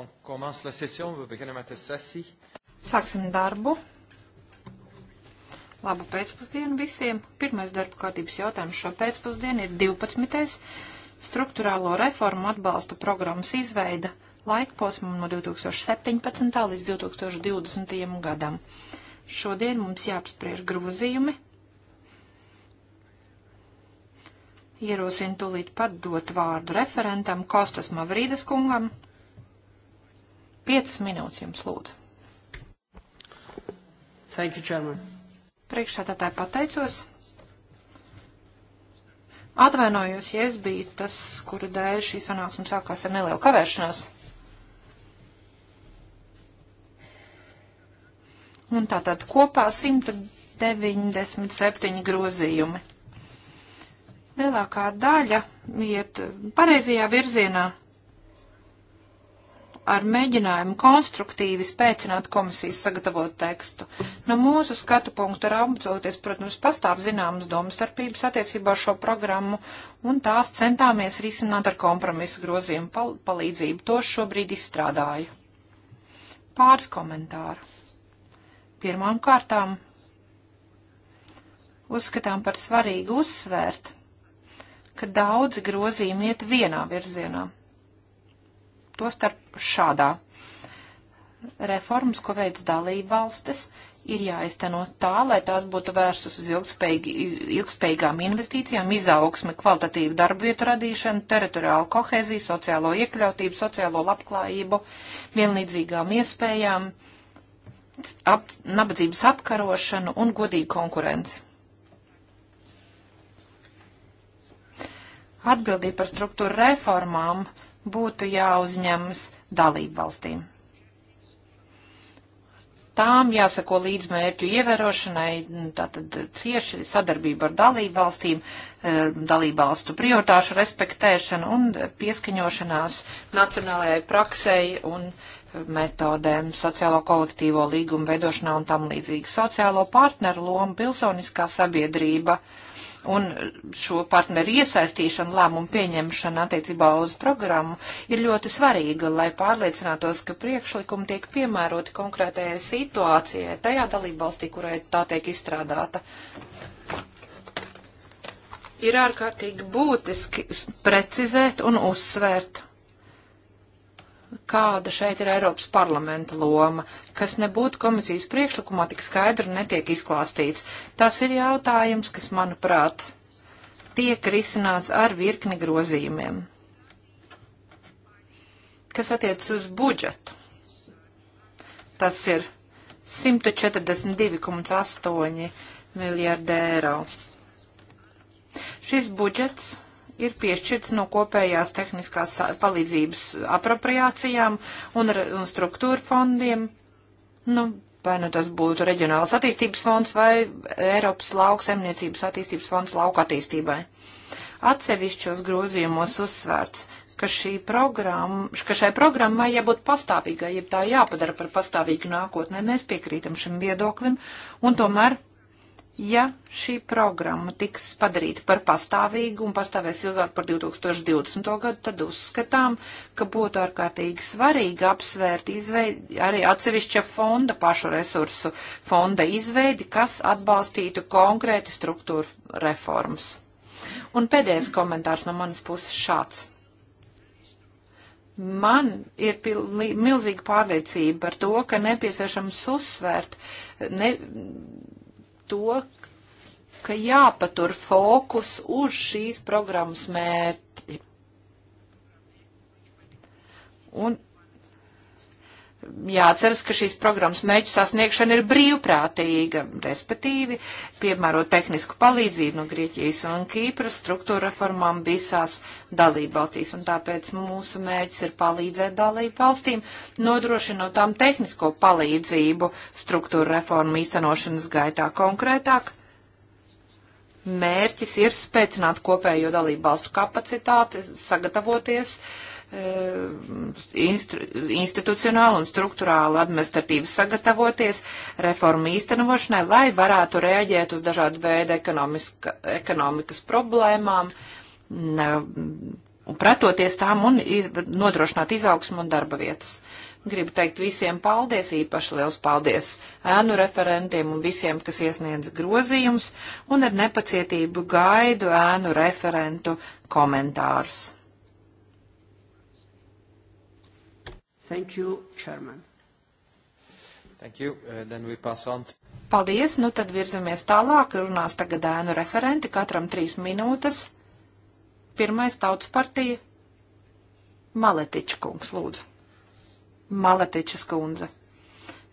On commence la session. We beginnen met de sessie. Sāksim darbu. Labu pēcpusdienu visiem. Pirmais darba kārtības jautājums šo pēcpusdienu ir 12. struktūrālo reformu atbalsta programmas izveida laikposmu no 2017. līdz 2020. gadam. Šodien mums jāapspriež grozījumi, ierosina tūlīt pat dot vārdu referentam Kostas Mavrīdas kungam, Piecas minūtes jums lūdzu. Thank you, Chairman. Priekšsētātāji pateicos. Atvainojos, ja es biju tas, kuru dēļ šī sanāksme sākās ar nelielu kavēršanos. Un tātad kopā 197 grozījumi. Lielākā daļa iet pareizajā virzienā ar mēģinājumu konstruktīvi spēcināt komisijas sagatavot tekstu. No mūsu skatu punktu raugoties, protams, pastāv zināmas domstarpības attiecībā ar šo programmu, un tās centāmies risināt ar kompromisu grozījumu pal palīdzību. To šobrīd izstrādāju. Pāris komentāru. Pirmām kārtām uzskatām par svarīgu uzsvērt, ka daudzi grozījumi iet vienā virzienā tostarp šādā. Reformas, ko veids dalība valstis, ir jāizteno tā, lai tās būtu vērstas uz ilgspējīgi, ilgspējīgām investīcijām, izaugsmi, kvalitatīvu darbu vietu radīšanu, teritoriālu koheziju, sociālo iekļautību, sociālo labklājību, vienlīdzīgām iespējām, ap, nabadzības apkarošanu un godīgu konkurenci. Atbildība par struktūra reformām būtu jāuzņemas dalību valstīm. Tām jāsako līdz mērķu ievērošanai, nu, tātad cieši sadarbība ar dalību valstīm, eh, dalību valstu prioritāšu respektēšana un pieskaņošanās nacionālajai praksei un metodēm, sociālo kolektīvo līgumu veidošanā un tam līdzīgi. Sociālo partneru loma, pilsoniskā sabiedrība. Uh, un šo partneru iesaistīšana lēmumu pieņemšana attiecībā uz programmu ir ļoti svarīga, lai pārliecinātos, ka priekšlikumi tiek piemēroti konkrētajai situācijai tajā dalībvalstī, kurai tā tiek izstrādāta. Ir ārkārtīgi būtiski precizēt un uzsvērt kāda šeit ir Eiropas parlamenta loma, kas nebūtu komisijas priekšlikumā tik skaidri netiek izklāstīts. Tas ir jautājums, kas, manuprāt, tiek risināts ar virkni grozījumiem. Kas attiec uz budžetu? Tas ir 142,8 miljārdi eiro. Šis budžets ir piešķirts no kopējās tehniskās palīdzības apropriācijām un, un struktūra fondiem. Nu, vai nu tas būtu reģionāls attīstības fonds vai Eiropas lauksaimniecības attīstības fonds lauka attīstībai. Atsevišķos grozījumos uzsvērts, ka, programma, ka šai programmai jābūt pastāvīgai, ja tā jāpadara par pastāvīgu nākotnē. Mēs piekrītam šim viedoklim un tomēr ja šī programma tiks padarīta par pastāvīgu un pastāvēs ilgāk par 2020. gadu, tad uzskatām, ka būtu ārkārtīgi svarīgi apsvērt izveidi, arī atsevišķa fonda, pašu resursu fonda izveidi, kas atbalstītu konkrēti struktūru reformas. Un pēdējais komentārs no manas puses šāds. Man ir piln, milzīga pārliecība par to, ka nepieciešams uzsvērt ne, to, ka jāpatur fokus uz šīs programmas mērķi. Un Jāatceras, ka šīs programmas mēģu sasniegšana ir brīvprātīga, respektīvi, piemērot tehnisku palīdzību no Grieķijas un Kīpras struktūra reformām visās dalībvalstīs, un tāpēc mūsu mēģis ir palīdzēt dalībvalstīm, nodrošinot tām tehnisko palīdzību struktūra reformu īstenošanas gaitā konkrētāk. Mērķis ir spēcināt kopējo dalībvalstu kapacitāti, sagatavoties uh, Eh, instru, institucionāli un struktūrāli administratīvi sagatavoties reformu īstenošanai, lai varētu rēģēt uz dažādu veidu ekonomikas problēmām ne, un pretoties tām un iz, nodrošināt izaugsmu un darba vietas. Gribu teikt visiem paldies, īpaši liels paldies ēnu referentiem un visiem, kas iesniedz grozījums, un ar nepacietību gaidu ēnu referentu komentārus. Thank you, Chairman. Thank you. Uh, then we pass on. Paldies. Nu tad virzamies tālāk. Runās tagad ēnu referenti. Katram trīs minūtes. Pirmais tautas partija. Maletiča kungs, lūdzu. Maletičas kundze.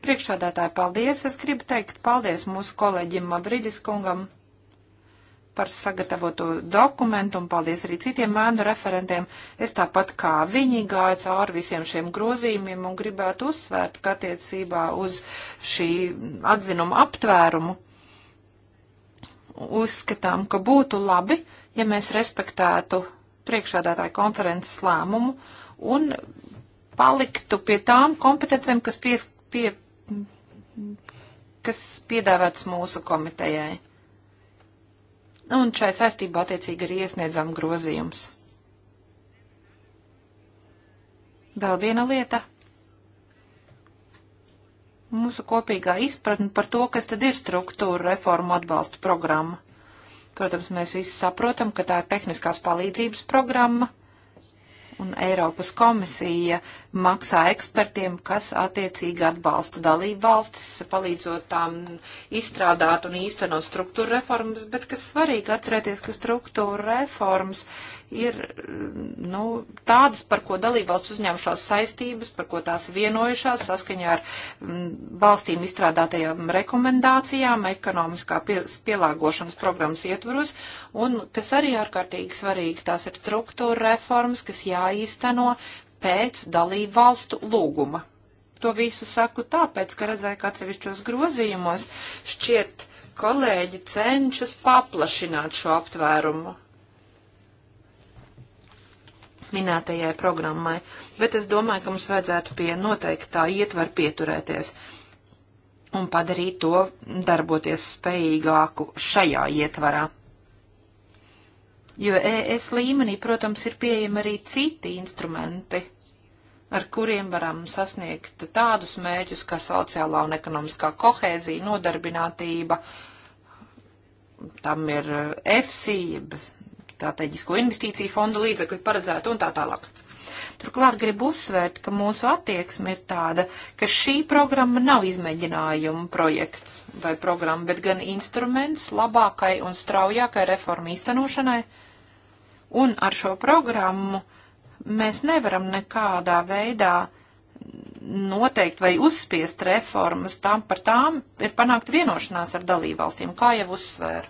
Priekšādātāji, paldies. Es gribu teikt paldies mūsu kolēģim Mavridis kungam par sagatavoto dokumentu un paldies arī citiem mēnu referentiem. Es tāpat kā viņi gāju cauri visiem šiem grozījumiem un gribētu uzsvērt, ka attiecībā uz šī atzinuma aptvērumu uzskatām, ka būtu labi, ja mēs respektētu priekšādātāju konferences lēmumu un paliktu pie tām kompetencijām, kas, pies, pie, kas piedāvēts mūsu komitejai un šai saistībā attiecīgi arī iesniedzām grozījums. Vēl viena lieta. Mūsu kopīgā izpratne par to, kas tad ir struktūra reformu atbalsta programma. Protams, mēs visi saprotam, ka tā ir tehniskās palīdzības programma, un Eiropas komisija maksā ekspertiem, kas attiecīgi atbalsta dalību valstis, palīdzot tām izstrādāt un īstenot struktūra reformas, bet kas svarīgi atcerēties, ka struktūra reformas ir nu, tādas, par ko dalību valsts uzņemšās saistības, par ko tās vienojušās saskaņā ar mm, valstīm izstrādātajām rekomendācijām, ekonomiskā pielāgošanas programmas ietvaros, un kas arī ārkārtīgi svarīgi, tās ir struktūra reformas, kas jāīsteno, pēc dalību valstu lūguma. To visu saku tāpēc, ka redzēju, ka atsevišķos grozījumos šķiet kolēģi cenšas paplašināt šo aptvērumu minētajai programmai, bet es domāju, ka mums vajadzētu pie noteiktā ietver pieturēties un padarīt to darboties spējīgāku šajā ietvarā jo ES līmenī, protams, ir pieejami arī citi instrumenti, ar kuriem varam sasniegt tādus mērķus kā sociālā un ekonomiskā kohēzija, nodarbinātība, tam ir EFSI, eh, strateģisko investīciju fonda līdzekļi paredzēti un tā tālāk. Turklāt gribu uzsvērt, ka mūsu attieksme ir tāda, ka šī programma nav izmēģinājuma projekts vai programma, bet gan instruments labākai un straujākai reformu īstenošanai, uh, Un ar šo programmu mēs nevaram nekādā veidā noteikt vai uzspiest reformas, tām par tām ir panākt vienošanās ar dalībvalstīm, kā jau uzsvēru.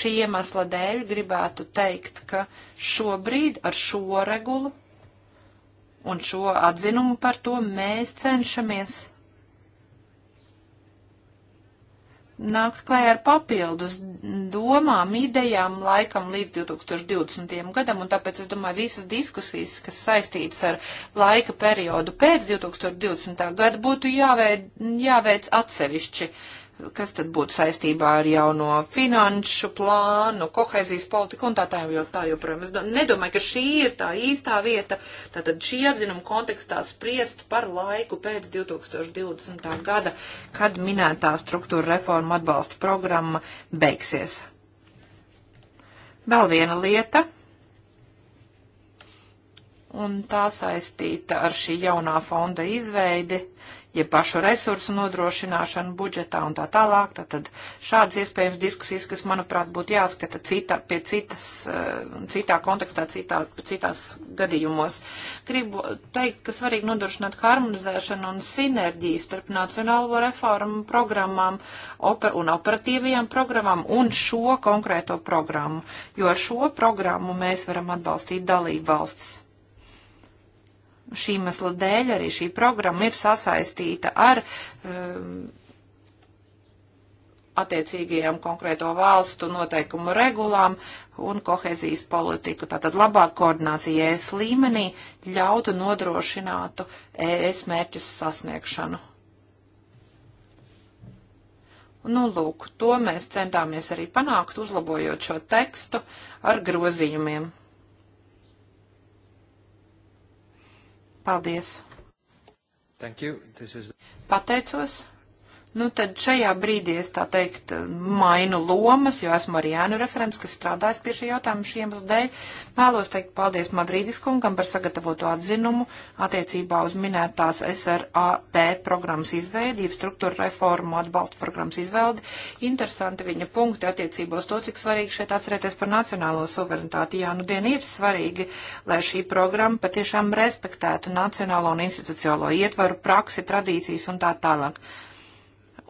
Šī iemesla dēļ gribētu teikt, ka šobrīd ar šo regulu un šo atzinumu par to mēs cenšamies nākt klē ar papildus domām, idejām laikam līdz 2020. gadam, un tāpēc es domāju, visas diskusijas, kas saistītas ar laika periodu pēc 2020. gada, būtu jāveic, jāveic atsevišķi. Uh, kas tad būtu saistībā ar jauno finanšu plānu, kohēzijas politiku un tā tā, jo tā joprojām. Es nedomāju, ka šī ir tā īstā vieta, tātad šī apzinuma kontekstā spriest par laiku pēc 2020. gada, kad minētā struktūra reforma atbalsta programma beigsies. Vēl viena lieta. Un tā saistīta ar šī jaunā fonda izveidi. Uh, ja pašu resursu nodrošināšanu budžetā un tā tālāk. Tad šādas iespējams diskusijas, kas, manuprāt, būtu jāskata citā, pie citas, eh, citā kontekstā, citā, citās gadījumos. Gribu teikt, ka svarīgi nodrošināt harmonizēšanu un sinerģiju starp nacionālo reformu programmām oper un operatīvajām programmām un šo konkrēto programmu, jo ar šo programmu mēs varam atbalstīt dalību valstis šī masla dēļ arī šī programma ir sasaistīta ar um, attiecīgajām konkrēto valstu noteikumu regulām un kohezijas politiku. Tātad labāk koordinācija ES līmenī ļautu nodrošinātu ES mērķus sasniegšanu. Nu, lūk, to mēs centāmies arī panākt, uzlabojot šo tekstu ar grozījumiem. Paldies! Is... Pateicos! Nu, tad šajā brīdī es tā teikt mainu lomas, jo esmu arī ēnu referents, kas strādājas pie šī jautājuma šiem dēļ. Vēlos teikt paldies Madrīdis kungam par sagatavoto atzinumu attiecībā uz minētās SRAP programmas izveidību, struktūra reformu, atbalsta programmas izveidi. Interesanti viņa punkti attiecībā uz to, cik svarīgi šeit atcerēties par nacionālo suverenitāti. Jā, nu dien ir svarīgi, lai šī programma patiešām respektētu nacionālo un institucionālo ietvaru, praksi, tradīcijas un tā tālāk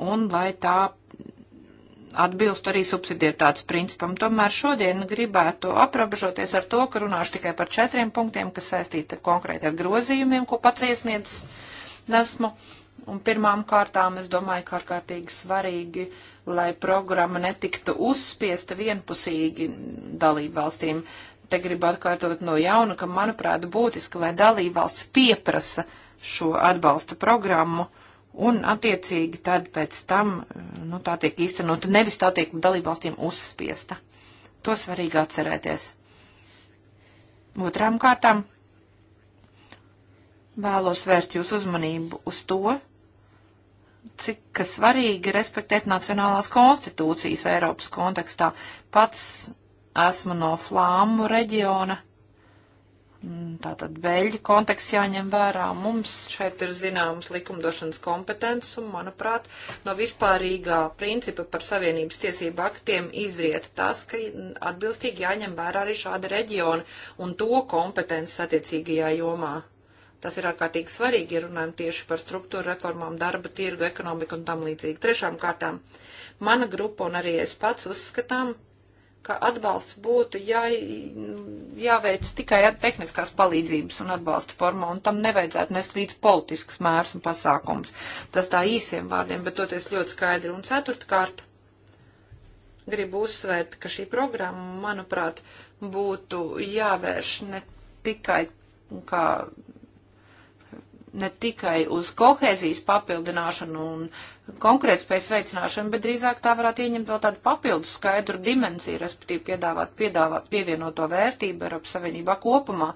un lai tā atbilst arī subsidietātes principam. Tomēr šodien gribētu aprobežoties ar to, ka runāšu tikai par četriem punktiem, kas saistīti ar konkrēti ar grozījumiem, ko pats iesniedzis nesmu. Un pirmām kārtām es domāju, ka ārkārtīgi svarīgi, lai programma netiktu uzspiesta vienpusīgi dalību valstīm. Te gribu atkārtot no jauna, ka manuprāt būtiski, lai dalību valsts pieprasa šo atbalsta programmu Un, attiecīgi, tad pēc tam, nu, tā tiek īstenota, nevis tā tiek dalībvalstīm uzspiesta. To svarīgi atcerēties. Otrām kārtām vēlos vērt jūs uzmanību uz to, cik svarīgi respektēt nacionālās konstitūcijas Eiropas kontekstā. Pats esmu no Flāmu reģiona Mm, tātad beļģi konteksts jāņem vērā. Mums šeit ir zināmas likumdošanas kompetences un, manuprāt, no vispārīgā principa par savienības tiesību aktiem izriet tas, ka atbilstīgi jāņem vērā arī šāda reģiona un to kompetences attiecīgajā jomā. Tas ir ārkārtīgi svarīgi, ja runājam tieši par struktūru reformām, darba tirgu, ekonomiku un tam līdzīgi. Trešām kārtām, mana grupa un arī es pats uzskatām, ka atbalsts būtu jā, jāveic tikai ar tehniskās palīdzības un atbalsta formā, un tam nevajadzētu nest līdz politisks mērs un pasākums. Tas tā īsiem vārdiem, bet toties ļoti skaidri. Un ceturtkārt, gribu uzsvērt, ka šī programma, manuprāt, būtu jāvērš ne tikai kā ne tikai uz kohēzijas papildināšanu un konkrētspējas veicināšanu, bet drīzāk tā varētu ieņemt vēl tādu papildus skaidru dimensiju, respektīvi piedāvāt, piedāvāt pievienoto vērtību Eiropas Savienībā kopumā.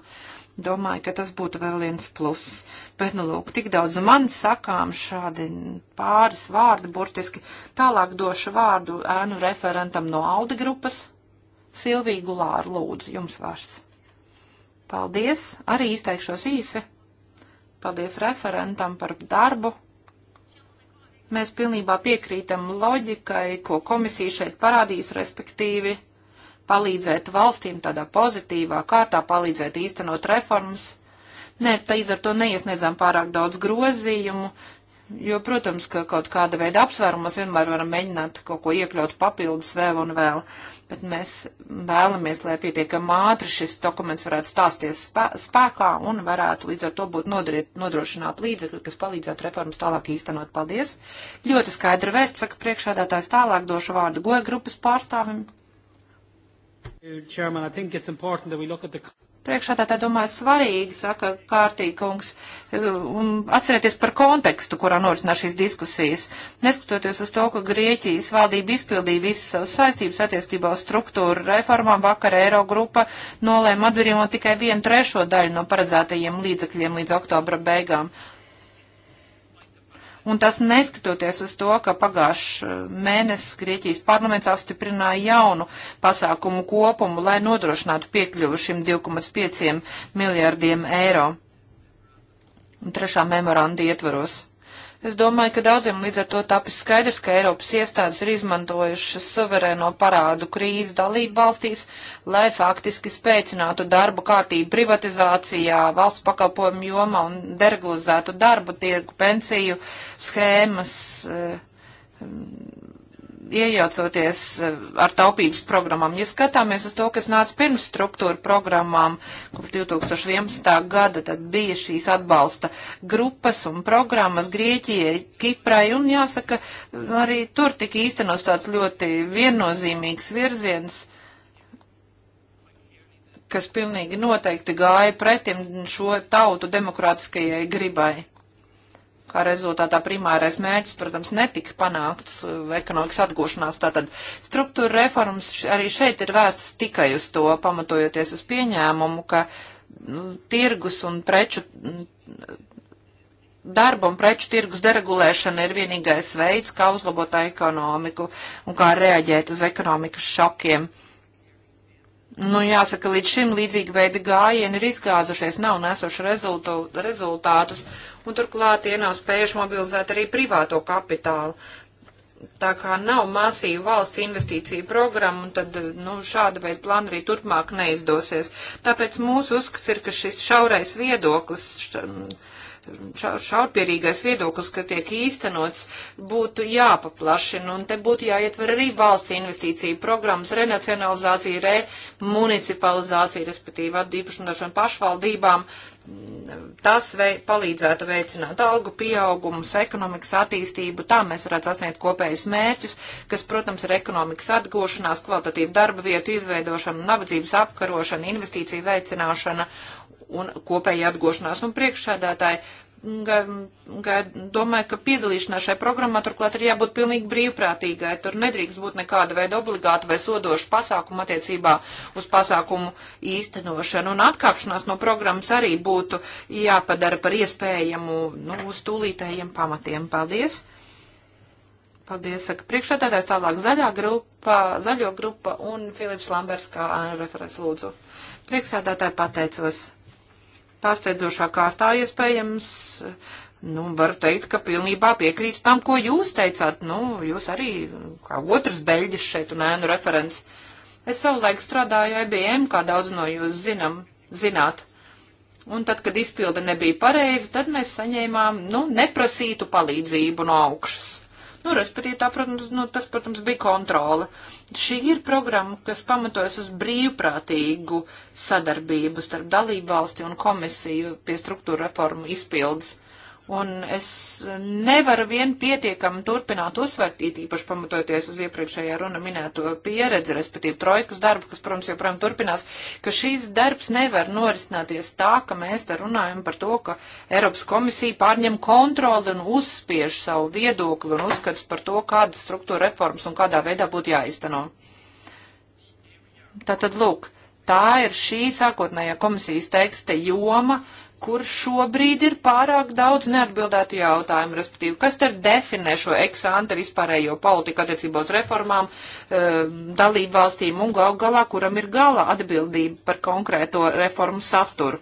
Domāju, ka tas būtu vēl viens pluss. Bet, nu, lūk, tik daudz man sakām šādi pāris vārdi, burtiski tālāk došu vārdu ēnu referentam no Alde grupas. Silvija Gulāra, lūdzu, jums vārds. Paldies, arī izteikšos īsi Paldies referentam par darbu. Mēs pilnībā piekrītam loģikai, ko komisija šeit parādīs, respektīvi palīdzēt valstīm tādā pozitīvā kārtā, palīdzēt īstenot reformas. Nē, tīdz ar to neiesniedzām pārāk daudz grozījumu, jo, protams, ka kaut kāda veida apsvērumos vienmēr varam mēģināt kaut ko iekļaut papildus vēl un vēl. Uh, bet mēs vēlamies, lai pietiekam ātri šis dokuments varētu stāsties spēkā un varētu līdz ar to būt nodriet, nodrošināt līdzekļi, kas palīdzētu reformas tālāk īstenot. Paldies! Ļoti skaidra vēsts, saka priekšādātājs tālāk došu vārdu goja grupas pārstāvim. Chairman, the... Priekšā tā, tā domāju, svarīgi, saka Kārtīkungs, un atcerieties par kontekstu, kurā norisinās šīs diskusijas. Neskatoties uz to, ka Grieķijas valdība izpildīja visas savas saistības attiecībā uz struktūru reformām, vakar Eirogrupa nolēma atbrīvot tikai vienu trešo daļu no paredzētajiem līdzekļiem līdz oktobra beigām. Un tas neskatoties uz to, ka pagājušā mēnesis Grieķijas parlaments apstiprināja jaunu pasākumu kopumu, lai nodrošinātu piekļuvu šim 2,5 miljārdiem eiro. Un trešā memoranda ietvaros. Es domāju, ka daudziem līdz ar to tapis skaidrs, ka Eiropas iestādes ir izmantojušas suverēno parādu krīzi dalību valstīs, lai faktiski spēcinātu darbu kārtību privatizācijā, valsts pakalpojumu jomā un deregulizētu darbu tirgu, pensiju schēmas. Uh, iejaucoties eh, ar taupības programmām. Ja skatāmies uz to, kas nāca pirms struktūra programmām, kopš 2011. gada, tad bija šīs atbalsta grupas un programmas Grieķijai, Kiprai, un jāsaka, arī tur tika īstenos tāds ļoti viennozīmīgs virziens kas pilnīgi noteikti gāja pretim šo tautu demokrātiskajai gribai kā rezultātā primārais mērķis, protams, netika panākts uh, ekonomikas atgūšanās. Tātad struktūra reformas arī šeit ir vēstas tikai uz to, pamatojoties uz pieņēmumu, ka nu, tirgus un preču. Mm, darba un preču tirgus deregulēšana ir vienīgais veids, kā uzlabot ekonomiku un kā reaģēt uz ekonomikas šokiem. Uh, Nu, jāsaka, līdz šim līdzīgi veidi gājieni ir izgāzušies, nav nesuši rezultātus, un turklāt tie nav spējuši mobilizēt arī privāto kapitālu. Tā kā nav masīva valsts investīcija programma, un tad, nu, šāda veida plāna arī turpmāk neizdosies. Tāpēc mūsu uzskats ir, ka šis šaurais viedoklis. Š, šaurpierīgais viedoklis, kas tiek īstenots, būtu jāpaplašina, un te būtu jāietver arī valsts investīcija programmas, renacionalizācija, remunicipalizācija, respektīvi atdīpašanošana pašvaldībām. Tas vei, palīdzētu veicināt algu pieaugumus, ekonomikas attīstību, tā mēs varētu sasniegt kopējus mērķus, kas, protams, ir ekonomikas atgūšanās, kvalitatīva darba vietu izveidošana, nabadzības apkarošana, investīcija veicināšana. Uh, un kopēja atgošanās un priekšsēdētāji. Domāju, ka piedalīšanās šai programmā turklāt ir jābūt pilnīgi brīvprātīgai. Tur nedrīkst būt nekāda veida obligāta vai sodoša pasākuma attiecībā uz pasākumu īstenošanu. Un atkāpšanās no programmas arī būtu jāpadara par iespējamu nu, uz tūlītējiem pamatiem. Paldies! Paldies, saka priekšsēdētājs, tālāk zaļā grupa, zaļo grupa un Filips Lambers kā referents lūdzu. Priekšsēdētāji pateicos pārsteidzošā kārtā iespējams. Nu, varu teikt, ka pilnībā piekrītu tam, ko jūs teicāt. Nu, jūs arī, kā otrs beļģis šeit un ēnu referents. Es savulaik strādāju IBM, kā daudz no jūs zinam, zināt. Un tad, kad izpilde nebija pareiza, tad mēs saņēmām, nu, neprasītu palīdzību no augšas. Nu, respektīvi, tā, protams, nu, tas, protams, bija kontrole. Šī ir programma, kas pamatojas uz brīvprātīgu sadarbību starp dalību valsti un komisiju pie struktūra reformu izpildes. Un es nevaru vien pietiekami turpināt uzsvērt, it īpaši pamatojoties uz iepriekšējā runa minēto pieredzi, respektīvi trojkas darbu, kas, protams, joprojām turpinās, ka šīs darbs nevar norisināties tā, ka mēs te runājam par to, ka Eiropas komisija pārņem kontroli un uzspiež savu viedokli un uzskats par to, kādas struktūra reformas un kādā veidā būtu jāizteno. Tātad, lūk, tā ir šī sākotnējā komisijas teksta joma, uh, kur šobrīd ir pārāk daudz neatbildētu jautājumu, respektīvi, kas tad definē šo eksānta vispārējo politiku attiecībā uz reformām, eh, dalību valstīm un gal galā, kuram ir gala atbildība par konkrēto reformu saturu.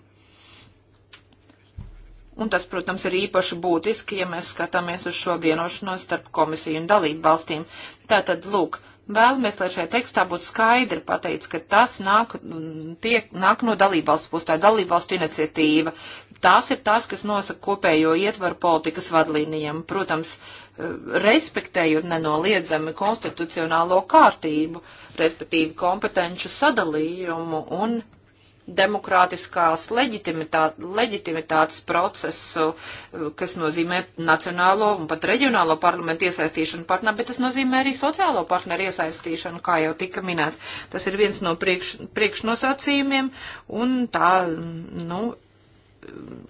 Un tas, protams, ir īpaši būtiski, ja mēs skatāmies uz šo vienošanos starp komisiju un dalību valstīm. Tātad, lūk, Vēlamies, lai šajā tekstā būtu skaidri pateicis, ka tas nāk, mm, tiek, nāk no dalībvalsts puses, tā ir dalībvalstu iniciatīva. Tās ir tās, kas nosaka kopējo ietvaru politikas vadlīnijam. Protams, eh, respektējot nenoliedzami konstitucionālo kārtību, respektīvi kompetenču sadalījumu un demokrātiskās leģitimitāt, leģitimitātes procesu, eh, kas nozīmē nacionālo un pat reģionālo parlamentu iesaistīšanu partneri, bet tas nozīmē arī sociālo partneru iesaistīšanu, kā jau tika minēts. Tas ir viens no priekš, priekšnosacījumiem un tā, nu,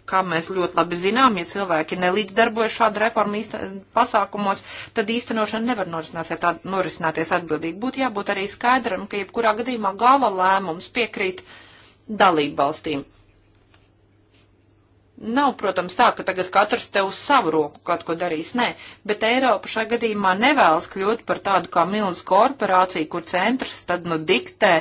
kā mēs ļoti labi zinām, ja cilvēki nelīdzdarbojas šādu reformu īsta, pasākumos, tad īstenošana nevar norisināties atbildīgi. Būtu jābūt arī skaidram, ka jebkurā gadījumā gala lēmums piekrīt uh, dalību valstīm. Nav, protams, tā, ka tagad katrs tev uz savu roku kaut ko darīs, nē, bet Eiropa šajā gadījumā nevēlas kļūt par tādu kā milzu korporāciju, kur centrs tad nu diktē,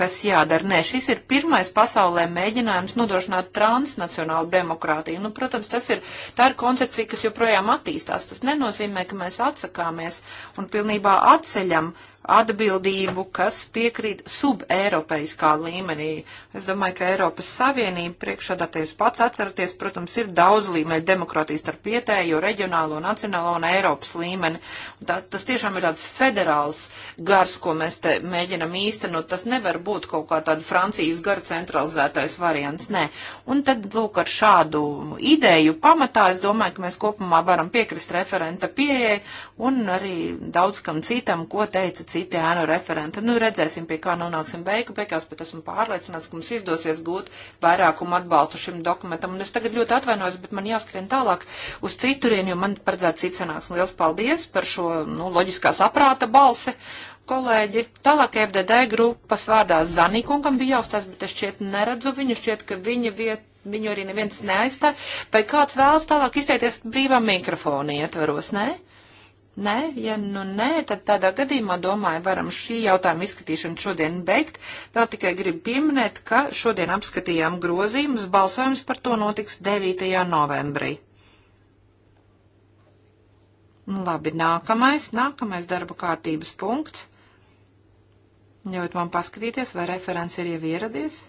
kas jādara. Nē, šis ir pirmais pasaulē mēģinājums nodrošināt transnacionālu demokrātiju. Nu, protams, tas ir, tā ir koncepcija, kas joprojām attīstās. Tas nenozīmē, ka mēs atsakāmies un pilnībā atceļam uh, atbildību, kas piekrīt subeiropeiskā līmenī. Es domāju, ka Eiropas Savienība priekšādāties pats atceraties, protams, ir daudz līmeņu demokrātijas starp vietējo, reģionālo, nacionālo un Eiropas līmeni. Tā, tas tiešām ir tāds federāls gars, ko mēs te mēģinam īstenot. Tas nevar būt kaut kā tāda Francijas gara centralizētais variants, nē. Un tad, lūk, ar šādu ideju pamatā, es domāju, ka mēs kopumā varam piekrist referenta pieejai un arī daudz kam citam, ko teica citi ēnu referenti. Nu, redzēsim, pie kā nonāksim beigu beigās, bet esmu pārliecināts, ka mums izdosies gūt vairākumu atbalstu šim dokumentam. Un es tagad ļoti atvainojos, bet man jāskrien tālāk uz citurien, jo man paredzēts cits sanāks. Liels paldies par šo, nu, loģiskā saprāta balsi kolēģi. Tālāk FDD grupas vārdā Zanīkungam bija jāuzstājas, bet es šķiet neredzu viņu, šķiet, ka viņa viet, viņu arī neviens neaizstāja. Vai kāds vēlas tālāk izteikties brīvā mikrofona ietvaros, nē? Ne? Nē, ja nu nē, tad tādā gadījumā, domāju, varam šī jautājuma izskatīšanu šodien beigt. Vēl tikai gribu pieminēt, ka šodien apskatījām grozījumus, balsojums par to notiks 9. novembrī. Nu, labi, nākamais, nākamais darba kārtības punkts. Ļaut man paskatīties, vai referents ir jau ieradies.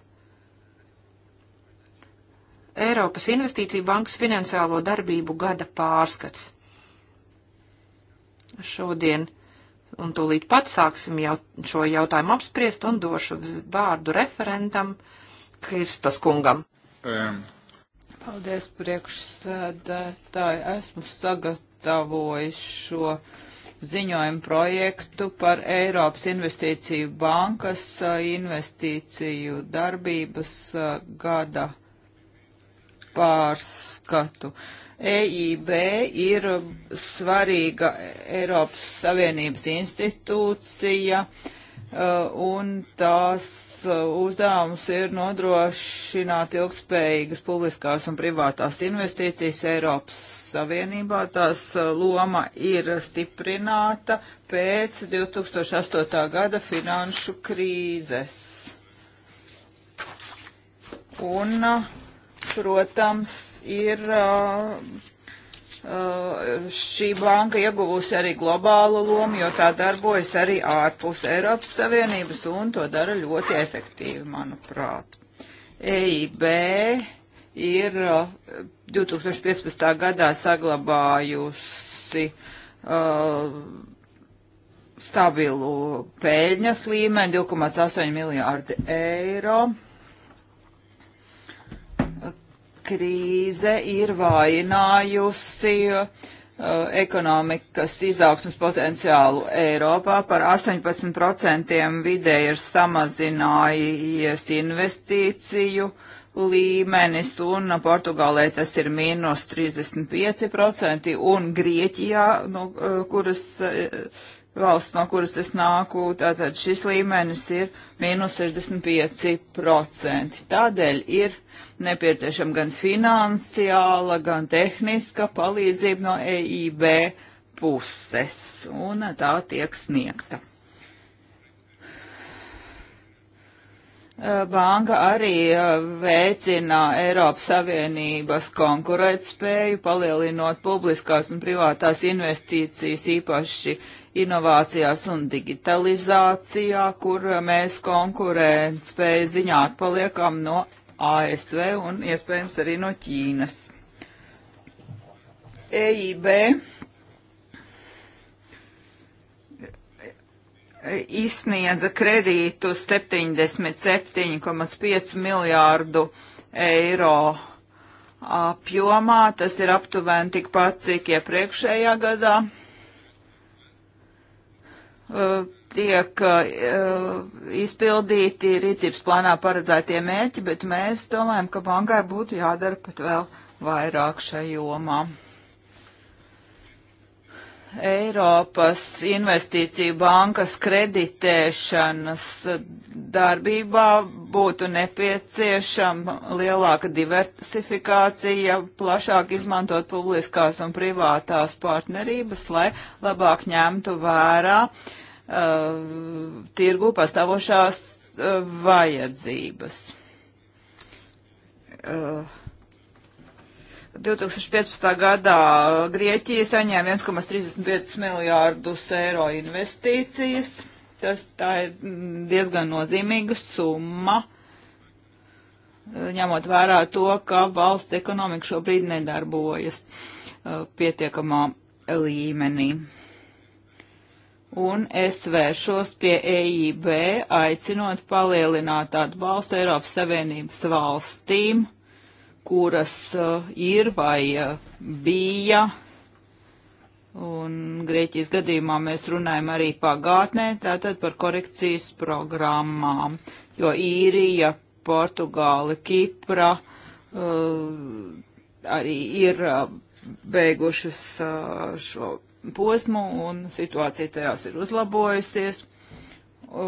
Eiropas Investīcija bankas finansiālo darbību gada pārskats šodien, un tūlīt pat sāksim jau šo jautājumu apspriest un došu vārdu referentam Kristas kungam. Um. Paldies priekšsēdētāji, esmu sagatavojis šo ziņojumu projektu par Eiropas investīciju bankas investīciju darbības gada pārskatu. Uh, EIB ir svarīga Eiropas Savienības institūcija, uh, un tās uh, uzdevums ir nodrošināt ilgspējīgas publiskās un privātās investīcijas Eiropas Savienībā. Tās uh, loma ir stiprināta pēc 2008. gada finanšu krīzes. Un uh, protams, ir uh, uh, šī banka ieguvusi arī globālu lomu, jo tā darbojas arī ārpus Eiropas Savienības un to dara ļoti efektīvi, manuprāt. EIB ir 2015. Uh, gadā saglabājusi uh, stabilu pēļņas līmeni 2,8 miljārdi eiro krīze ir vājinājusi uh, ekonomikas izaugsmas potenciālu Eiropā. Par 18% vidēji ir samazinājies investīciju līmenis, un Portugālē tas ir mīnus 35%, un Grieķijā, nu, uh, kuras uh, valsts, no kuras es nāku, tātad šis līmenis ir mīnus 65%. Tādēļ ir nepieciešama gan finansiāla, gan tehniska palīdzība no EIB puses, un tā tiek sniegta. Banka arī uh, veicina Eiropas Savienības konkurētspēju, palielinot publiskās un privātās investīcijas īpaši uh, inovācijās un digitalizācijā, kur mēs konkurēt spēju ziņā atpaliekam no ASV un iespējams arī no Ķīnas. EIB izsniedza kredītu 77,5 miljārdu eiro apjomā. Tas ir aptuveni tikpat, cik iepriekšējā gadā tiek eh, izpildīti rīcības plānā paredzētie mērķi, bet mēs domājam, ka bankai būtu jādara pat vēl vairāk šajā jomā. Eiropas investīciju bankas kreditēšanas darbībā būtu nepieciešama lielāka diversifikācija, plašāk izmantot publiskās un privātās partnerības, lai labāk ņemtu vērā uh, uh, tirgu pastāvošās uh, vajadzības. Uh, 2015. gadā Grieķija saņēma 1,35 miljārdus eiro investīcijas. Tas tā ir mm, diezgan nozīmīga summa, uh, ņemot vērā to, ka valsts ekonomika šobrīd nedarbojas uh, pietiekamā līmenī un es vēršos pie EIB, aicinot palielināt atbalstu Eiropas Savienības valstīm, kuras uh, ir vai uh, bija. Un Grieķijas gadījumā mēs runājam arī pagātnē, tātad par korekcijas programmām, jo īrija, Portugāla, Kipra uh, arī ir uh, beigušas uh, šo posmu, un situācija tajās ir uzlabojusies. Uh,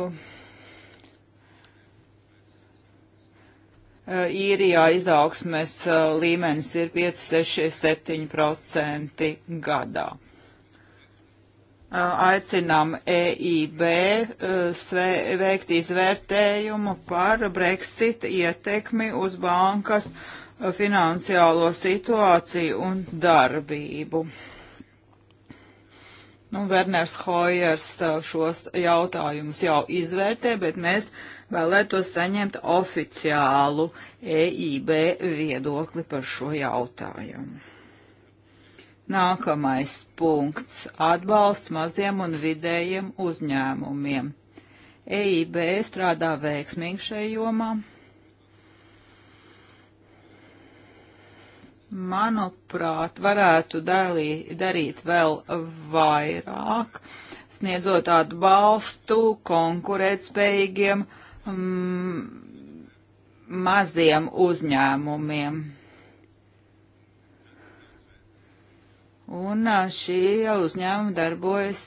uh īrijā izaugsmes uh, līmenis ir 5, 6, 7 procenti gadā. Uh, aicinām EIB sve, veikt izvērtējumu par Brexit ietekmi uz bankas finansiālo situāciju un darbību. Nu, Werners Hojers uh, šos jautājumus jau izvērtē, bet mēs vēlētos saņemt oficiālu EIB viedokli par šo jautājumu. Nākamais punkts - atbalsts maziem un vidējiem uzņēmumiem. EIB strādā veiksmīgi šajā jomā. manuprāt, varētu dalī, darīt vēl vairāk, sniedzot atbalstu konkurētspējīgiem mm, maziem uzņēmumiem. Un šie uzņēmumi darbojas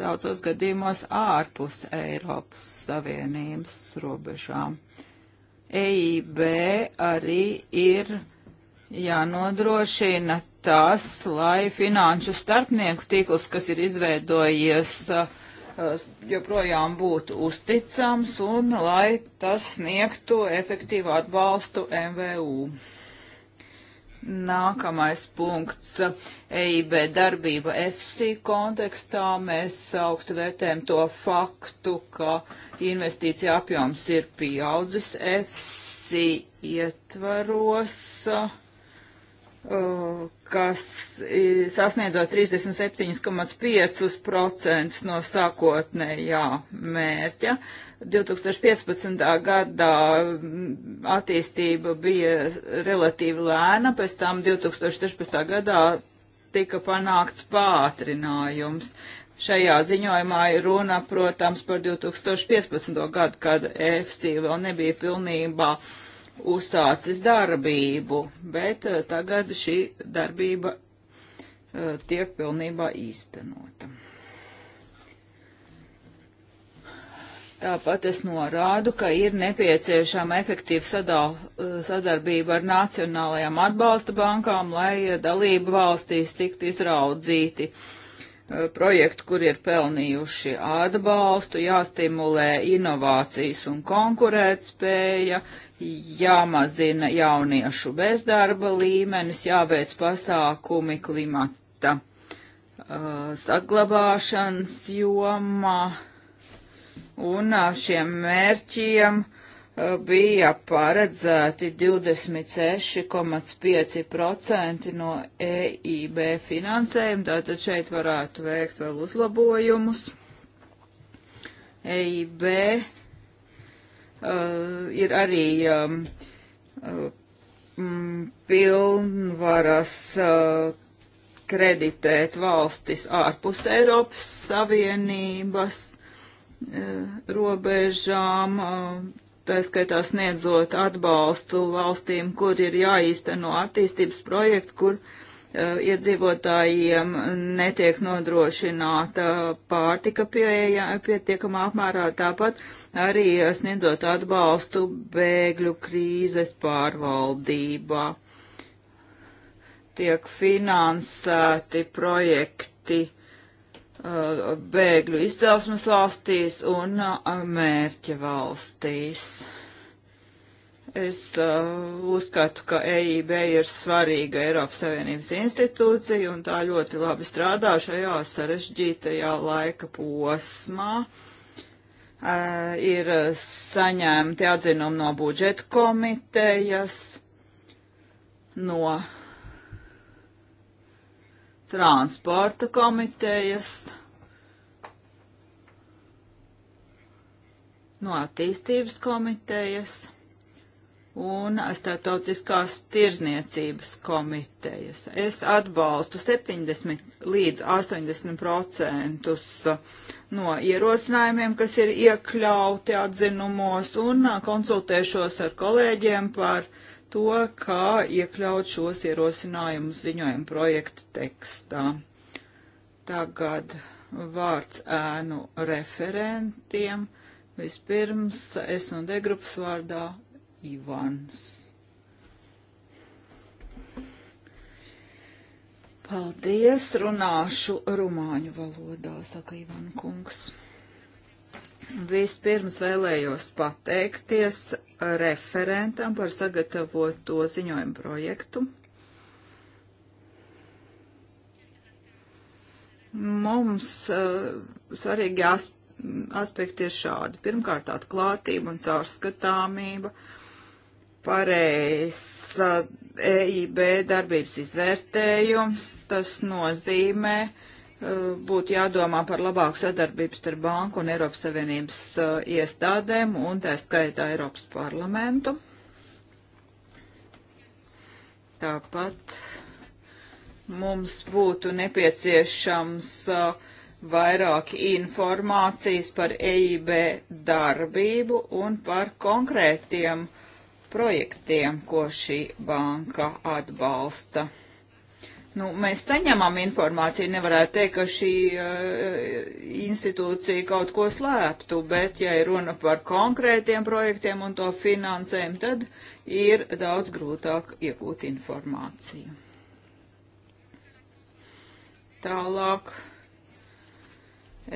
daudzos gadījumos ārpus Eiropas Savienības robežām. EIB arī ir uh, jānodrošina tas, lai finanšu starpnieku tīkls, kas ir izveidojies, eh, joprojām būtu uzticams un lai tas sniegtu efektīvu atbalstu MVU. Nākamais punkts e - EIB darbība FC kontekstā. Mēs augstu vērtējam to faktu, ka investīcija apjoms ir pieaudzis FC ietvaros. Uh, Uh, kas sasniedzot 37,5% no sākotnējā mērķa. 2015. gadā mm, attīstība bija relatīvi lēna, pēc tam 2016. gadā tika panākts pātrinājums. Šajā ziņojumā ir runa, protams, par 2015. gadu, kad EFSI vēl nebija pilnībā uh, uzsācis darbību, bet eh, tagad šī darbība eh, tiek pilnībā īstenota. Tāpat es norādu, ka ir nepieciešama efektīva sadal, eh, sadarbība ar nacionālajām atbalsta bankām, lai dalību valstīs tiktu izraudzīti projekti, kur ir pelnījuši atbalstu, jāstimulē inovācijas un konkurētspēja, spēja, jāmazina jauniešu bezdarba līmenis, jāveic pasākumi klimata uh, saglabāšanas jomā, un uh, šiem mērķiem uh, bija paredzēti 26,5% no EIB finansējuma, tātad šeit varētu veikt vēl uzlabojumus. EIB Eh, ir arī um, eh, mm, pilnvaras uh, kreditēt valstis ārpus Eiropas Savienības uh, robežām, uh, tā skaitā sniedzot atbalstu valstīm, kur ir jāīsteno attīstības projekti, kur uh, Eh, iedzīvotājiem netiek nodrošināta pārtika pieeja, pietiekamā apmērā, tāpat arī sniedzot atbalstu bēgļu krīzes pārvaldībā. Tiek finansēti projekti eh, bēgļu izcelsmes valstīs un eh, mērķa valstīs. Es uh, uzskatu, ka EIB ir svarīga Eiropas Savienības institūcija un tā ļoti labi strādā šajā sarežģītajā laika posmā. Uh, ir saņēmti atzinumi no budžeta komitejas, no transporta komitejas, no attīstības komitejas un Startautiskās tirzniecības komitejas. Es atbalstu 70 līdz 80 procentus uh, no ierosinājumiem, kas ir iekļauti atzinumos, un uh, konsultēšos ar kolēģiem par to, kā iekļaut šos ierosinājumus ziņojumu projektu tekstā. Tagad vārds ēnu referentiem. Vispirms es un degrupas vārdā Ivans. Paldies, runāšu rumāņu valodā, saka Ivan kungs. Vispirms vēlējos pateikties referentam par sagatavoto ziņojumu projektu. Mums uh, svarīgi aspekti ir šādi. Pirmkārt, atklātība un caurskatāmība. Uh, pareisa EIB darbības izvērtējums. Tas nozīmē, uh, būtu jādomā par labāku sadarbību starp banku un Eiropas Savienības uh, iestādēm un tā skaitā Eiropas parlamentu. Tāpat mums būtu nepieciešams uh, vairāk informācijas par EIB darbību un par konkrētiem uh, projektiem, ko šī banka atbalsta. Nu, mēs saņemam informāciju, nevarētu teikt, ka šī uh, institūcija kaut ko slēptu, bet, ja ir runa par konkrētiem projektiem un to finansējumu, tad ir daudz grūtāk iegūt informāciju. Tālāk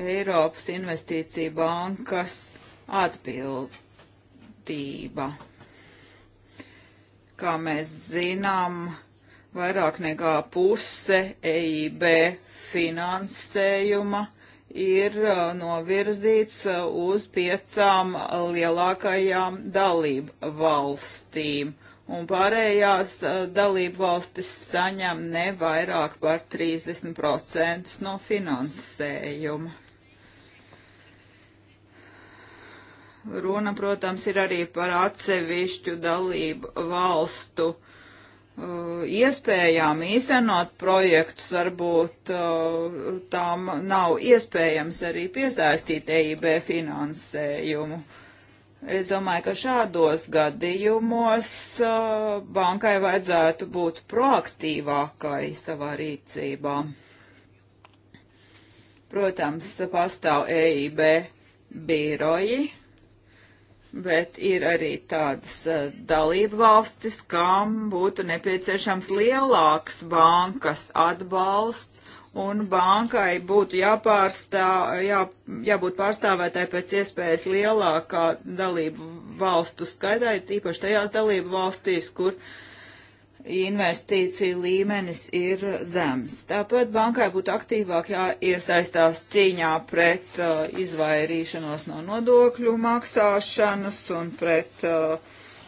Eiropas Investīcija bankas atbildība Kā mēs zinām, vairāk nekā puse EIB finansējuma ir uh, novirzīts uh, uz piecām lielākajām dalību valstīm, un pārējās uh, dalību valstis saņem ne vairāk par 30% no finansējuma. runa, protams, ir arī par atsevišķu dalību valstu uh, iespējām īstenot projektus, varbūt uh, tām nav iespējams arī piesaistīt EIB finansējumu. Es domāju, ka šādos gadījumos uh, bankai vajadzētu būt proaktīvākai savā rīcībā. Protams, pastāv EIB biroji, bet ir arī tādas eh, dalību valstis, kam būtu nepieciešams lielāks bankas atbalsts, un bankai būtu jāpārstāv, jā, jābūt pārstāvētāji pēc iespējas lielākā dalību valstu skaitā, tīpaši tajās dalību valstīs, kur uh, investīciju līmenis ir zems. Tāpat bankai būtu aktīvāk jāiesaistās cīņā pret uh, izvairīšanos no nodokļu maksāšanas un pret uh,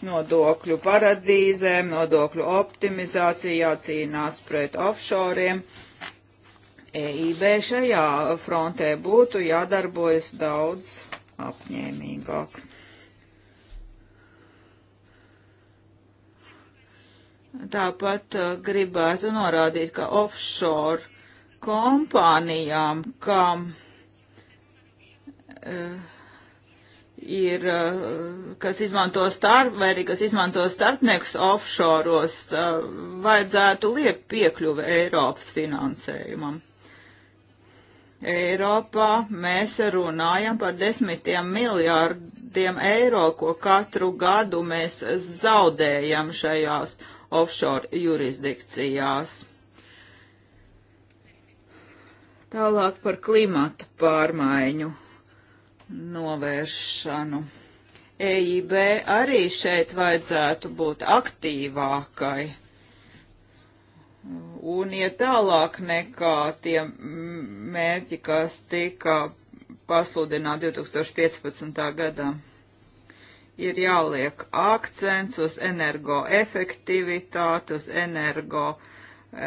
nodokļu paradīzēm, nodokļu optimizāciju, jācīnās pret offshoriem. EIB šajā frontē būtu jādarbojas daudz apņēmīgāk. Tāpat uh, gribētu norādīt, ka offshore kompānijām, kam uh, ir, uh, kas izmanto starp, vai arī kas izmanto starpniekus offshoros, uh, vajadzētu liekt piekļuvi Eiropas finansējumam. Eiropā mēs runājam par desmitiem miljārdu miljardiem eiro, ko katru gadu mēs zaudējam šajās offshore jurisdikcijās. Tālāk par klimata pārmaiņu novēršanu. EIB arī šeit vajadzētu būt aktīvākai un iet ja tālāk nekā tie mērķi, kas tika pasludināti 2015. gadā ir jāliek akcents uz energoefektivitāti, uz energo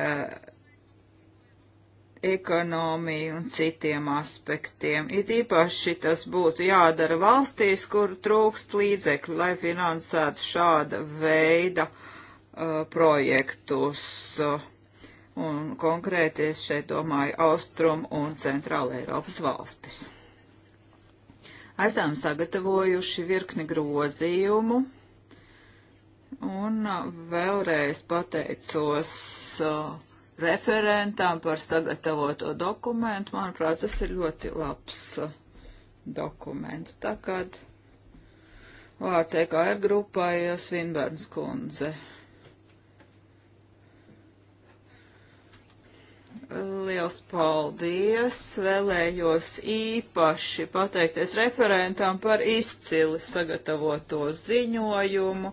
eh, ekonomiju un citiem aspektiem. It īpaši tas būtu jādara valstīs, kur trūkst līdzekļu, lai finansētu šāda veida eh, projektus. Un konkrēti es šeit domāju Austrum un Centrāla Eiropas valstis. Esam sagatavojuši virkni grozījumu. Un vēlreiz pateicos referentām par sagatavoto dokumentu. Manuprāt, tas ir ļoti labs dokuments. Tagad vārds EKR grupai Svinbērns kundze. Liels paldies! Vēlējos īpaši pateikties referentām par izcili sagatavoto ziņojumu,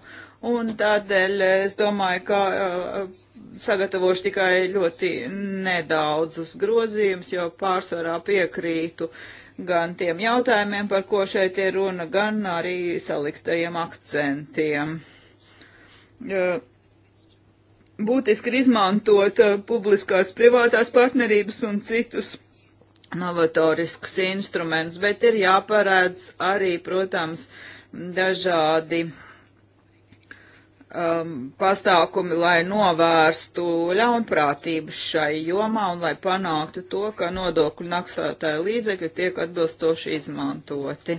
un tādēļ es domāju, ka uh, sagatavošu tikai ļoti nedaudzus grozījumus, jo pārsvarā piekrītu gan tiem jautājumiem, par ko šeit ir runa, gan arī saliktajiem akcentiem. Uh, būtiski ir izmantot eh, publiskās privātās partnerības un citus novatoriskus instrumentus, bet ir jāparādz arī, protams, dažādi um, pastākumi, lai novērstu ļaunprātību šai jomā un lai panāktu to, ka nodokļu maksātāju līdzekļi tiek atbilstoši izmantoti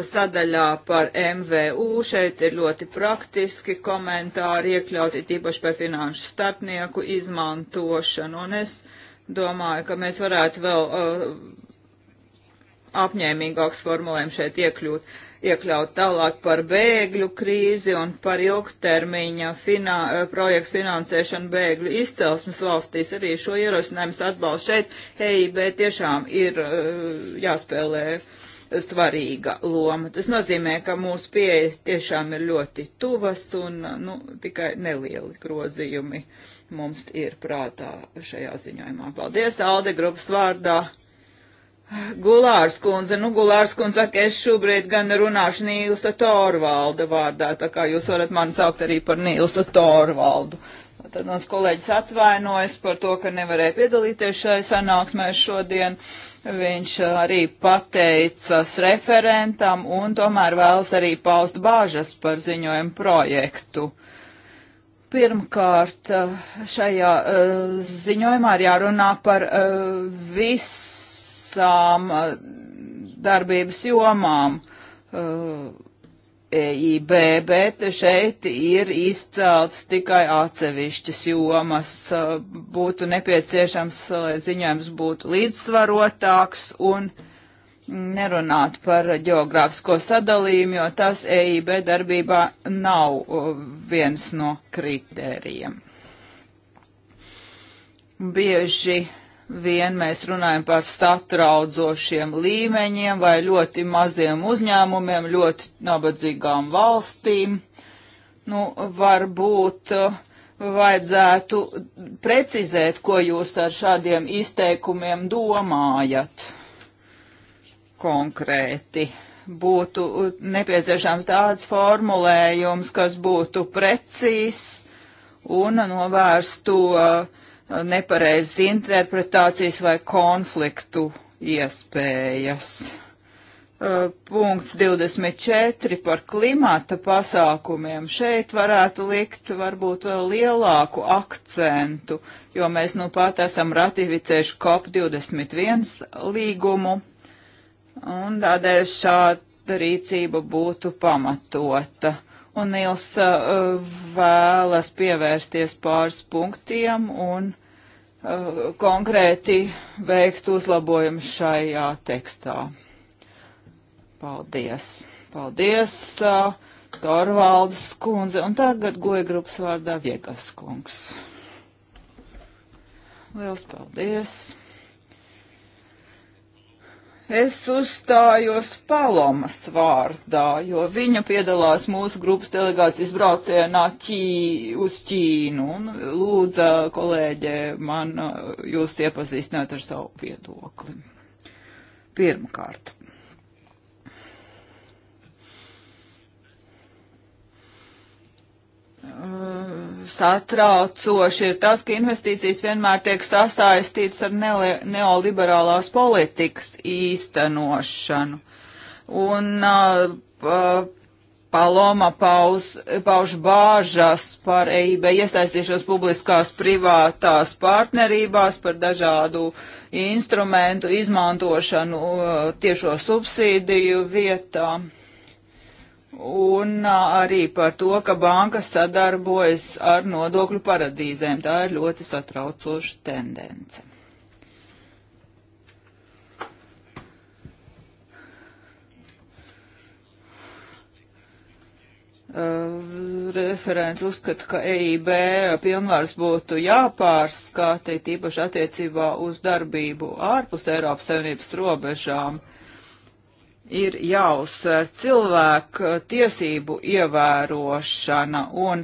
sadaļā par MVU. Šeit ir ļoti praktiski komentāri iekļauti tīpaši par finanšu starpnieku izmantošanu. Un es domāju, ka mēs varētu vēl uh, apņēmīgāks formulējums šeit iekļūt, iekļaut tālāk par bēgļu krīzi un par ilgtermiņa finā, uh, projektu finansēšanu bēgļu izcelsmes valstīs. Arī šo ierosinājumu atbalstu šeit EIB tiešām ir uh, jāspēlē uh, svarīga loma. Tas nozīmē, ka mūsu pieejas tiešām ir ļoti tuvas un nu, tikai nelieli grozījumi mums ir prātā šajā ziņojumā. Paldies, Alde grupas vārdā. Gulārs kundze, nu Gulārs kundze saka, es šobrīd gan runāšu Nīlsa Torvalda vārdā, tā kā jūs varat mani saukt arī par Nīlsa Torvaldu. Tad mums kolēģis atvainojas par to, ka nevarēja piedalīties šai sanāksmē šodien. Viņš uh, arī pateicas referentam un tomēr vēlas arī paust bāžas par ziņojumu projektu. Pirmkārt, uh, šajā uh, ziņojumā ir jārunā par uh, visām uh, darbības jomām. Uh, EIB, bet šeit ir izceltas tikai atsevišķas jomas. Būtu nepieciešams, lai ziņojums būtu līdzsvarotāks un nerunāt par geogrāfisko sadalījumu, jo tas EIB darbībā nav viens no kritērijiem. Bieži vien mēs runājam par satraudzošiem līmeņiem vai ļoti maziem uzņēmumiem, ļoti nabadzīgām valstīm. Nu, varbūt uh, vajadzētu precizēt, ko jūs ar šādiem izteikumiem domājat konkrēti. Būtu uh, nepieciešams tāds formulējums, kas būtu precīzs un novērstu uh, nepareizas interpretācijas vai konfliktu iespējas. Punkts 24 par klimata pasākumiem. Šeit varētu likt varbūt vēl lielāku akcentu, jo mēs nu pat esam ratificējuši COP21 līgumu, un tādēļ šāda rīcība būtu pamatota un Nils uh, vēlas pievērsties pāris punktiem un Eh, konkrēti veikt uzlabojumu šajā tekstā. Paldies! Paldies, uh, eh, Torvaldas kundze, un tagad goja grupas vārdā Viegas kungs. Liels paldies! Es uzstājos Palomas vārdā, jo viņa piedalās mūsu grupas delegācijas braucienā ķī, uz Ķīnu un lūdza kolēģe man uh, jūs iepazīstināt ar savu viedokli. Pirmkārt, Uh, satraucoši ir tas, ka investīcijas vienmēr tiek sasaistītas ar neoliberālās politikas īstenošanu. Un uh, uh Paloma paus, pauž bāžas par EIB iesaistīšos publiskās privātās partnerībās, par dažādu instrumentu izmantošanu uh, tiešo subsīdiju vietām un arī par to, ka bankas sadarbojas ar nodokļu paradīzēm. Tā ir ļoti satraucoša tendence. Uh, referents uzskata, ka EIB pilnvars būtu jāpārskata, tīpaši attiecībā uz darbību ārpus Eiropas Savienības robežām ir jāuzsver eh, cilvēku eh, tiesību ievērošana un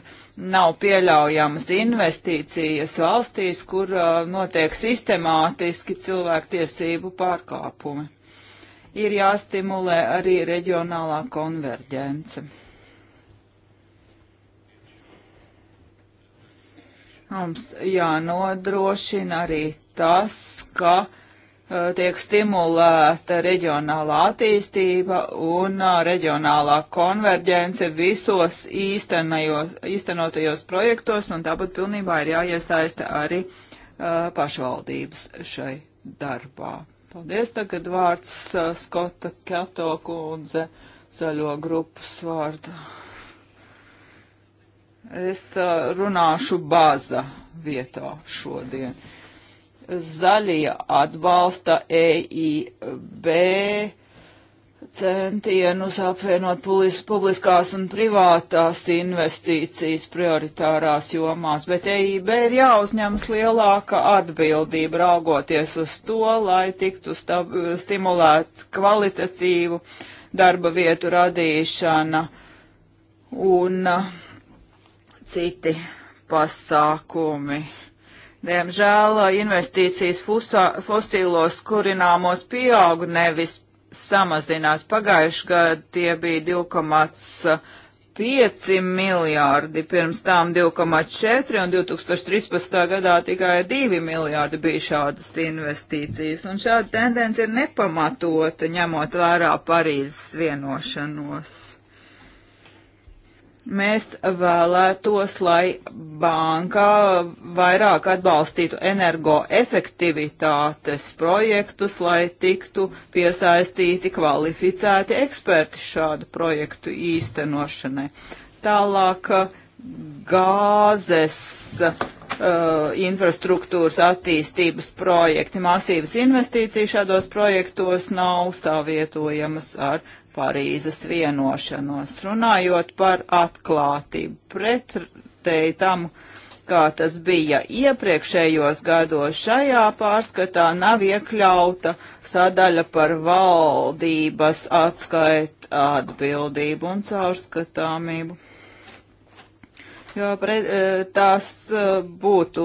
nav pieļaujamas investīcijas valstīs, kur uh, notiek sistemātiski cilvēku tiesību pārkāpumi. Ir jāstimulē arī reģionālā konverģence. Mums jānodrošina arī tas, ka Eh, tiek stimulēta reģionālā attīstība un eh, reģionālā konverģence visos īstenotajos projektos, un tāpat pilnībā ir jāiesaista arī uh, pašvaldības šai darbā. Paldies, tagad vārds uh, Skota Kato kundze zaļo grupas vārdu. Es uh, runāšu baza vietā šodien. Uh, Zaļie atbalsta EIB centienus apvienot publiskās un privātās investīcijas prioritārās jomās, bet EIB ir jāuzņemas lielāka atbildība raugoties uz to, lai tiktu stimulēt kvalitatīvu darba vietu radīšana un citi pasākumi. Diemžēl eh, investīcijas fosīlos kurināmos pieaug nevis samazinās. Pagājuši gadu tie bija 2,5 miljārdi, pirms tām 2,4 un 2013. gadā tikai 2 miljārdi bija šādas investīcijas. Un šāda tendence ir nepamatota, ņemot vērā Parīzes vienošanos. Mēs vēlētos, lai bankā vairāk atbalstītu energoefektivitātes projektus, lai tiktu piesaistīti kvalificēti eksperti šādu projektu īstenošanai. Tālāk gāzes Uh, infrastruktūras attīstības projekti. Masīvas investīcijas šādos projektos nav savietojamas ar Parīzes vienošanos. Runājot par atklātību, pretēji tam, kā tas bija iepriekšējos gados, šajā pārskatā nav iekļauta sadaļa par valdības atskait atbildību un caurskatāmību jo pre, eh, tās eh, būtu,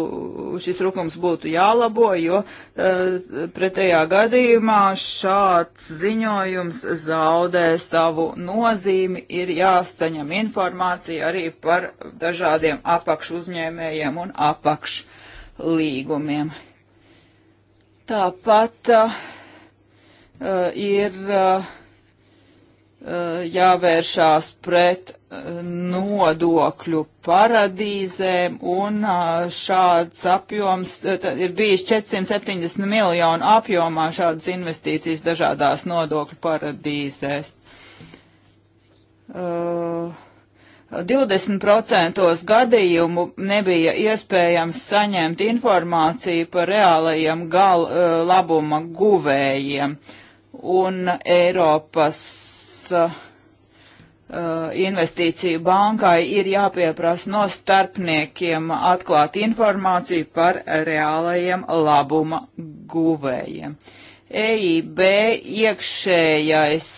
šis rūkums būtu jālabo, jo eh, pretējā gadījumā šāds ziņojums zaudē savu nozīmi, ir jāsaņem informācija arī par dažādiem apakšu uzņēmējiem un apakšu līgumiem. Tāpat uh, ir uh, Eh, jāvēršās pret eh, nodokļu paradīzēm, un eh, šāds apjoms ir bijis 470 miljonu apjomā šādas investīcijas dažādās nodokļu paradīzēs. Uh, 20% gadījumu nebija iespējams saņemt informāciju par reālajiem gal, labuma guvējiem, un Eiropas uh, investīciju bankai ir jāpieprasa no starpniekiem atklāt informāciju par reālajiem labuma guvējiem. EIB iekšējais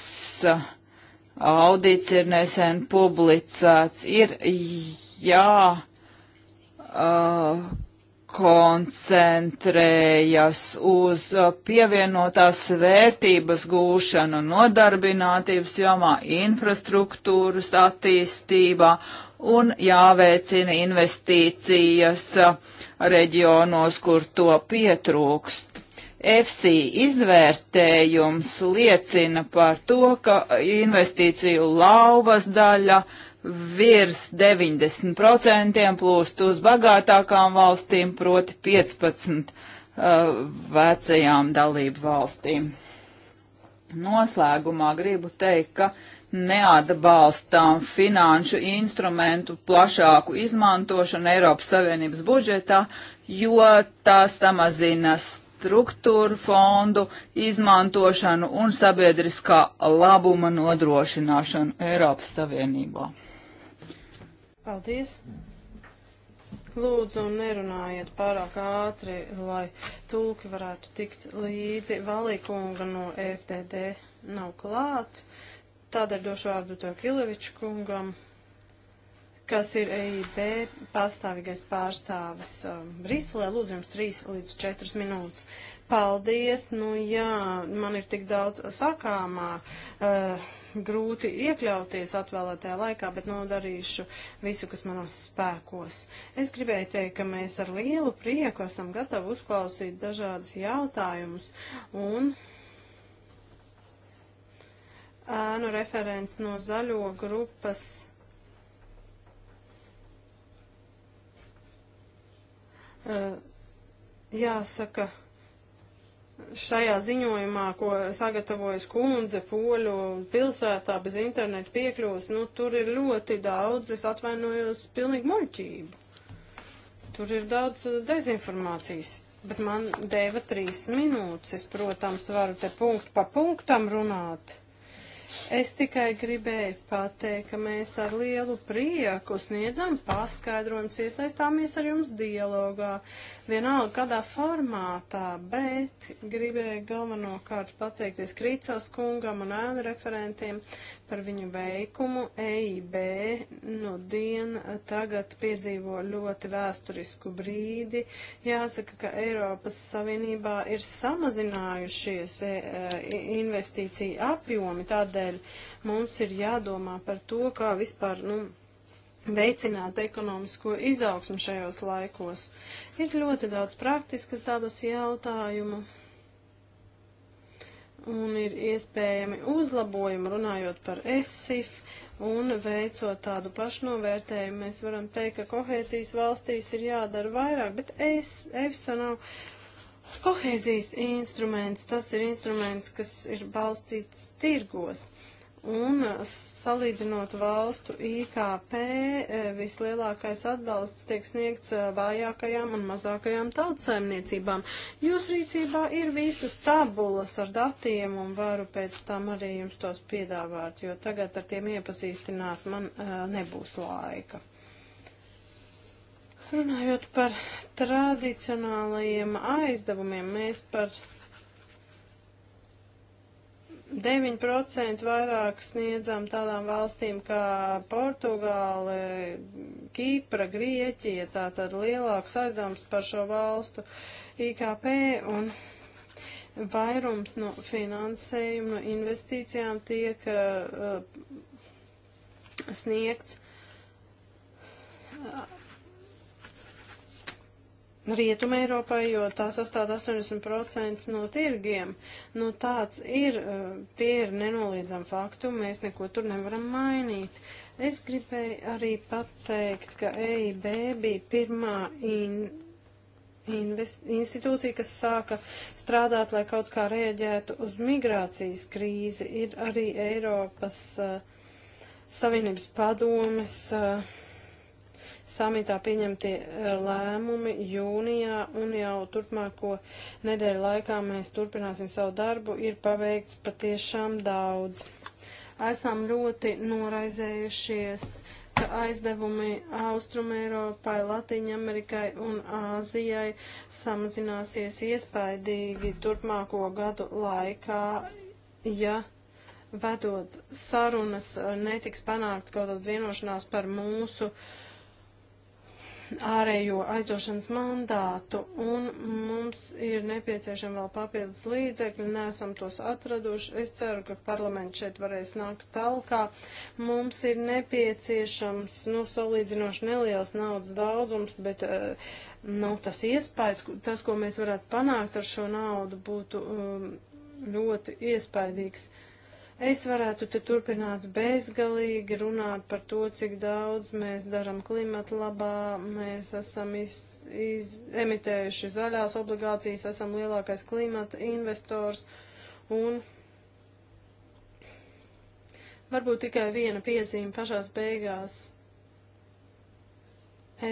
audits ir nesen publicēts, ir jā. Uh, koncentrējas uz pievienotās vērtības gūšanu nodarbinātības jomā, infrastruktūras attīstībā un jāveicina investīcijas reģionos, kur to pietrūkst. FC izvērtējums liecina par to, ka investīciju lauvas daļa virs 90% plūst uz bagātākām valstīm, proti 15 uh, vecajām dalību valstīm. Noslēgumā gribu teikt, ka neatbalstām finanšu instrumentu plašāku izmantošanu Eiropas Savienības budžetā, jo tā samazina struktūru fondu izmantošanu un sabiedriskā labuma nodrošināšanu Eiropas Savienībā. Paldies! Lūdzu, nerunājiet pārāk ātri, lai tūki varētu tikt līdzi. Valīkunga no FTD nav klāt, tādēļ došu vārdu to Kileviču kungam, kas ir EIB pastāvīgais pārstāvis um, Briselē. Lūdzu, jums 3 līdz 4 minūtes. Paldies, nu jā, man ir tik daudz sakāmā, uh, grūti iekļauties atvēlētajā laikā, bet nodarīšu nu, visu, kas manos spēkos. Es gribēju teikt, ka mēs ar lielu prieku esam gatavi uzklausīt dažādas jautājumus un ēnu referents no zaļo grupas. Uh, jāsaka, šajā ziņojumā, ko sagatavojas kundze poļu pilsētā bez internetu piekļūs, nu tur ir ļoti daudz, es atvainojos, pilnīgi muļķību. Tur ir daudz dezinformācijas, bet man deva trīs minūtes. Es, protams, varu te punktu pa punktam runāt. Es tikai gribēju pateikt, ka mēs ar lielu prieku sniedzam paskaidrojumus, iesaistāmies ar jums dialogā, vienalga kādā formātā, bet gribēju galvenokārt pateikties Krīcās kungam un ēnu referentiem. Uh, par viņu veikumu. EIB no nu diena tagad piedzīvo ļoti vēsturisku brīdi. Jāsaka, ka Eiropas Savienībā ir samazinājušies e, e, investīciju apjomi, tādēļ mums ir jādomā par to, kā vispār. Nu, veicināt ekonomisko izaugsmu šajos laikos. Ir ļoti daudz praktiskas tādas jautājumu un ir iespējami uzlabojumi runājot par ESIF un veicot tādu pašnovērtējumu. Mēs varam teikt, ka kohēzijas valstīs ir jādara vairāk, bet es, EFSA nav kohēzijas instruments, tas ir instruments, kas ir balstīts tirgos. Uh, Un salīdzinot valstu IKP, eh, vislielākais atbalsts tiek sniegts eh, vājākajām un mazākajām tautsaimniecībām. Jūs rīcībā ir visas tabulas ar datiem un varu pēc tam arī jums tos piedāvāt, jo tagad ar tiem iepazīstināt man eh, nebūs laika. Runājot par tradicionālajiem aizdevumiem, mēs par 9% vairāk sniedzam tādām valstīm kā Portugāle, Kīpra, Grieķija, tātad lielāks aizdevums par šo valstu IKP un vairums no finansējuma investīcijām tiek uh, sniegts Rietuma Eiropai, jo tā sastāv 80% no tirgiem. Nu, tāds ir, eh, tie ir nenoliedzami faktu, mēs neko tur nevaram mainīt. Es gribēju arī pateikt, ka EIB bija pirmā in, invest, institūcija, kas sāka strādāt, lai kaut kā rēģētu uz migrācijas krīzi. Ir arī Eiropas uh, Savienības padomes. Uh, samitā pieņemtie eh, lēmumi jūnijā un jau turpmāko nedēļu laikā mēs turpināsim savu darbu. Ir paveikts patiešām daudz. Esam ļoti noraizējušies, ka aizdevumi Austrumēropai, Latviņamerikai un Āzijai samazināsies iespaidīgi turpmāko gadu laikā, ja vedot sarunas, eh, netiks panākt kaut kāda vienošanās par mūsu uh, ārējo aizdošanas mandātu, un mums ir nepieciešama vēl papildus līdzekļi, nesam tos atraduši. Es ceru, ka parlaments šeit varēs nākt talkā. Mums ir nepieciešams, nu, salīdzinoši neliels naudas daudzums, bet uh, eh, nav nu, tas iespējas, tas, ko mēs varētu panākt ar šo naudu, būtu um, ļoti iespaidīgs. Uh, Es varētu te turpināt bezgalīgi runāt par to, cik daudz mēs darām klimata labā, mēs esam iz, iz, emitējuši zaļās obligācijas, esam lielākais klimata investors un varbūt tikai viena piezīme pašās beigās.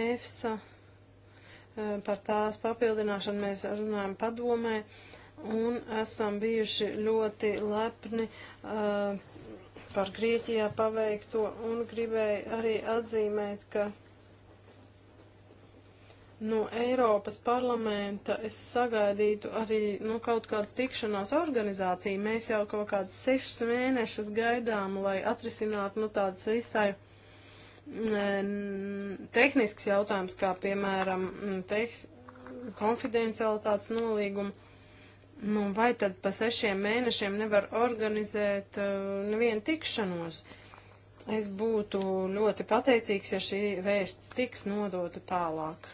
EFSA eh, par tās papildināšanu mēs runājam padomē. Uh, un esam bijuši ļoti lepni uh, par Grieķijā paveikto un gribēju arī atzīmēt, ka no Eiropas parlamenta es sagaidītu arī nu, kaut kādas tikšanās organizāciju. Mēs jau kaut kādas sešas mēnešas gaidām, lai atrisinātu nu, tādas visai mm, tehnisks jautājums, kā piemēram mm, teh, konfidencialitātes nolīguma. Nu, vai tad pa sešiem mēnešiem nevar organizēt uh, nevienu tikšanos? Es būtu ļoti pateicīgs, ja šī vēsts tiks nodota tālāk.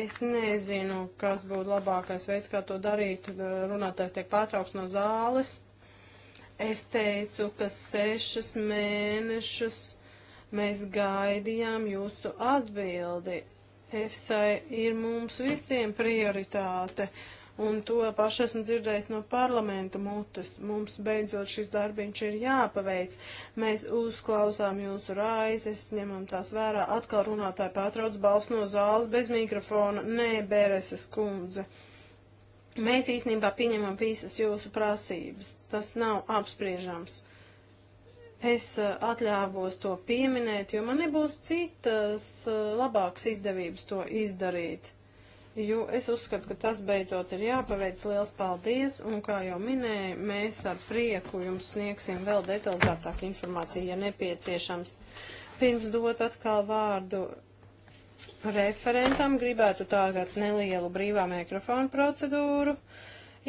Es nezinu, kas būtu labākais veids, kā to darīt. Uh, runātājs tiek pārtraukts no zāles. Es teicu, ka sešus mēnešus mēs gaidījām jūsu atbildi. EFSAI ir mums visiem prioritāte. Un to pašu esmu dzirdējis no parlamenta mutes. Mums beidzot šis darbiņš ir jāpaveic. Mēs uzklausām jūsu raizes, ņemam tās vērā. Atkal runātāji pārtrauc balss no zāles bez mikrofona. Nē, Bereses kundze. Mēs īstenībā pieņemam visas jūsu prasības. Tas nav apspriežams. Es eh, atļāvos to pieminēt, jo man nebūs citas eh, labākas izdevības to izdarīt. Jo es uzskatu, ka tas beidzot ir jāpaveic. Liels paldies! Un, kā jau minēju, mēs ar prieku jums sniegsim vēl detalizētāku informāciju, ja nepieciešams. Pirms dot atkal vārdu referentam, gribētu tagad nelielu brīvā mikrofonu procedūru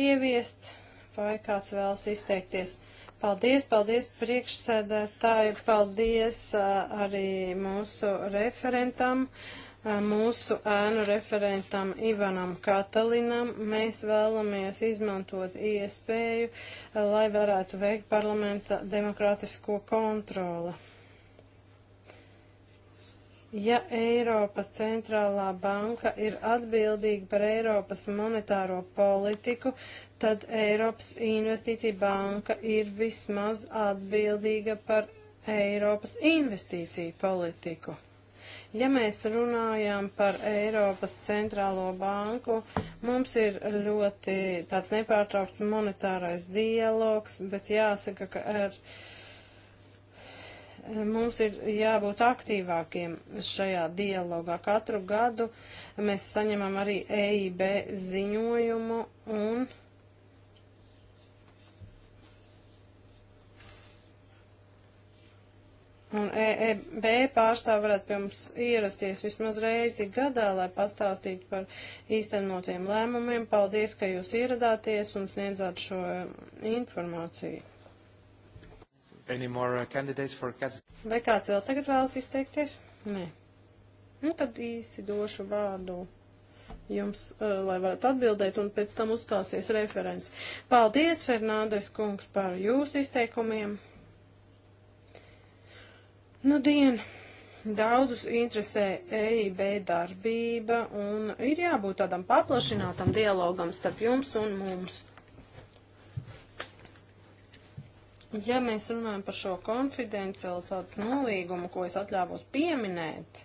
ieviest, vai kāds vēlas izteikties. Paldies, paldies priekšsēdētāji, paldies uh, arī mūsu referentam, uh, mūsu ēnu referentam Ivanam Katalinam. Mēs vēlamies izmantot iespēju, uh, lai varētu veikt parlamenta demokrātisko kontroli. Ja Eiropas centrālā banka ir atbildīga par Eiropas monetāro politiku, tad Eiropas Investīcija banka ir vismaz atbildīga par Eiropas investīciju politiku. Ja mēs runājam par Eiropas centrālo banku, mums ir ļoti tāds nepārtraukts monetārais dialogs, bet jāsaka, ka ar, mums ir jābūt aktīvākiem šajā dialogā. Katru gadu mēs saņemam arī EIB ziņojumu un Un EEB pārstāv varētu pie mums ierasties vismaz reizi gadā, lai pastāstītu par īstenotiem lēmumiem. Paldies, ka jūs ieradāties un sniedzāt šo eh, informāciju. More, uh, Vai kāds vēl tagad vēlas izteikties? Nē. Nu, tad īsi došu vārdu jums, uh, lai varat atbildēt, un pēc tam uzstāsies referents. Paldies, Fernandes kungs, par jūsu izteikumiem. Nu, dien, daudzus interesē EIB darbība un ir jābūt tādam paplašinātam dialogam starp jums un mums. Ja mēs runājam par šo konfidencialitātes nolīgumu, ko es atļāvos pieminēt,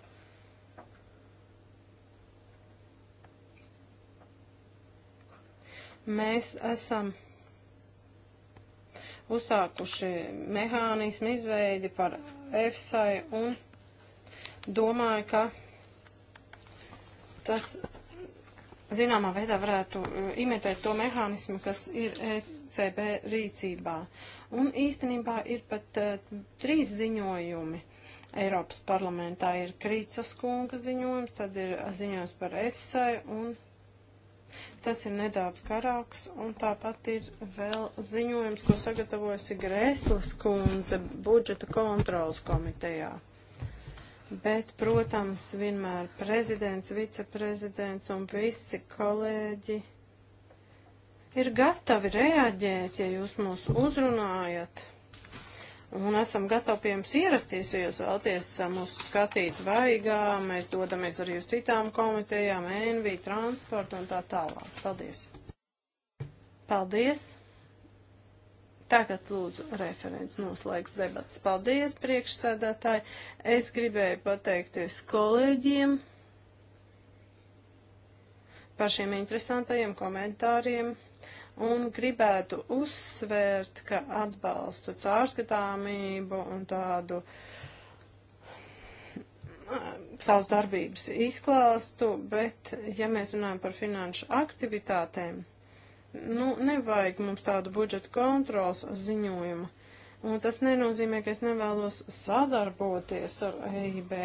mēs esam uzsākuši mehānismu izveidi par EFSAI un domāju, ka tas zināmā veidā varētu uh, imitēt to mehānismu, kas ir ECB rīcībā. Un īstenībā ir pat uh, trīs ziņojumi. Eiropas parlamentā ir Krīcas kunga ziņojums, tad ir ziņojums par EFSAI un Tas ir nedaudz garāks, un tāpat ir vēl ziņojums, ko sagatavojusi Grēslas kundze budžeta kontrolas komitejā. Bet, protams, vienmēr prezidents, viceprezidents un visi kolēģi ir gatavi reaģēt, ja jūs mūs uzrunājat un esam gatavi pie jums ierasties, ja jūs vēlaties mūs skatīt vaigā, mēs dodamies arī uz citām komitejām, NV, transportu un tā tālāk. Paldies! Paldies! Tagad lūdzu referents noslēgs debats. Paldies, priekšsēdētāji. Es gribēju pateikties kolēģiem par šiem interesantajiem komentāriem un gribētu uzsvērt, ka atbalstu caurskatāmību un tādu savas darbības izklāstu, bet ja mēs runājam par finanšu aktivitātēm, nu, nevajag mums tādu budžeta kontrols ziņojumu. Un tas nenozīmē, ka es nevēlos sadarboties ar EIB.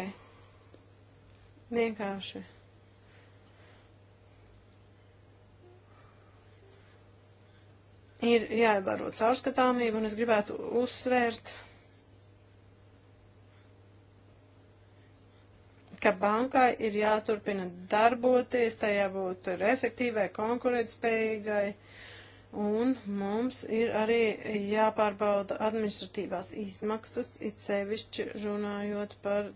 Vienkārši ir jāievēro caurskatāmība, un es gribētu uzsvērt, ka bankai ir jāturpina darboties, tai jābūt efektīvai, konkurētspējīgai, un mums ir arī jāpārbauda administratīvās izmaksas, it sevišķi runājot par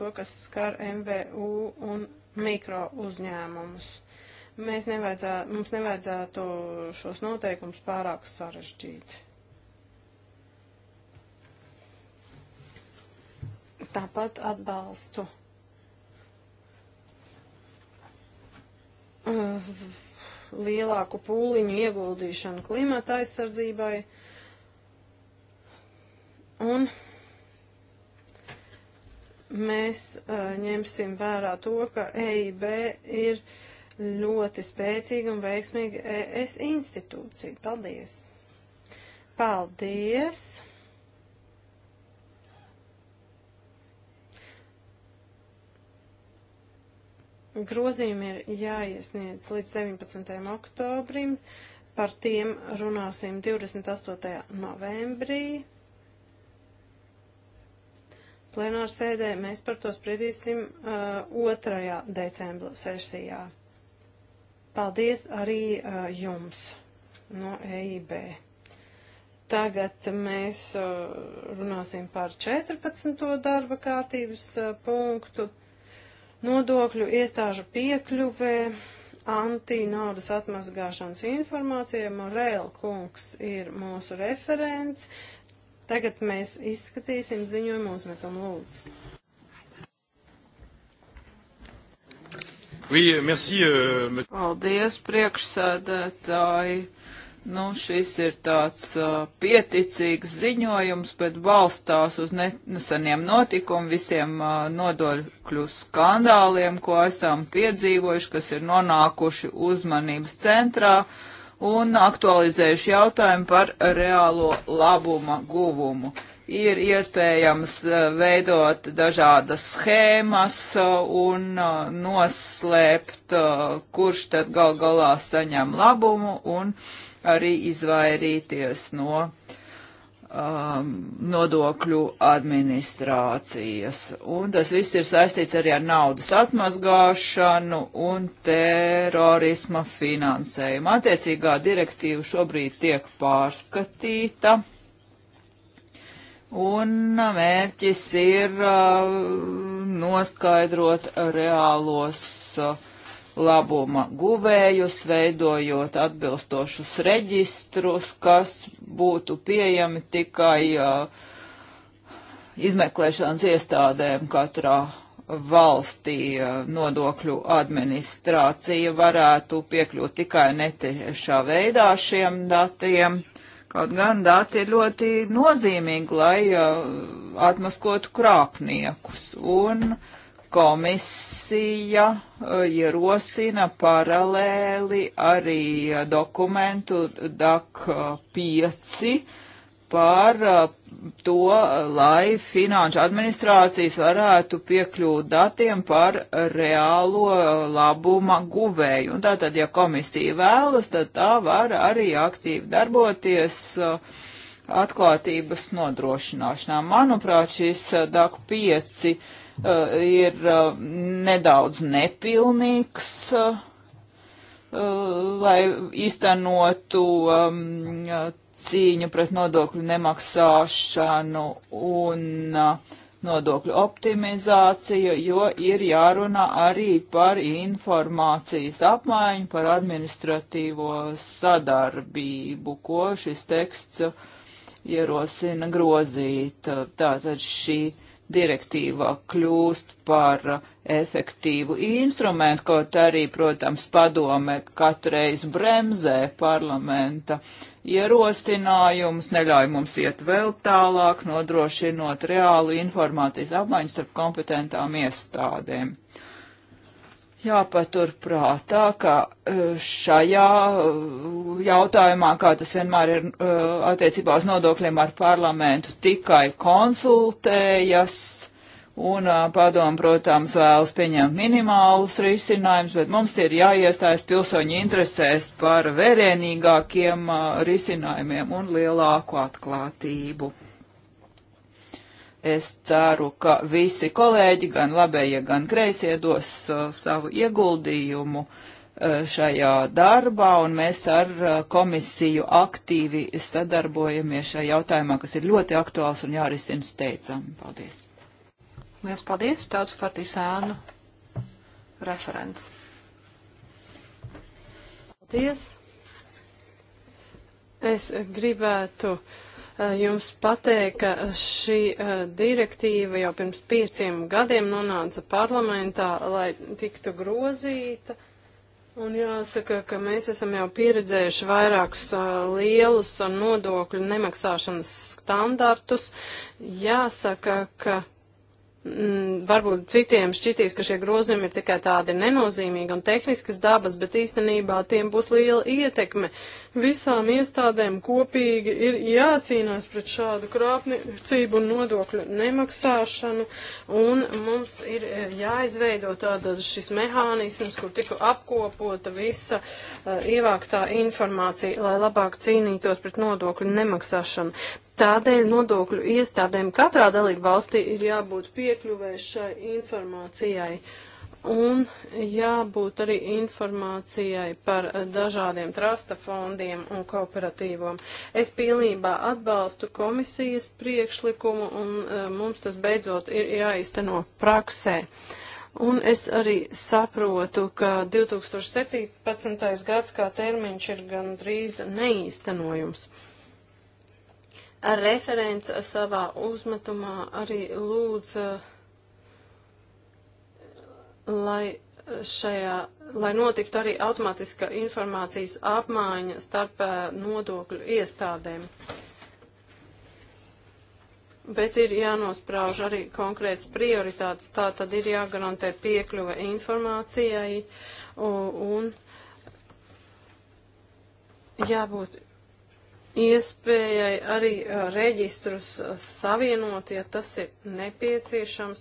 to, kas skar MVU un mikro uzņēmumus. Mēs nevajadzētu, mums nevajadzētu šos noteikumus pārāk sarežģīt. Tāpat atbalstu. Uh, lielāku pūliņu ieguldīšanu klimata aizsardzībai un mēs uh, ņemsim vērā to, ka EIB ir uh, ļoti spēcīga un veiksmīga ES institūcija. Paldies! Paldies! Grozījumi ir jāiesniedz līdz 19. oktobrim. Par tiem runāsim 28. novembrī. Plenārsēdē mēs par to spriedīsim uh, 2. decembra sesijā. Paldies arī uh, jums no EIB. Tagad mēs uh, runāsim par 14. darba kārtības uh, punktu nodokļu iestāžu piekļuvē antinaudas atmazgāšanas informācijai. Morēl kungs ir mūsu referents. Tagad mēs izskatīsim ziņojumu uzmetumu lūdzu. Oui, merci, uh, bet... Paldies, priekšsēdētāji. Nu, šis ir tāds uh, pieticīgs ziņojums, bet balstās uz neseniem notikumiem, visiem uh, nodokļu skandāliem, ko esam piedzīvojuši, kas ir nonākuši uzmanības centrā un aktualizējuši jautājumu par reālo labuma guvumu. Uh, ir iespējams eh, veidot dažādas schēmas eh, un eh, noslēpt, kurš tad gal galā saņem labumu un arī izvairīties no um, nodokļu administrācijas. Un tas viss ir saistīts arī ar naudas atmazgāšanu un terorisma finansējumu. Attiecīgā direktīva šobrīd tiek pārskatīta Un mērķis ir uh, noskaidrot reālos uh, labuma guvējus, veidojot atbilstošus reģistrus, kas būtu pieejami tikai uh, izmeklēšanas iestādēm katrā valstī nodokļu administrācija varētu piekļūt tikai netiešā veidā šiem datiem. Kaut gan dati ir ļoti nozīmīgi, lai uh, atmaskotu krāpniekus. Un komisija uh, ierosina paralēli arī uh, dokumentu DAC 5 par uh, to, lai finanšu administrācijas varētu piekļūt datiem par reālo uh, labuma guvēju. Un tātad, ja komisija vēlas, tad tā var arī aktīvi darboties uh, atklātības nodrošināšanā. Manuprāt, šis DAK 5 ir nedaudz nepilnīgs lai īstenotu um, cīņu pret nodokļu nemaksāšanu un uh, nodokļu optimizāciju, jo ir jārunā arī par informācijas apmaiņu, par administratīvo sadarbību, ko šis teksts ierosina grozīt. Tātad šī direktīvā kļūst par efektīvu instrumentu, kaut arī, protams, padome katreiz bremzē parlamenta ierosinājums, neļauj mums iet vēl tālāk, nodrošinot reālu informācijas apmaiņu starp kompetentām iestādēm. Uh, jāpatur prātā, ka e, šajā e, jautājumā, kā tas vienmēr ir e, attiecībā uz nodokļiem ar parlamentu, tikai konsultējas. Un padomu, protams, vēlas pieņemt minimālus risinājumus, bet mums ir jāiestājas pilsoņu interesēs par vērienīgākiem risinājumiem un lielāku atklātību. Es ceru, ka visi kolēģi, gan labējie, gan kreisie, dos uh, savu ieguldījumu uh, šajā darbā, un mēs ar uh, komisiju aktīvi sadarbojamies šajā jautājumā, kas ir ļoti aktuāls un jārisina steidzami. Paldies! Liels paldies! Tautas partijas ēnu referents. Paldies! Es gribētu. Uh, Eh, jums pateikt, ka šī eh, direktīva jau pirms pieciem gadiem nonāca parlamentā, lai tiktu grozīta. Un jāsaka, ka mēs esam jau pieredzējuši vairākus uh, lielus nodokļu nemaksāšanas standartus. Jāsaka, ka Mm, varbūt citiem šķitīs, ka šie grozījumi ir tikai tādi nenozīmīgi un tehniskas dabas, bet īstenībā tiem būs liela ietekme. Visām iestādēm kopīgi ir jācīnās pret šādu krāpniecību un nodokļu nemaksāšanu, un mums ir eh, jāizveido tāda šis mehānisms, kur tiku apkopota visa uh, ievāktā informācija, lai labāk cīnītos pret nodokļu nemaksāšanu. Tādēļ nodokļu iestādēm katrā dalība valstī ir jābūt piekļuvē šai informācijai un jābūt arī informācijai par dažādiem trasta fondiem un kooperatīvom. Es pilnībā atbalstu komisijas priekšlikumu un e, mums tas beidzot ir jāizteno praksē. Un es arī saprotu, ka 2017. gads kā termiņš ir gandrīz neīstenojums. Referents savā uzmetumā arī lūdza, lai šajā, lai notiktu arī automātiska informācijas apmaiņa starp eh, nodokļu iestādēm. Bet ir jānosprauž arī konkrēts prioritātes, tā tad ir jāgarantē piekļuve informācijai un jābūt iespējai arī reģistrus savienot, ja tas ir nepieciešams.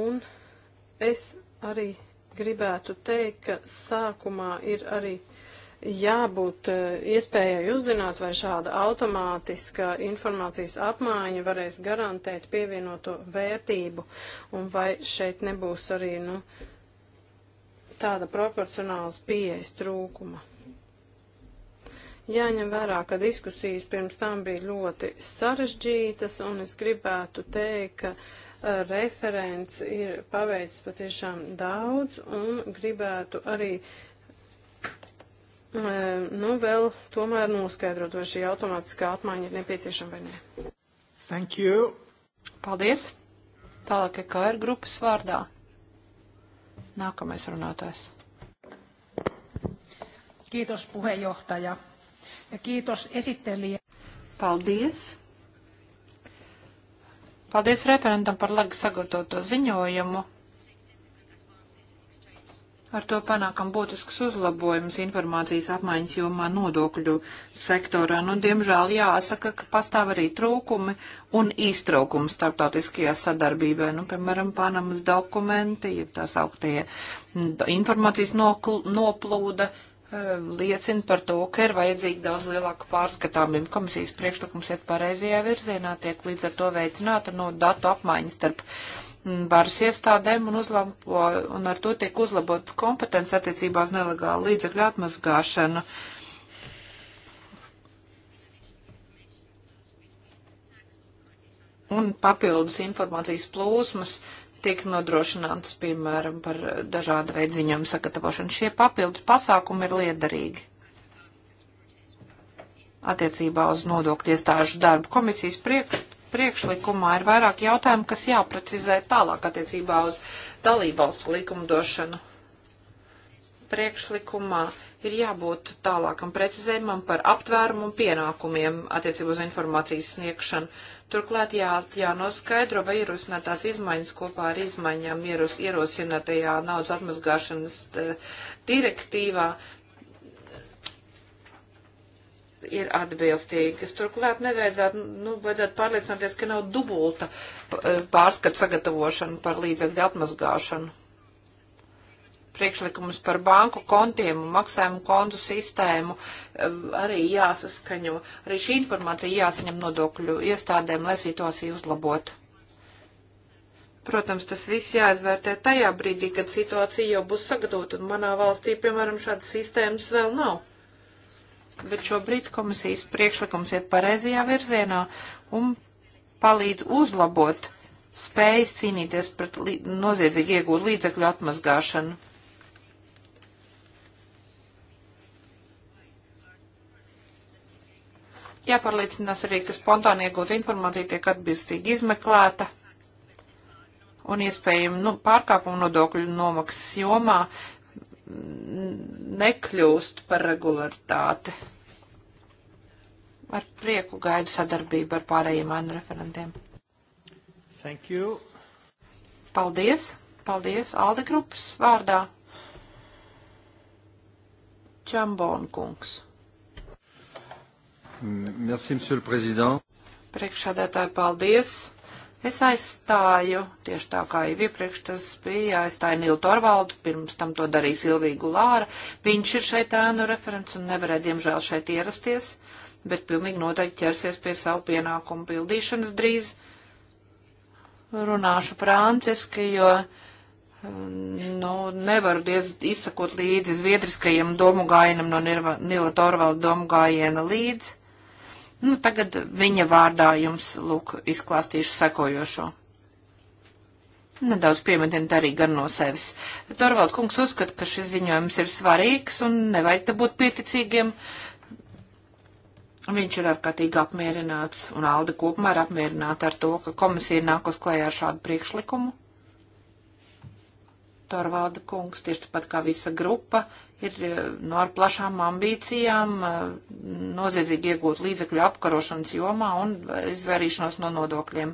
Un es arī gribētu teikt, ka sākumā ir arī jābūt iespējai uzzināt, vai šāda automātiska informācijas apmaiņa varēs garantēt pievienoto vērtību, un vai šeit nebūs arī nu, tāda proporcionāls pieejas trūkuma. Jāņem vērā, ka diskusijas pirms tam bija ļoti sarežģītas, un es gribētu teikt, ka uh, referents ir paveicis patiešām daudz, un gribētu arī, uh, nu, vēl tomēr noskaidrot, vai šī automātiskā apmaiņa ir nepieciešama vai nē. Thank you. Paldies. Tālāk, kā ir grupas vārdā. Nākamais runātājs. Kiitos puheenjohtaja. Kiitos esittelijä. Paldies. Paldies referentam par labi sagatavoto ziņojumu. Ar to panākam būtisks uzlabojums informācijas apmaiņas jomā nodokļu sektorā. Nu, diemžēl jāsaka, ka pastāv arī trūkumi un iztraukumi starptautiskajā sadarbībā. Nu, piemēram, Panamas dokumenti, ja tās augtie informācijas noplūda. Um, liecina par to, ka ir vajadzīga daudz lielāka pārskatāmība. Komisijas priekšlikums iet pareizajā virzienā, tiek līdz ar to veicināta no nu, datu apmaiņas starp mm, varas iestādēm un, uzlabo, un ar to tiek uzlabotas kompetences attiecībās nelegāla līdzekļu atmazgāšana. Un papildus informācijas plūsmas tiek nodrošināts, piemēram, par dažādu veidu ziņojumu sagatavošanu. Šie papildus pasākumi ir liederīgi attiecībā uz nodokļu iestāžu darbu. Komisijas priekš, priekšlikumā ir vairāk jautājumu, kas jāprecizē tālāk attiecībā uz dalībvalstu likumdošanu. Priekšlikumā ir jābūt tālākam precizējumam par aptvērumu un pienākumiem attiecībā uz informācijas sniegšanu Turklāt jāatjāno skaidro, vai ierosinātās izmaiņas kopā ar izmaiņām ieros, ierosinātajā naudas atmazgāšanas direktīvā ir atbilstīgas. Turklāt nevajadzētu, nu, vajadzētu pārliecināties, ka nav dubulta eh, pārskata sagatavošana par līdzekļu atmazgāšanu priekšlikumus par banku kontiem un maksājumu kontu sistēmu eh, arī jāsaskaņo. Arī šī informācija jāsaņem nodokļu iestādēm, lai situāciju uzlabotu. Protams, tas viss jāizvērtē tajā brīdī, kad situācija jau būs sagatavota, un manā valstī, piemēram, šādas sistēmas vēl nav. Bet šobrīd komisijas priekšlikums iet pareizajā virzienā un palīdz uzlabot spējas cīnīties pret noziedzīgi iegūt līdzekļu atmazgāšanu. Jāpārliecinās arī, ka spontāni iegūta informācija tiek atbilstīgi izmeklēta un iespējami nu, pārkāpumu nodokļu nomaksas jomā nekļūst par regularitāti. Ar prieku gaidu sadarbību ar pārējiem ANU referentiem. Thank you. Paldies. Paldies Alde grupas vārdā. Čambon kungs. Merci, monsieur le président. Priekšādātāji, paldies. Es aizstāju, tieši tā kā jau iepriekš tas bija, aizstāju Nilu Torvaldu, pirms tam to darīja Silvija Gulāra. Viņš ir šeit ēnu referents un nevarēja, diemžēl, šeit ierasties, bet pilnīgi noteikti ķersies pie savu pienākumu pildīšanas drīz. Runāšu franciski, jo mm, nu, nevaru diez, izsakot līdzi zviedriskajam domu gājienam no Nila Torvalda domu gājiena līdzi. Nu, tagad viņa vārdā jums, lūk, izklāstīšu sekojošo. Nedaudz piemetinot arī gan no sevis. Torvald kungs uzskata, ka šis ziņojums ir svarīgs un nevajag te būt pieticīgiem. Viņš ir ārkārtīgi apmierināts un Alde kopumā ir apmierināta ar to, ka komisija nāk uz klējā ar šādu priekšlikumu. Torvalda kungs, tieši tāpat kā visa grupa, ir eh, no nu, ar plašām ambīcijām eh, noziedzīgi iegūt līdzekļu apkarošanas jomā un izvairīšanos no nodokļiem.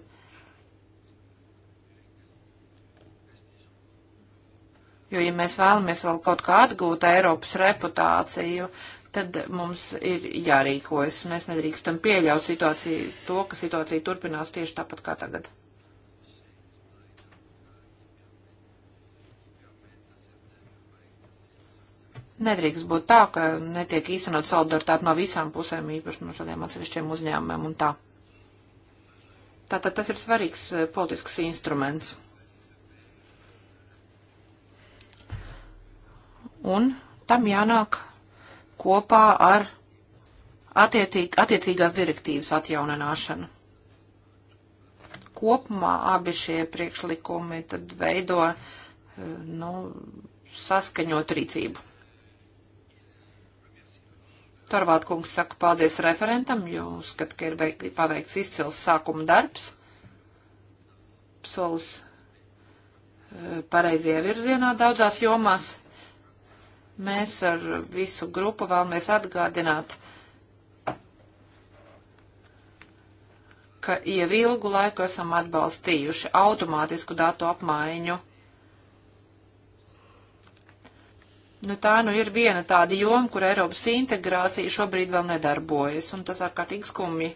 Jo, ja mēs vēlamies vēl kaut kā atgūt Eiropas reputāciju, tad mums ir jārīkojas. Mēs nedrīkstam pieļaut situāciju, to, ka situācija turpinās tieši tāpat kā tagad. Nedrīkst būt tā, ka netiek īstenot solidaritāte no visām pusēm, īpaši no šādiem atsevišķiem uzņēmumiem un tā. Tātad tas ir svarīgs eh, politisks instruments. Un tam jānāk kopā ar attiecīg, attiecīgās direktīvas atjaunināšanu. Kopumā abi šie priekšlikumi tad veido eh, nu, saskaņot rīcību. Torvald kungs saka paldies referentam, jo uzskat, ka ir veik, paveikts izcils sākuma darbs. Solis e, pareizajā virzienā daudzās jomās. Mēs ar visu grupu vēlamies atgādināt, ka jau ilgu laiku esam atbalstījuši automātisku datu apmaiņu Nu, tā nu ir viena tāda joma, kur Eiropas integrācija šobrīd vēl nedarbojas, un tas ārkārtīgi skumji.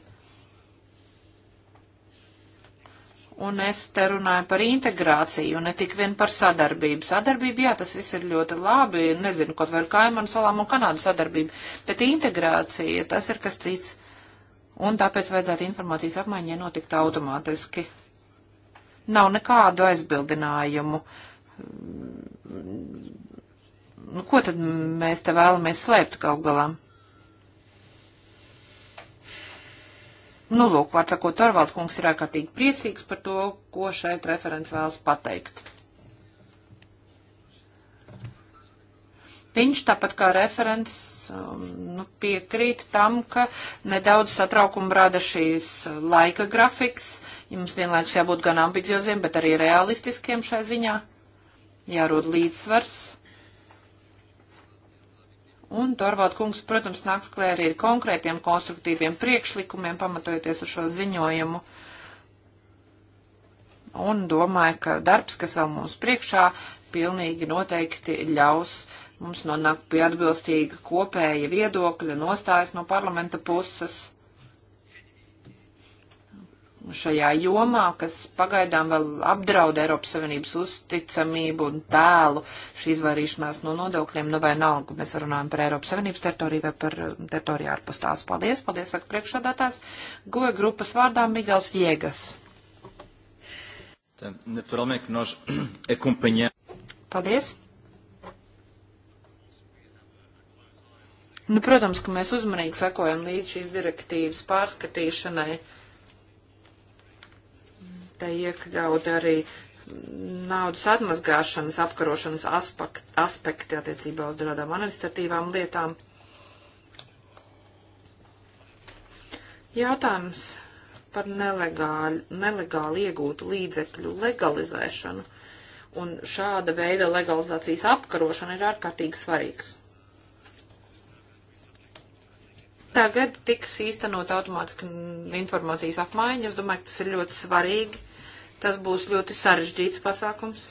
Un es te runāju par integrāciju, ne tik vien par sadarbību. Sadarbība, jā, tas viss ir ļoti labi, nezinu, kaut vai ar Kaimanu salām un Kanādu sadarbību, bet integrācija, tas ir kas cits. Un tāpēc vajadzētu informācijas apmaiņai notikt automātiski. Nav nekādu aizbildinājumu Nu, ko tad mēs te vēlamies slēpt kaut galā? Nu, lūk, vārds sakot, Torvalda kungs ir ārkārtīgi priecīgs par to, ko šeit referents vēlas pateikt. Viņš tāpat kā referents um, nu, piekrīt tam, ka nedaudz satraukumu rada šīs laika grafiks. Jums vienlaikus jābūt gan ambicioziem, bet arī realistiskiem šai ziņā. Jārod līdzsvars Un Torvald kungs, protams, nāks klē arī ar konkrētiem konstruktīviem priekšlikumiem, pamatojoties uz šo ziņojumu. Un domāju, ka darbs, kas vēl mums priekšā, pilnīgi noteikti ļaus mums nonākt pie atbilstīga kopēja viedokļa nostājas no parlamenta puses šajā jomā, kas pagaidām vēl apdraud Eiropas Savienības uzticamību un tēlu šī izvairīšanās no nodokļiem, nu vai nalgu. Mēs runājam par Eiropas Savienības teritoriju vai par um, teritoriju ārpus tās. Paldies, paldies, saka priekšādātās. Goja grupas vārdā Migals Jēgas. Paldies. Nu, protams, ka mēs uzmanīgi sekojam līdz šīs direktīvas pārskatīšanai. Uh, te iekļaut arī naudas atmazgāšanas, apkarošanas aspekt, aspekti attiecībā uz dažādām administratīvām lietām. Jautājums par nelegāli, nelegāli iegūtu līdzekļu legalizēšanu un šāda veida legalizācijas apkarošana ir ārkārtīgi svarīgs. Tagad tiks īstenot automātiski informācijas apmaiņa. Es domāju, ka tas ir ļoti svarīgi Tas būs ļoti sarežģīts pasākums.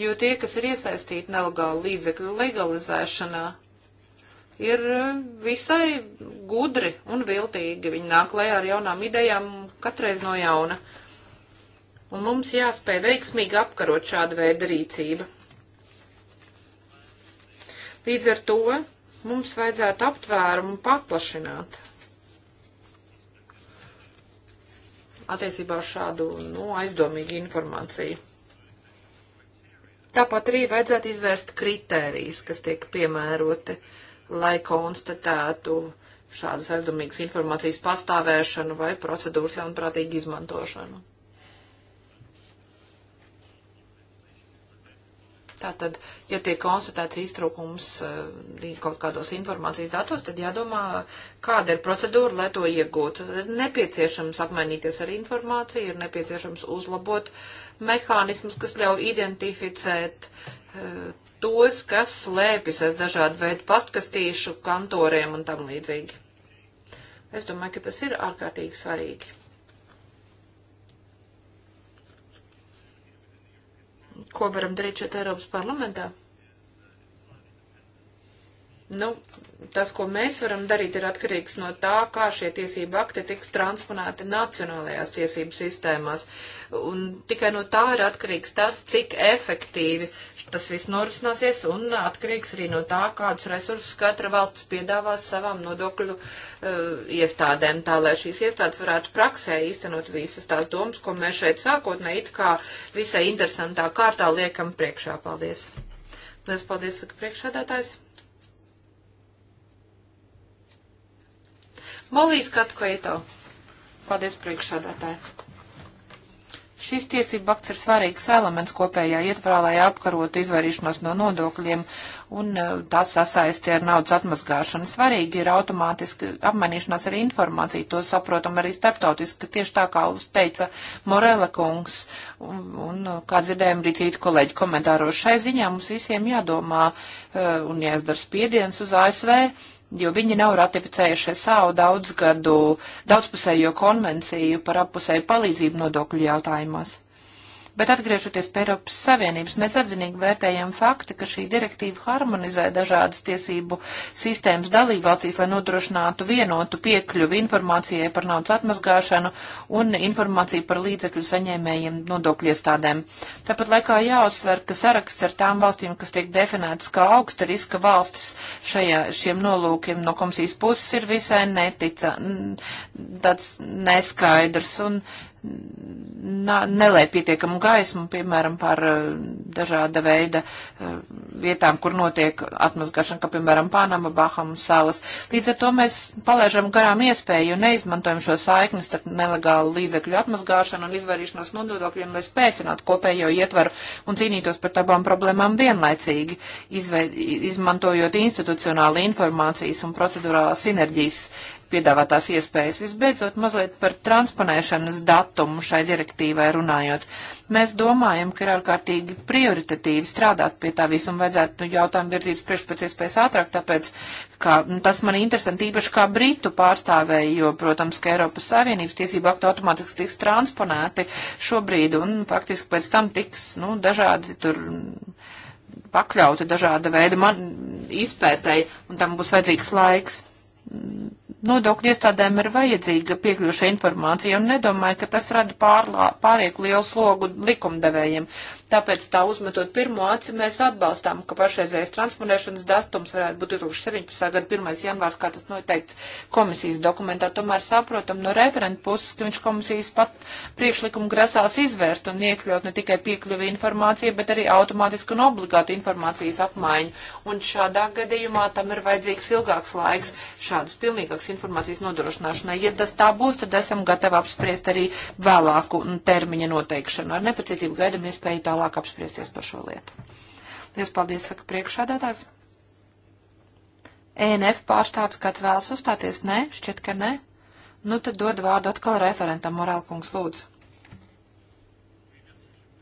Jo tie, kas ir iesaistīti nelegālu līdzekļu legalizēšanā, ir eh, visai gudri un viltīgi. Viņi nāk lejā ar jaunām idejām katreiz no jauna. Un mums jāspēj veiksmīgi apkarot šādu veidu rīcību. Līdz ar to mums vajadzētu aptvērumu paplašināt. attiecībā uz šādu nu, aizdomīgu informāciju. Tāpat arī vajadzētu izvērst kritērijus, kas tiek piemēroti, lai konstatētu šādas aizdomīgas informācijas pastāvēšanu vai procedūras ļaunprātīgu izmantošanu. Tātad, ja tiek konstatēts iztrūkums eh, kaut kādos informācijas datos, tad jādomā, kāda ir procedūra, lai to iegūtu. Tad nepieciešams apmainīties ar informāciju, ir nepieciešams uzlabot mehānismus, kas ļauj identificēt eh, tos, kas slēpjas aiz dažādu veidu pastkastīšu kantoriem un tam līdzīgi. Es domāju, ka tas ir ārkārtīgi svarīgi. ko varam darīt šeit Eiropas parlamentā? Nu, tas, ko mēs varam darīt, ir atkarīgs no tā, kā šie tiesība akti tiks transponēti nacionālajās tiesību sistēmās. Un tikai no tā ir atkarīgs tas, cik efektīvi tas viss norisināsies un atkarīgs arī no tā, kādus resursus katra valsts piedāvās savām nodokļu uh, iestādēm, tā lai šīs iestādes varētu praksē īstenot visas tās domas, ko mēs šeit sākotnē it kā visai interesantā kārtā liekam priekšā. Paldies! Liels paldies, saka priekšādātājs! Molijas Katkoito. Paldies priekšādātāji! Šis tiesība akts ir svarīgs elements kopējā ietvarā, lai apkarotu izvairīšanos no nodokļiem un eh, tas sasaisti ar naudas atmazgāšanu. Svarīgi ir automātiski apmainīšanās ar informāciju, to saprotam arī starptautiski, tieši tā kā teica Morela kungs un, un eh, kā dzirdējām arī citu kolēģu komentāros. Šai ziņā mums visiem jādomā eh, un jāizdara spiediens uz ASV jo viņi nav ratificējuši savu daudzgadu daudzpusējo konvenciju par appusēju palīdzību nodokļu jautājumos. Bet atgriežoties pie Eiropas Savienības, mēs atzinīgi vērtējam faktu, ka šī direktīva harmonizē dažādas tiesību sistēmas dalībvalstīs, lai nodrošinātu vienotu piekļuvi informācijai par naudas atmazgāšanu un informāciju par līdzekļu saņēmējiem nodokļu iestādēm. Tāpat laikā jāuzsver, ka saraksts ar tām valstīm, kas tiek definētas kā augsta riska valstis šajā, šiem nolūkiem no komisijas puses, ir visai netica, tāds neskaidrs. Un, uh, nelē pietiekamu gaismu, piemēram, par eh, dažāda veida eh, vietām, kur notiek atmazgāšana, kā piemēram Panama, Bahamu salas. Līdz ar to mēs palaižam garām iespēju un neizmantojam šo saikni starp nelegālu līdzekļu atmazgāšanu un izvairīšanos nodokļiem, lai spēcinātu kopējo ietvaru un cīnītos par abām problēmām vienlaicīgi, izvei, izmantojot institucionāli informācijas un procedurālās sinerģijas piedāvātās iespējas. Visbeidzot, mazliet par transponēšanas datumu šai direktīvai runājot. Mēs domājam, ka ir ārkārtīgi prioritatīvi strādāt pie tā visu un vajadzētu nu, jautājumu virzīt priekš pēc iespējas ātrāk, tāpēc, ka nu, tas man interesanti īpaši kā Britu pārstāvēju, jo, protams, ka Eiropas Savienības tiesība aktu automātiski tiks transponēti šobrīd un faktiski pēc tam tiks, nu, dažādi tur pakļauti dažāda veida man izpētēji, un tam būs vajadzīgs laiks nodokļu iestādēm ir vajadzīga piekļuša informācija un nedomāju, ka tas rada pārlā, pārieku lielu slogu likumdevējiem. Tāpēc tā uzmetot pirmo aci, mēs atbalstām, ka pašreizējais transponēšanas datums varētu būt 2017. gada 1. janvārs, kā tas noteikts komisijas dokumentā. Tomēr saprotam no referenta puses, ka viņš komisijas pat priekšlikumu grasās izvērst un iekļaut ne tikai piekļuvi informācija, bet arī automātisku un obligātu informācijas apmaiņu. Un šādā gadījumā tam ir vajadzīgs ilgāks laiks šādas pilnīgākas informācijas nodrošināšanai. Ja tas tā būs, tad esam gatavi apspriest arī vēlāku termiņa noteikšanu. Ar nepacietību gaidam iespēju tā tālāk apspriesties par šo lietu. Lies paldies, saka priekšādātājs. ENF pārstāvs kāds vēlas uzstāties? Nē, šķiet, ka nē. Nu, tad dod vārdu atkal referentam, Morēlkungs, lūdzu.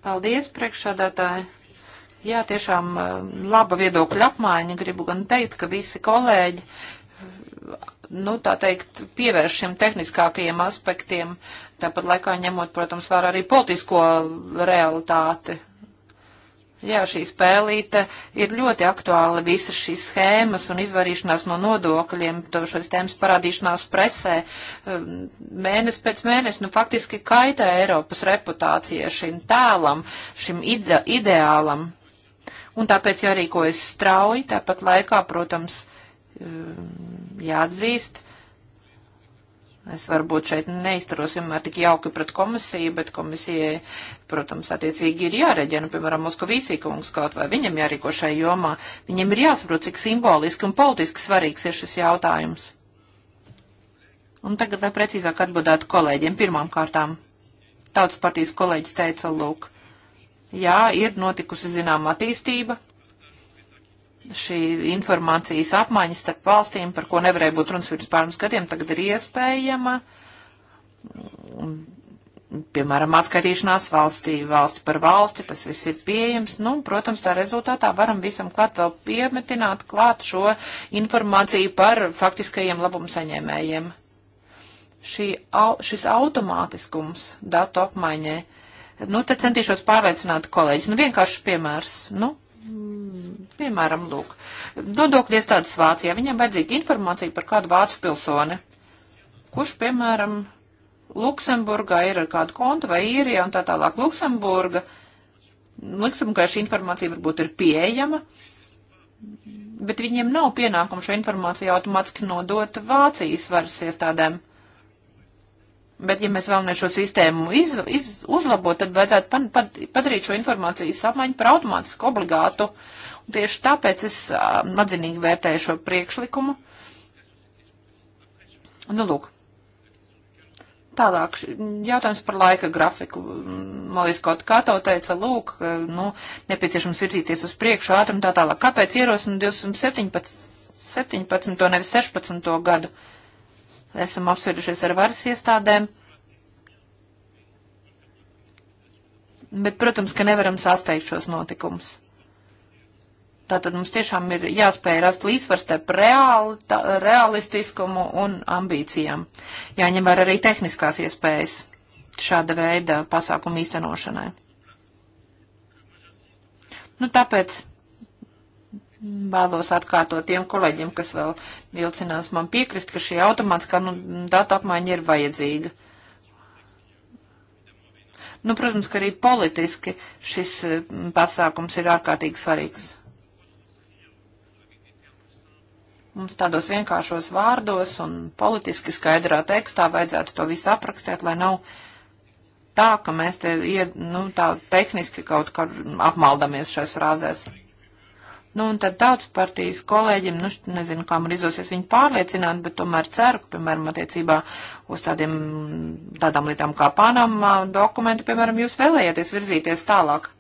Paldies, priekšādātāji. Jā, tiešām eh, laba viedokļa apmaiņa. Gribu gan teikt, ka visi kolēģi nu, tā teikt, pievērš šiem tehniskākajiem aspektiem, tāpat laikā ņemot, protams, vērā arī politisko realitāti. Jā, šī spēlīte ir ļoti aktuāla visas šīs schēmas un izvarīšanās no nodokļiem, to šīs tēmas parādīšanās presē. Um, mēnesis pēc mēnesis, nu faktiski kaitē Eiropas reputācija šim tēlam, šim ide ideālam. Un tāpēc jārīkojas strauji, tāpat laikā, protams, um, jāatzīst, Es varbūt šeit neizturos vienmēr tik jauki pret komisiju, bet komisijai, protams, attiecīgi ir jāreģē, nu, piemēram, Moskavīsī kungs kaut vai viņam jārīko šai jomā. Viņam ir jāsaprot, cik simboliski un politiski svarīgs ir šis jautājums. Un tagad, lai precīzāk atbildētu kolēģiem, pirmām kārtām. Tautas partijas kolēģis teica, lūk, jā, ir notikusi zinām attīstība, šī informācijas apmaiņas starp valstīm, par ko nevarēja būt runas pirms pāris gadiem, tagad ir iespējama. Piemēram, atskaitīšanās valstī, valsti par valsti, tas viss ir pieejams. Nu, protams, tā rezultātā varam visam klāt vēl piemetināt klāt šo informāciju par faktiskajiem labumu saņēmējiem. Šī, au, šis automātiskums datu apmaiņai, nu, te centīšos pārveicināt kolēģis. Nu, vienkārši piemērs, nu, piemēram, lūk, nodokļu iestādes Vācijā, viņam vajadzīga informācija par kādu vācu pilsoni, kurš, piemēram, Luksemburgā ir ar kādu kontu vai īrijā un tā tālāk. Luksemburga, Luksemburgā šī informācija varbūt ir pieejama, bet viņiem nav pienākumu šo informāciju automātiski nodot Vācijas varas iestādēm. Bet, ja mēs vēlamies šo sistēmu iz, iz, uzlabot, tad vajadzētu pan, pad, padarīt šo informācijas apmaiņu par automātisku obligātu. Un tieši tāpēc es uh, madzinīgi vērtēju šo priekšlikumu. Nu, lūk. Tālāk, jautājums par laika grafiku. Malīs kaut kā to teica, lūk, nu, nepieciešams virzīties uz priekšu ātrumu tā tālāk. Kāpēc ierosina 2017. 17. un nevis 16. gadu? Uh, esam apsvērdušies ar varas iestādēm. Bet, protams, ka nevaram sasteigt šos notikumus. Tātad mums tiešām ir jāspēj rast līdzsvars starp reāli, tā, realistiskumu un ambīcijām. Jāņem vērā arī tehniskās iespējas šāda veida pasākumu īstenošanai. Nu, tāpēc Vēlos atkārtot tiem kolēģiem, kas vēl vilcinās man piekrist, ka šī automātiskā nu, datu apmaiņa ir vajadzīga. Nu, protams, ka arī politiski šis mm, pasākums ir ārkārtīgi svarīgs. Mums tādos vienkāršos vārdos un politiski skaidrā tekstā vajadzētu to visu aprakstīt, lai nav tā, ka mēs te, ied, nu, tā tehniski kaut kā apmaldamies šais frāzēs. Nu, un tad tautas partijas kolēģim, nu, nezinu, kā man izdosies viņu pārliecināt, bet tomēr ceru, ka, piemēram, attiecībā uz tādiem, tādām lietām kā Panama dokumentu, piemēram, jūs vēlējāties virzīties tālāk.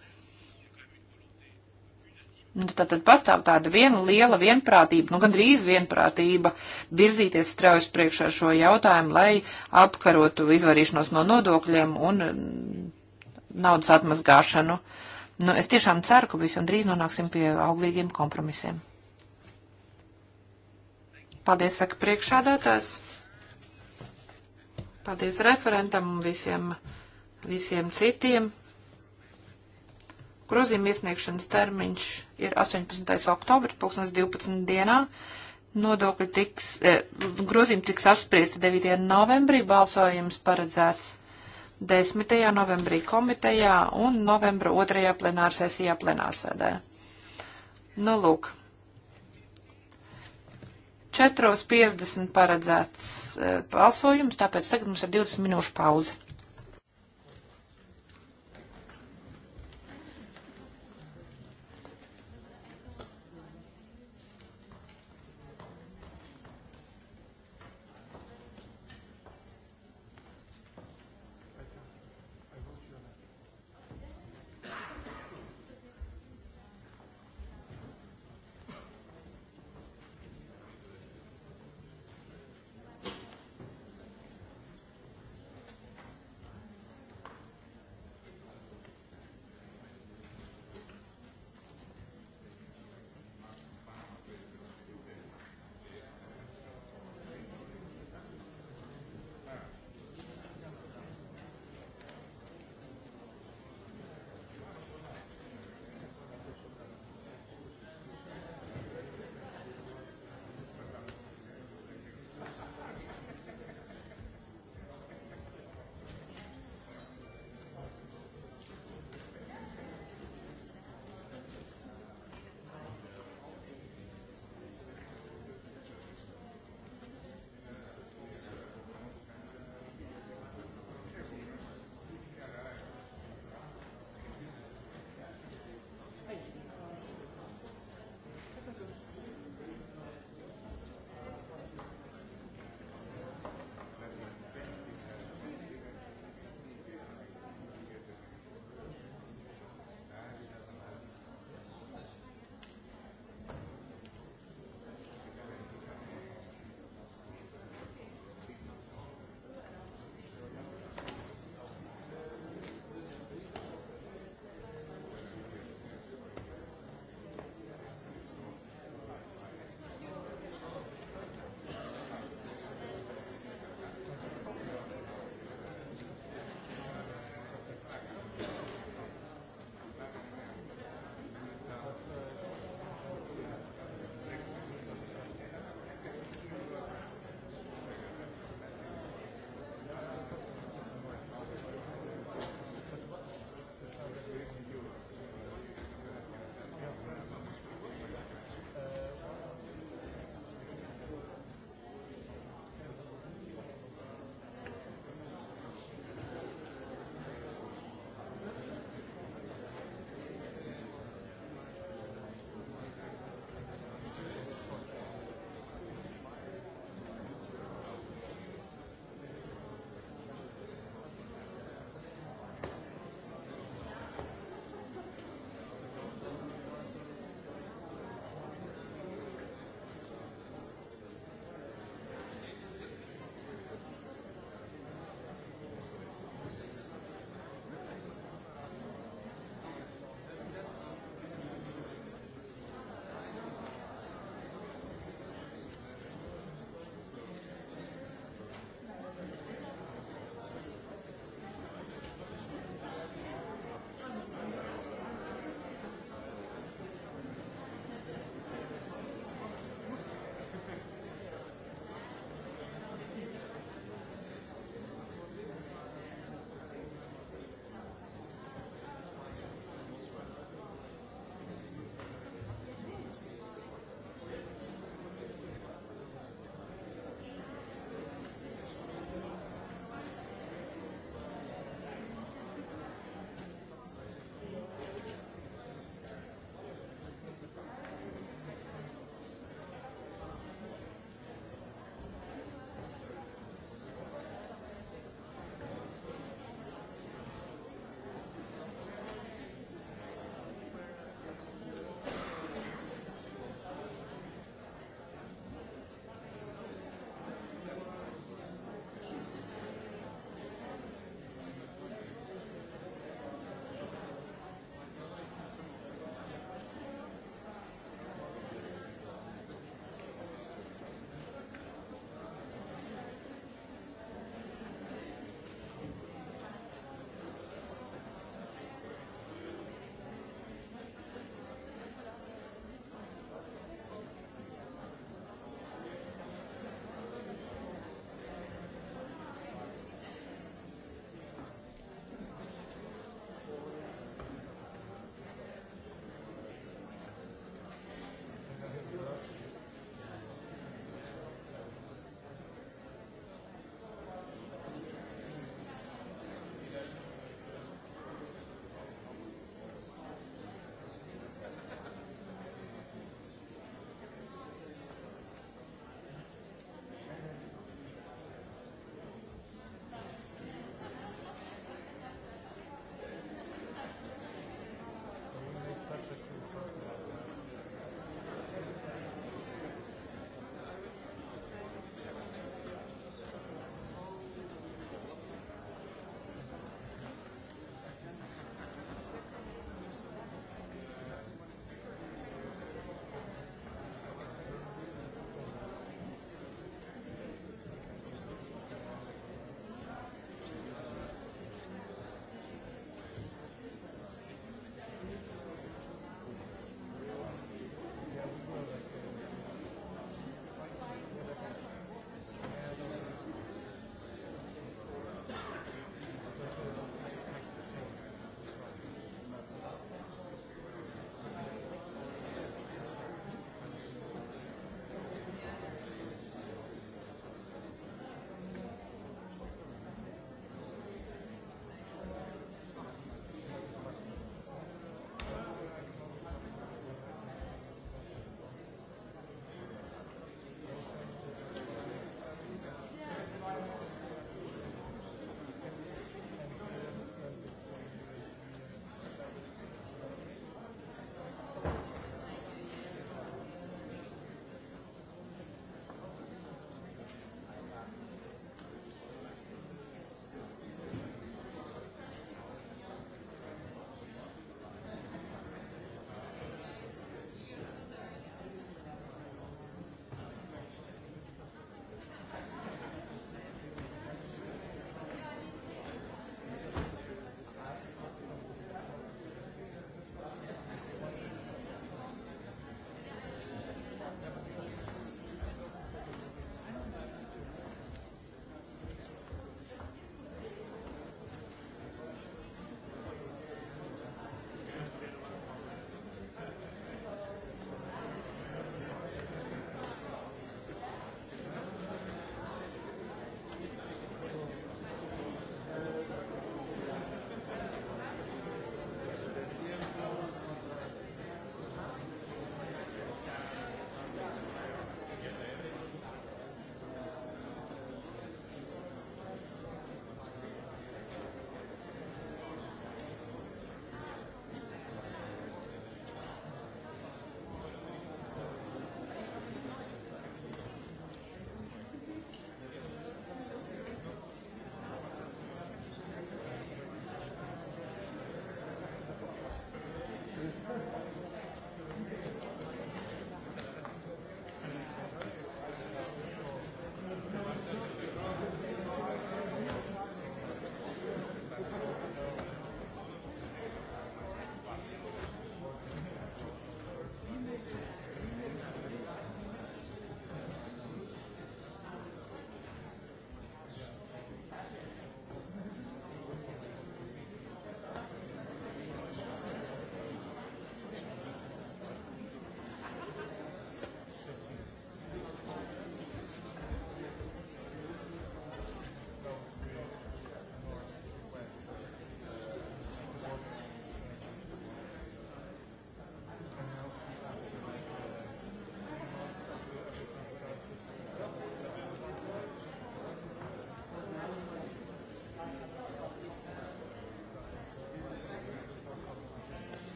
Nu, tad, tad pastāv tāda viena liela vienprātība, nu gandrīz vienprātība virzīties straujas priekšā šo jautājumu, lai apkarotu izvarīšanos no nodokļiem un mm, naudas atmazgāšanu. Uh, Nu, es tiešām ceru, ka visam drīz nonāksim pie auglīgiem kompromisiem. Paldies, saka priekšādātājs. Paldies referentam un visiem, visiem citiem. Grozījuma iesniegšanas termiņš ir 18. oktobris, 2012. dienā. Nodokļi tiks, eh, grozījumi tiks apspriesti 9. novembrī, balsojums paredzēts 10. novembrī komitejā un novembra 2. plenārsēsijā plenārsēdē. Nu, lūk. 4.50 paredzēts eh, balsojums, tāpēc tagad mums ir 20 minūšu pauze.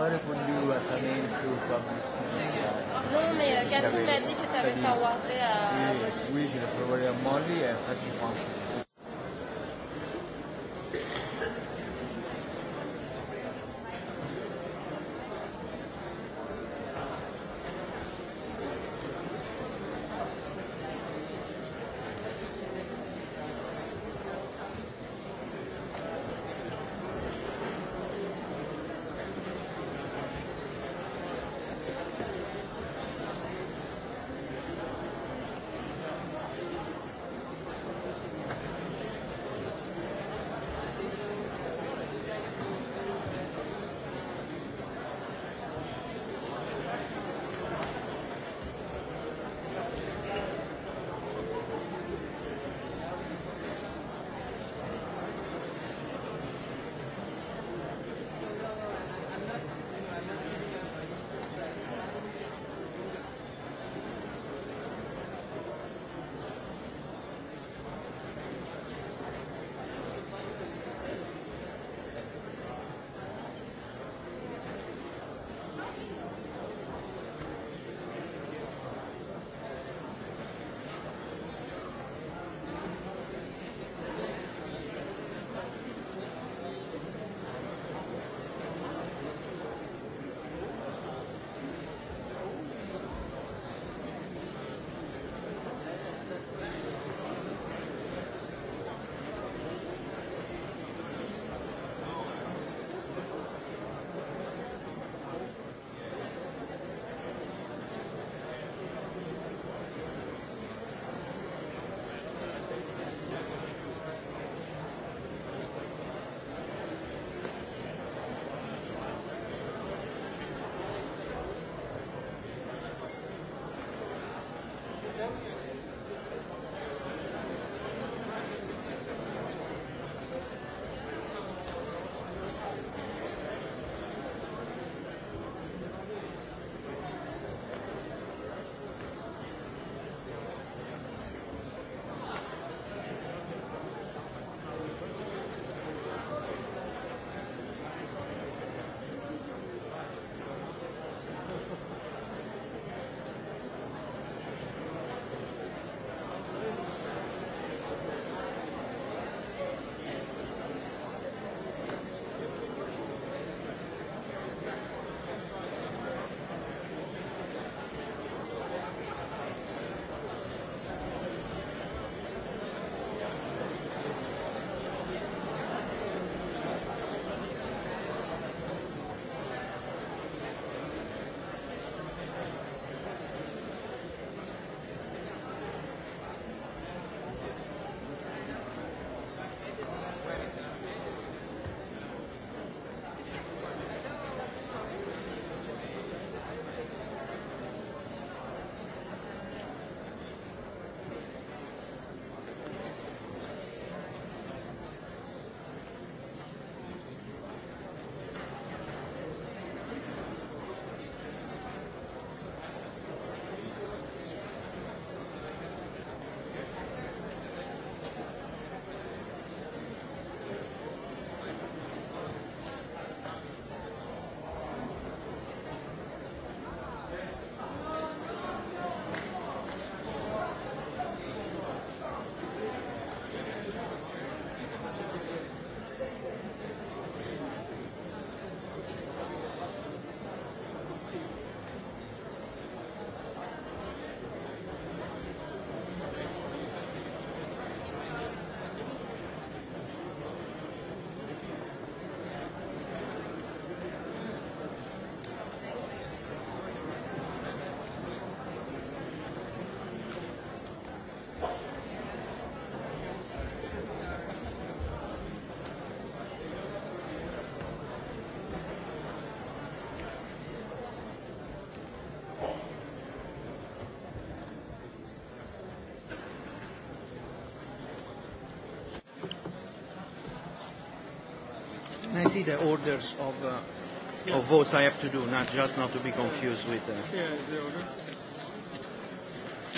pas répondu à ta mail sur ta Non, mais euh, Catherine m'a dit que tu avais fait un warning. see the orders of, uh, yes. of votes I have to do, not just not to be confused with the... Uh, yeah, is the order.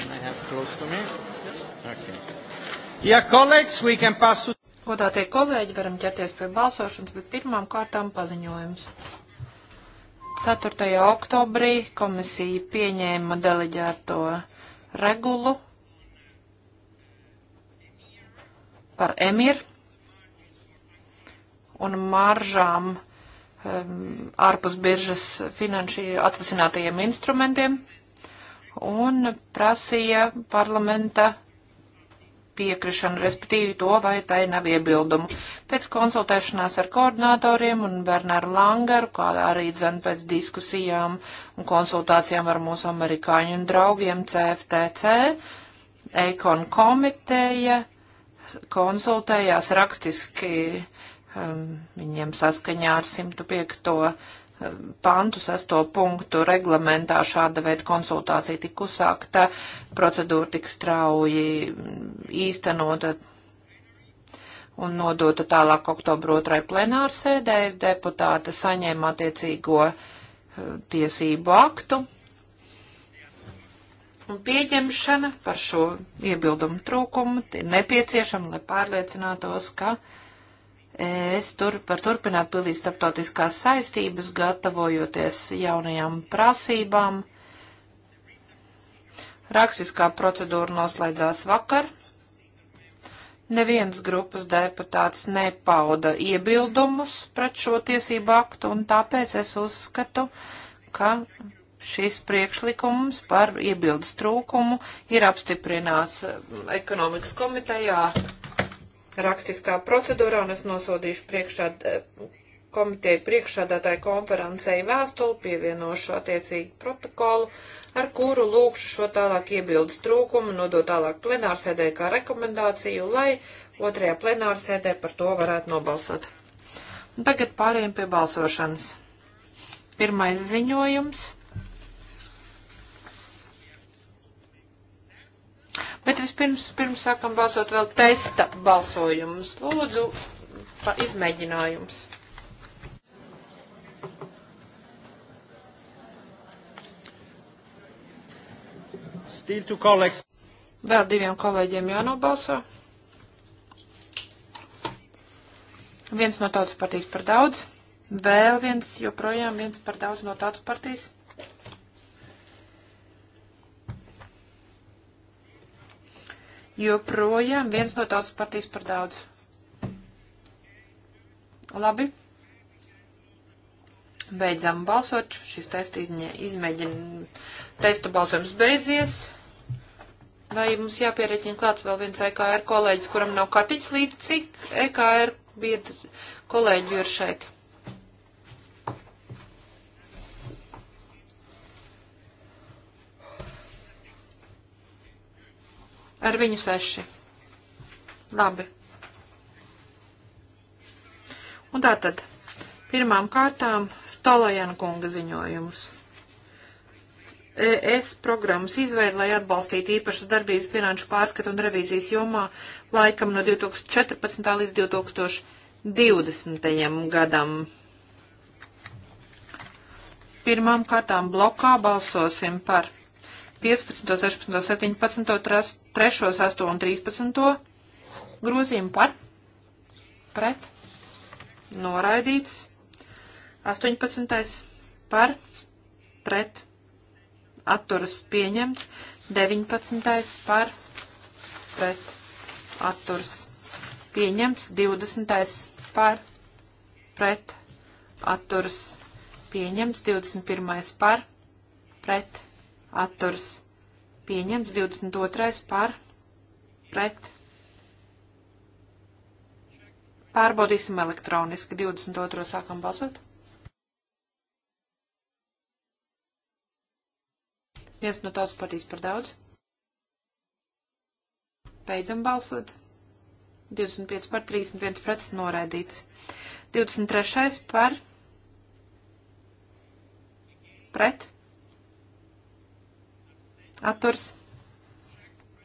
And I have close to me? Yes. Okay. Yeah, colleagues, we can pass to... Godātie kolēģi, varam ķerties pie balsošanas, bet pirmām kārtām paziņojums. 4. oktobrī komisija pieņēma deleģēto regulu par emiru un maržām um, ārpus biržas finanšu atvasinātajiem instrumentiem un prasīja parlamenta piekrišanu, respektīvi to, vai tai nav iebildumu. Pēc konsultēšanās ar koordinatoriem un Bernāru Langaru, kā arī dzen pēc diskusijām un konsultācijām ar mūsu amerikāņu draugiem CFTC, Ekon komiteja konsultējās rakstiski Um, viņiem saskaņā ar 105. Um, pantu 6. punktu reglamentā šāda veida konsultācija tika uzsākta, procedūra tik strauji mm, īstenota un nodota tālāk oktobra otrai plenārsēdē. Deputāte saņēma attiecīgo uh, tiesību aktu. Un pieņemšana par šo iebildumu trūkumu ir nepieciešama, lai pārliecinātos, ka uh, es tur par turpināt pildīt starptautiskās saistības, gatavojoties jaunajām prasībām. Rakstiskā procedūra noslēdzās vakar. Neviens grupas deputāts nepauda iebildumus pret šo tiesību aktu, un tāpēc es uzskatu, ka šis priekšlikums par iebildes trūkumu ir apstiprināts ekonomikas komitejā rakstiskā procedūrā, un es nosodīšu priekšā, komiteja priekšādātāja konferencei vēstuli, pievienošu attiecīgi protokolu, ar kuru lūkšu šo tālāk iebildes trūkumu nodot tālāk plenārsēdē kā rekomendāciju, lai otrajā plenārsēdē par to varētu nobalsot. Un tagad pārējiem pie balsošanas. Pirmais ziņojums Bet vispirms, pirms sākam balsot vēl testa balsojumus. Lūdzu, izmēģinājums. Still two colleagues. Vēl diviem kolēģiem jānobalso. Viens no tautas partijas par daudz, vēl viens, joprojām viens par daudz no tautas partijas. Joprojām viens no tautas partijas par daudz. Labi. Beidzam balsot. Šis testa izmēģina. Testa balsojums beidzies. Vai mums jāpierēķina klāt vēl viens EKR kolēģis, kuram nav kartiņas līdzi, cik EKR bied kolēģi ir šeit? Ar viņu seši. Labi. Un tā tad. Pirmām kārtām Stolojana kunga ziņojumus. ES programmas izveida, lai atbalstītu īpašas darbības finanšu pārskatu un revīzijas jomā laikam no 2014. līdz 2020. gadam. Pirmām kārtām blokā balsosim par 15, 16, 17, 3, 8 un 13 grozījumu par, pret, noraidīts, 18 par, pret, atturas pieņemts, 19 par, pret, atturas pieņemts, 20 par, pret, atturas pieņemts, 21 par, pret, atturas pieņemts atturs pieņemts, 22. par pret. Pārbaudīsim elektroniski, 22. sākam balsot. Viens no tautas partijas par daudz. Beidzam balsot. 25 par 31 pret noraidīts. 23 par pret Atturs.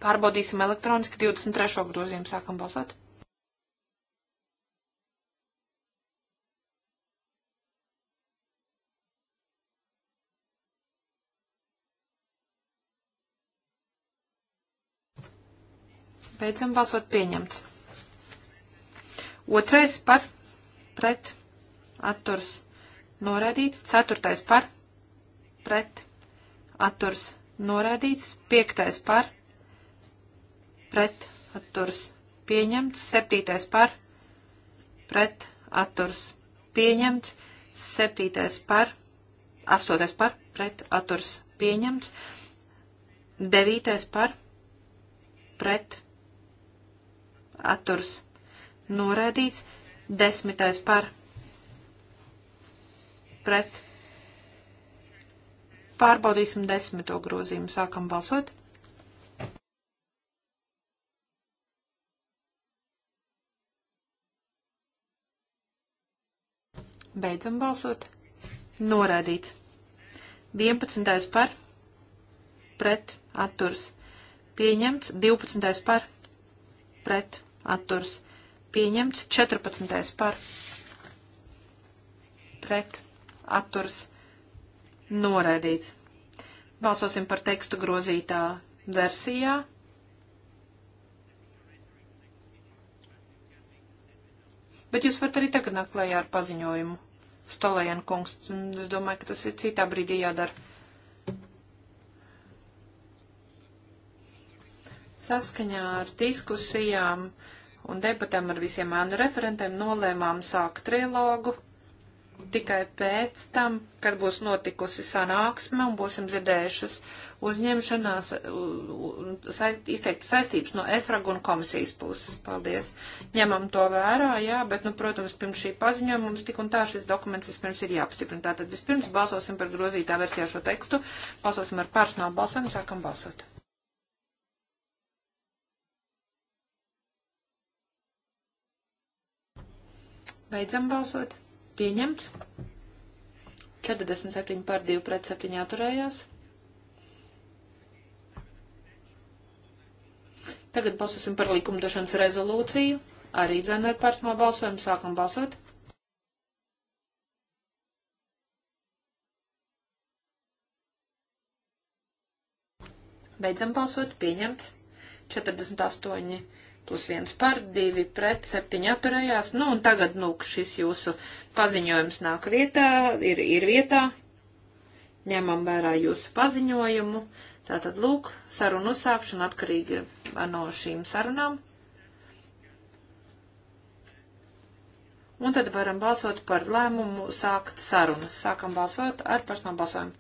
Pārbaudīsim elektroniski 23. grozījumu. Sākam balsot. Beidzam balsot pieņemts. Otrais par pret atturs noraidīts. Ceturtais par pret atturs noraidīts, piektais par, pret, atturs, pieņemts, septītais par, pret, atturs, pieņemts, septītais par, astotais par, pret, atturs, pieņemts, devītais par, pret, atturs, noraidīts, desmitais par, pret, Pārbaudīsim desmito grozījumu. Sākam balsot. Beidzam balsot. Norādīts. 11. par. Pret. Atturs. Pieņemts. 12. par. Pret. Atturs. Pieņemts. 14. par. Pret. Atturs. Noraidīts. Balsosim par tekstu grozītā versijā. Bet jūs varat arī tagad nākt klējā ar paziņojumu. Stolējan kungs, es domāju, ka tas ir citā brīdī jādara. Saskaņā ar diskusijām un debatēm ar visiem ēnu referentiem nolēmām sākt trilogu tikai pēc tam, kad būs notikusi sanāksme un būsim dzirdējušas uzņemšanās, saist, izteikti saistības no EFRAG un komisijas puses. Paldies. Ņemam to vērā, jā, bet, nu, protams, pirms šī paziņojuma mums tik un tā šis dokuments vispirms ir jāapstiprina. Tātad vispirms balsosim par grozītā versijā šo tekstu, balsosim ar personālu balsojumu, sākam balsot. Beidzam balsot. Pieņemts. 47 pār 2 pret 7 atturējās. Tagad balsosim par likumdošanas rezolūciju. Arī dzēna ar pārstumā balsojumu. Sākam balsot. Beidzam balsot. Pieņemts. 48 plus viens par, divi pret, septiņi atturējās. Nu, un tagad, nu, šis jūsu paziņojums nāk vietā, ir, ir vietā. Ņemam vērā jūsu paziņojumu. Tātad, lūk, sarunu uzsākšana atkarīgi no šīm sarunām. Un tad varam balsot par lēmumu sākt sarunas. Sākam balsot ar personālu balsojumu.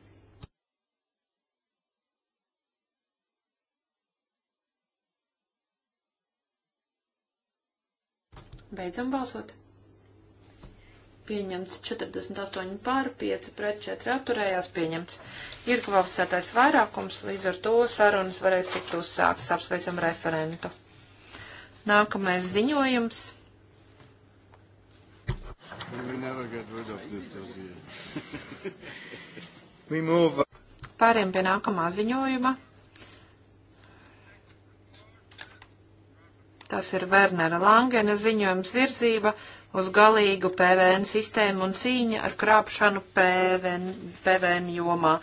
Beidzam balsot. Pieņemts 48 pār, 5 pret 4 atturējās pieņemts. Ir kvalificētais vairākums, līdz ar to sarunas varēs tikt uzsāktas. Apsveicam referentu. Nākamais ziņojums. Pāriem pie nākamā ziņojuma. Tas ir Wernera Langena ziņojums virzība uz galīgu PVN sistēmu un cīņa ar krāpšanu PVN, PVN jomā.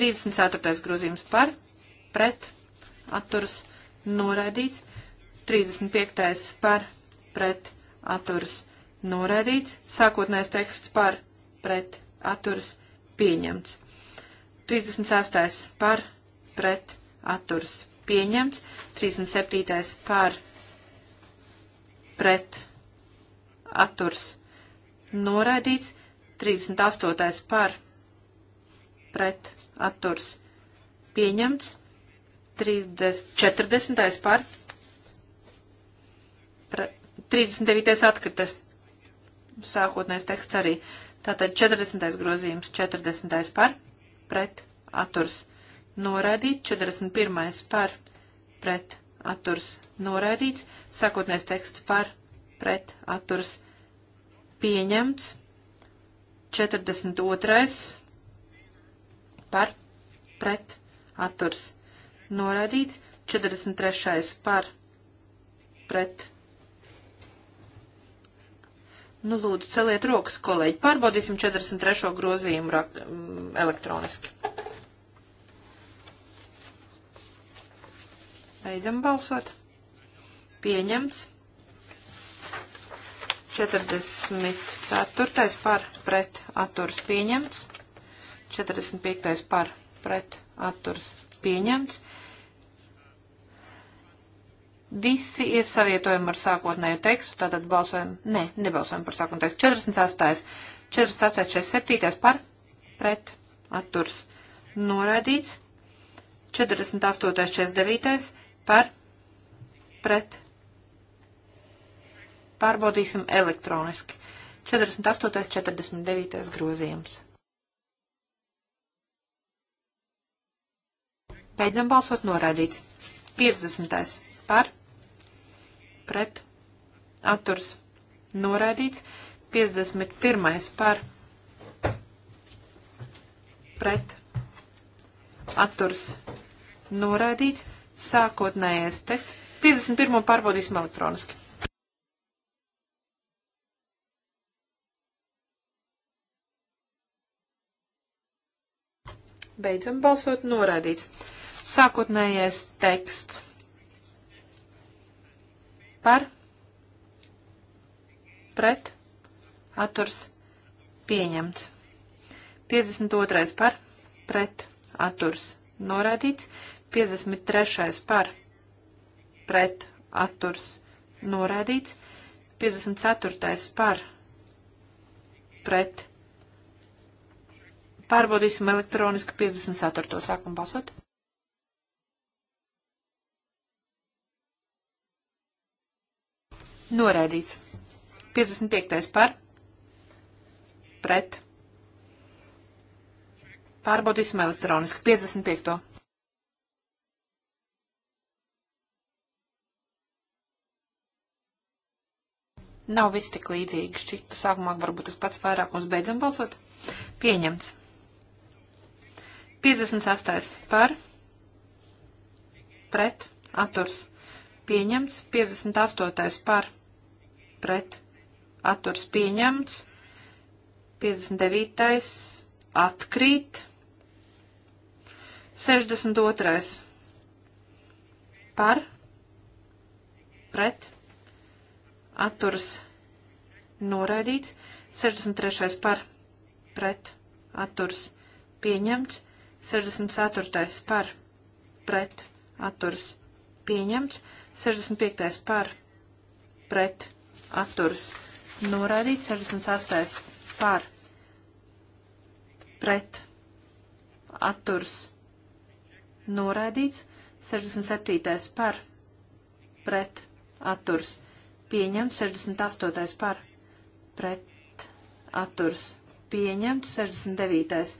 34. grozījums par, pret, atturas, noraidīts. 35. par, pret, atturas, noraidīts. Sākotnējais teksts par, pret, atturas, pieņemts. 36. par, pret, atturas, pieņemts. 37. par, pret atturs noraidīts, 38. par pret atturs pieņemts, 30, 40. par pre, 39. atkrita sākotnēs teksts arī. Tātad 40. grozījums, 40. par pret atturs noraidīts, 41. par pret atturs noraidīts, sākotnēs teksts par pret atturs pieņemts, 42. par pret atturs noraidīts, 43. par pret. Nu, lūdzu, celiet rokas, kolēģi. Pārbaudīsim 43. grozījumu elektroniski. Beidzam balsot. Pieņemts. 44. par pret atturs pieņemts. 45. par pret atturs pieņemts. Visi ir savietojami ar sākotnēju tekstu, tātad balsojam, ne, nebalsojam par sākotnēju tekstu. 46. 48. 47. par pret atturs noraidīts. 48. 49 par pret. Pārbaudīsim elektroniski. 48. 49. grozījums. Beidzam balsot noraidīts. 50. par pret atturs noraidīts. 51. par pret atturs noraidīts. Sākotnējais teksts. 51. pārbaudīsim elektroniski. Beidzam balsot noraidīts. Sākotnējais teksts par pret atturs pieņemts. 52. par pret atturs noraidīts. 53. par pret atturs noraidīts. 54. par pret. Pārbaudīsim elektroniski 54. sākumu balsot. Noraidīts. 55. par pret. Pārbaudīsim elektroniski 55. Nav viss tik līdzīgi. Šķiet, sākumā varbūt tas pats vairākums beidzam balsot. Pieņemts. 58. par. Pret. Atturs. Pieņemts. 58. par. Pret. Atturs. Pieņemts. 59. atkrīt. 62. par. Pret atturas noraidīts, 63. par pret atturas pieņemts, 64. par pret atturas pieņemts, 65. par pret atturas noraidīts, 68. par pret atturas noraidīts, 67. par pret atturas noraidīts pieņemts 68. par pret atturs pieņemts 69.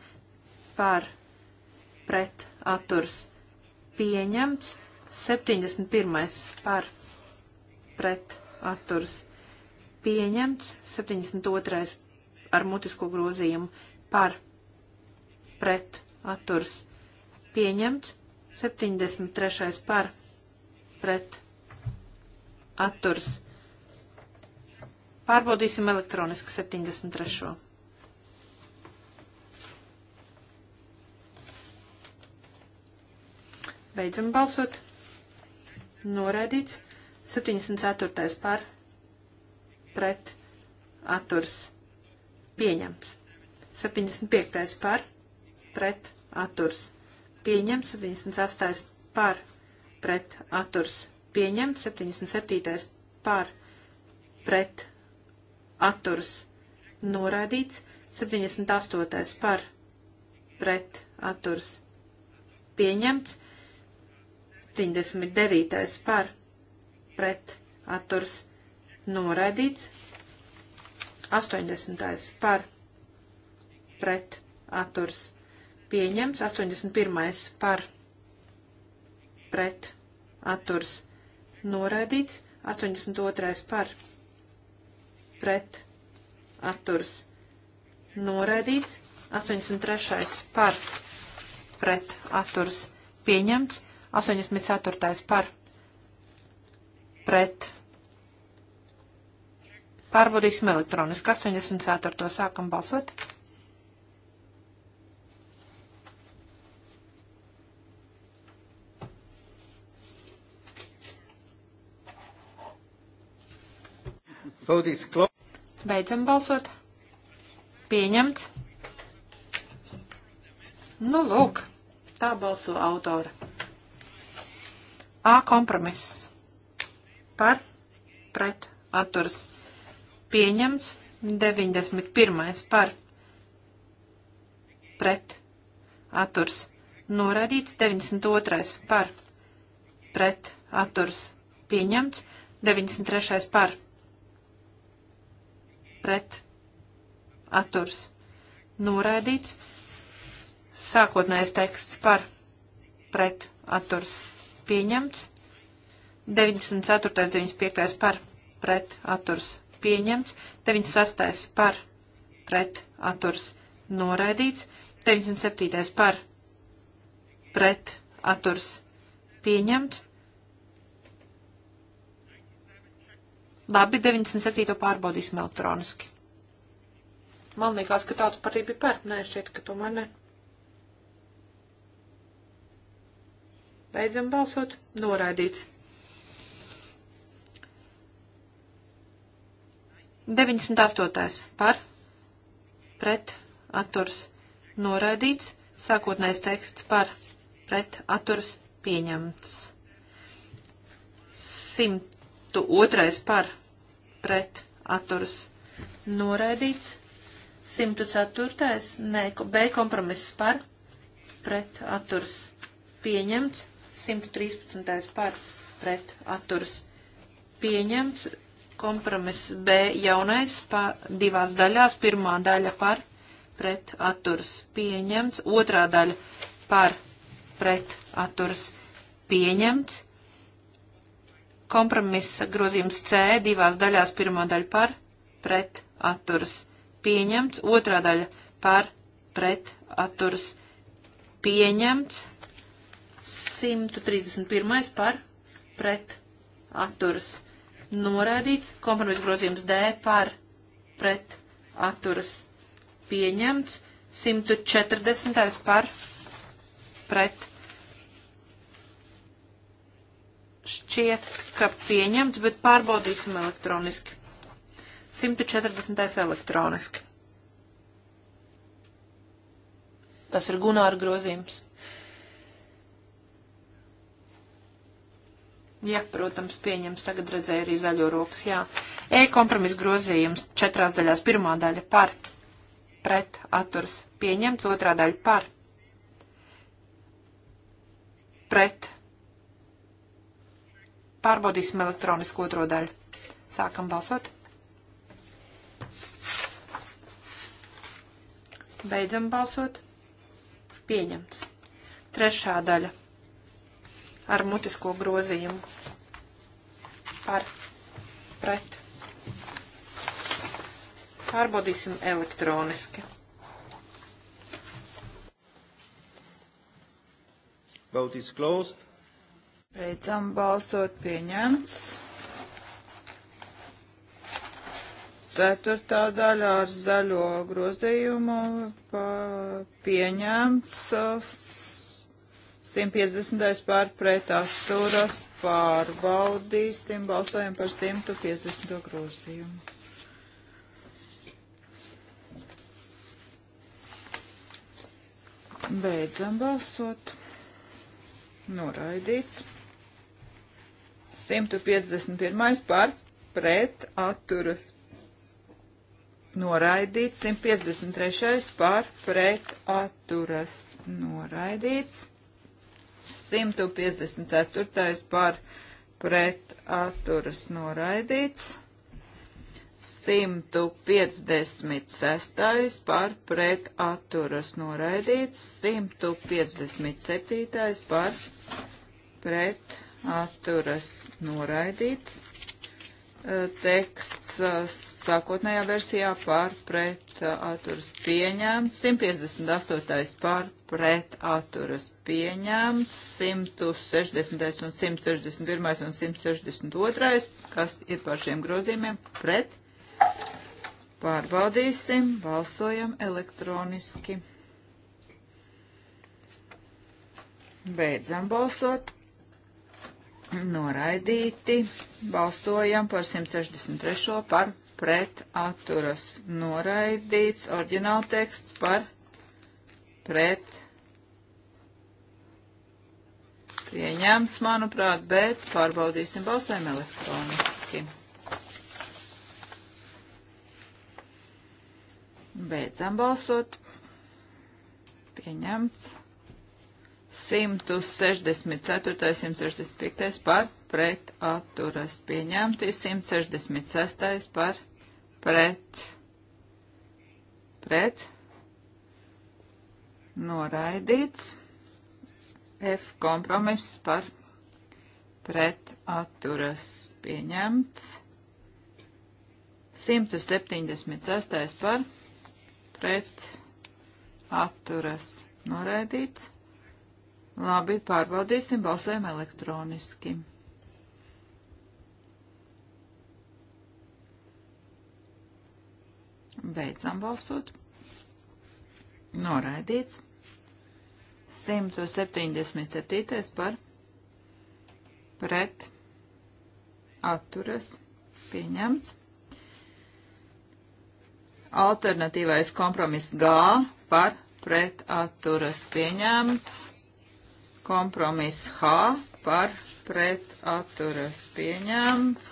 par pret atturs pieņemts 71. par pret atturs pieņemts 72. ar mutisko grozījumu par pret atturs pieņemts 73. par pret atturs pieņemts Pārbaudīsim elektroniski 73. Beidzam balsot. Noraidīts. 74. par pret atturs pieņemts. 75. par pret atturs pieņemts. 78. par pret atturs pieņemts. 77. par pret atturas noraidīts, 78. par pret atturas pieņemts, 79. par pret atturas noraidīts, 80. par pret atturas pieņemts, 81. par pret atturas noraidīts, 82. par pret pret atturas noraidīts, 83. par pret atturas pieņemts, 84. par pret. Pārbaudīsim elektroniski. 84. sākam balsot. Vote is closed. Beidzam balsot. Pieņemts. Nu, lūk, tā balso autora. A kompromiss. Par, pret, atturas. Pieņemts. 91. par, pret, atturas. Noraidīts. 92. par, pret, atturas. Pieņemts. 93. par, pret pret atturs noraidīts. Sākotnējais teksts par pret atturs pieņemts. 94. 95. par pret atturs pieņemts. 96. par pret atturs noraidīts. 97. par pret atturs pieņemts. Labi, 97. pārbaudīsim elektroniski. Man liekas, ka tāds patīk bija pērk. Nē, šķiet, ka tomēr ne. Beidzam balsot. Noraidīts. 98. par pret atturs noraidīts. Sākotnējais teksts par pret atturs pieņemts. 102. par pret atturas noraidīts. 104. Nē, B kompromiss par pret atturas pieņemts. 113. par pret atturas pieņemts. Kompromiss B jaunais pa divās daļās. Pirmā daļa par pret atturas pieņemts. Otrā daļa par pret atturas pieņemts. Kompromisa grozījums C divās daļās pirmā daļa par, pret, atturas pieņemts, otrā daļa par, pret, atturas pieņemts, 131 par, pret, atturas noraidīts, kompromisa grozījums D par, pret, atturas pieņemts, 140 par, pret, šķiet, ka pieņemts, bet pārbaudīsim elektroniski. 140. elektroniski. Tas ir Gunāra grozījums. Jā, protams, pieņems. Tagad redzēju arī zaļo rokas, jā. E kompromis grozījums četrās daļās. Pirmā daļa par, pret, atturs, pieņemts. Otrā daļa par, pret, Pārbaudīsim elektronisku otro daļu. Sākam balsot. Beidzam balsot. Pieņemts. Trešā daļa ar mutisko grozījumu par pret. Pārbaudīsim elektroniski. Vote is closed. Beidzam balsot pieņemts. Ceturtā daļa ar zaļo grozījumu pieņemts. 150. pār pret atturas pārbaudīsim. Balsojam par 150. grozījumu. Beidzam balsot. Noraidīts. 151. par pret atturas noraidīts, 153. par pret atturas noraidīts, 154. par pret atturas noraidīts, 156. par pret atturas noraidīts, 157. par pret atturas noraidīts. Teksts sākotnējā versijā par pret atturas pieņēmts. 158. par pret atturas pieņēmts. 160. un 161. un 162. kas ir par šiem grozījumiem pret. Pārbaudīsim, balsojam elektroniski. Beidzam balsot noraidīti. Balstojam par 163. par pret atturas noraidīts. Orģināla teksts par pret pieņemts, manuprāt, bet pārbaudīsim balsēm elektroniski. Beidzam balsot. Pieņemts. 164, 165 par pret atturas pieņemti, 166 par pret, pret noraidīts, F kompromiss par pret atturas pieņemts, 176 par pret atturas noraidīts. Labi, pārbaudīsim, balsojam elektroniski. Beidzam balsot. Noraidīts. 177. par pret atturas pieņemts. Alternatīvais kompromiss G par pret atturas pieņemts. Kompromiss H par pret atturas pieņemts.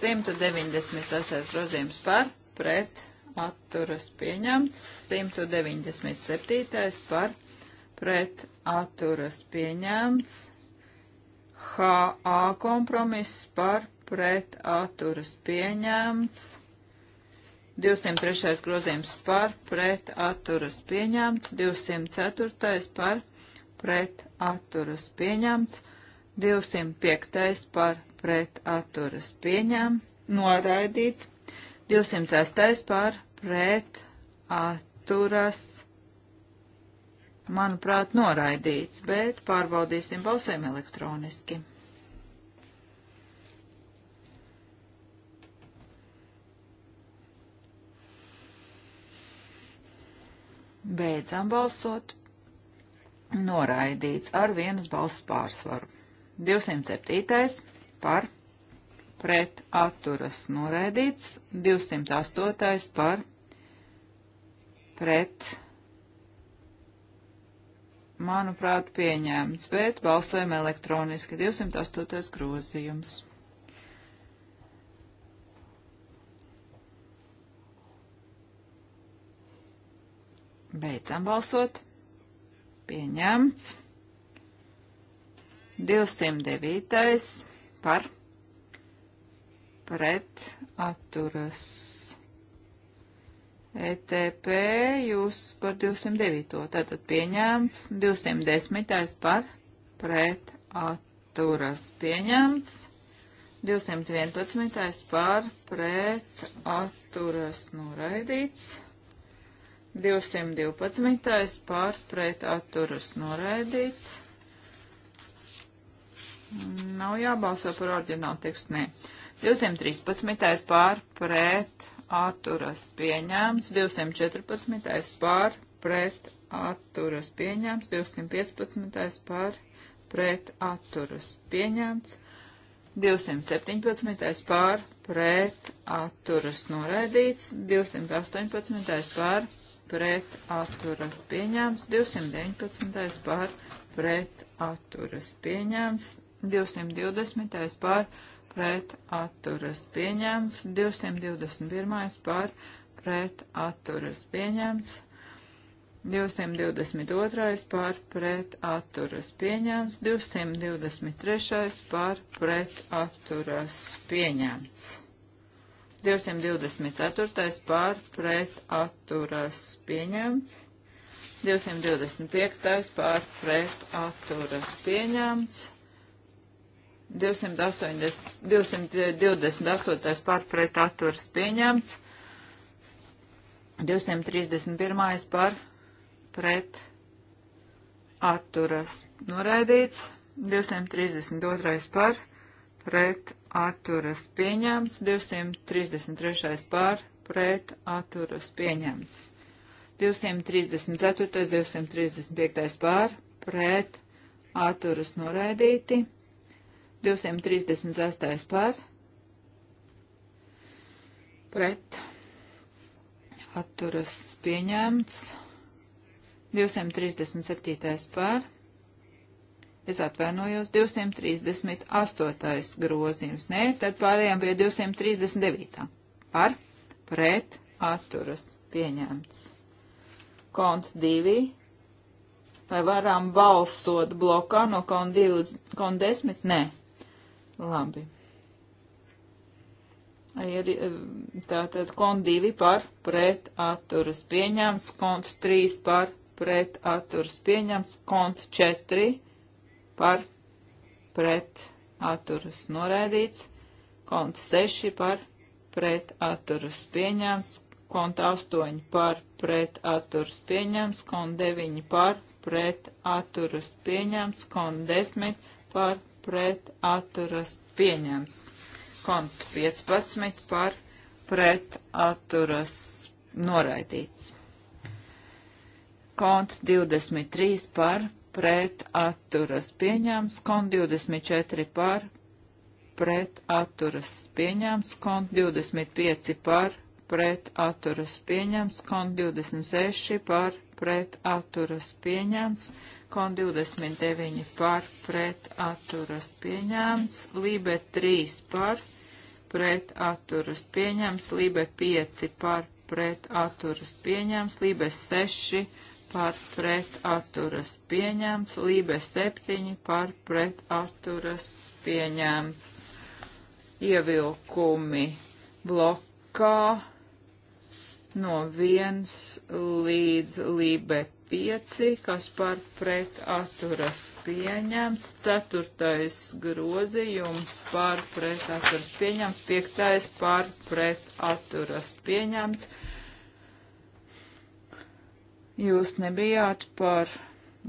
196. grozījums par pret atturas pieņemts. 197. par pret atturas pieņemts. HA kompromiss par pret atturas pieņemts. 203. grozījums par pret atturas pieņemts. 204. par pret pret atturas pieņemts, 205. par pret atturas pieņemts, noraidīts, 206. par pret atturas, manuprāt, noraidīts, bet pārbaudīsim balsēm elektroniski. Beidzām balsot noraidīts ar vienas balsts pārsvaru. 207. par pret atturas noraidīts, 208. par pret, manuprāt, pieņēmts, bet balsojam elektroniski 208. grozījums. Beidzam balsot pieņemts. 209. par pret atturas. ETP jūs par 209. Tātad pieņēmts. 210. par pret atturas pieņemts. 211. par pret atturas noraidīts. 212. pār pret atturas noraidīts. Nav jābalso par orģinālu tekstu, nē. 213. pār pret atturas pieņēmts. 214. pār pret atturas pieņēmts. 215. pār pret atturas pieņēmts. 217. pār pret atturas noraidīts. 218. pār pret atturas pieņēmts, 219. pār pret atturas pieņēmts, 220. pār pret atturas pieņēmts, 221. pār pret atturas pieņēmts, 222. pār pret atturas pieņēmts, 223. pār pret atturas pieņēmts. 224. pār pret atturas pieņemts. 225. pār pret atturas pieņemts. 280, 228. pār pret atturas pieņemts. 231. pār pret atturas noraidīts. 232. pār pret atturas pieņemts, 233. par pret atturas pieņemts, 234. 235. par pret atturas noraidīti, 236. par pret atturas pieņemts, 237. par Es atvainojos 238. grozījums. Nē, tad pārējām pie 239. Par pret atturas pieņemts. Konts 2. Vai varam balsot blokā no konta 2 līdz konta 10? Nē. Labi. Ir eh, tātad konta 2 par pret atturas pieņemts, konta 3 par pret atturas pieņemts, konta 4 par pret atturas noraidīts, konta 6 par pret atturas pieņēmts, konta 8 par pret atturas pieņēmts, konta 9 par pret atturas pieņēmts, konta 10 par pret atturas pieņēmts, konta 15 par pret atturas noraidīts. Konts 23 par pret atturas pieņēmums, kon 24 par pret atturas pieņēmums, kon 25 par pret atturas pieņēmums, kon 26 par pret atturas pieņēmums, kon 29 par pret atturas pieņēmums, lībe 3 par pret atturas pieņēmums, lībe 5 par pret atturas pieņēmums, lībe 6 par par pret atturas pieņemts, Lībe 7 par pret atturas pieņemts. Ievilkumi blokā no 1 līdz Lībe 5, kas par pret atturas pieņemts, 4. grozījums par pret atturas pieņemts, 5. par pret atturas pieņemts. Jūs nebijāt par,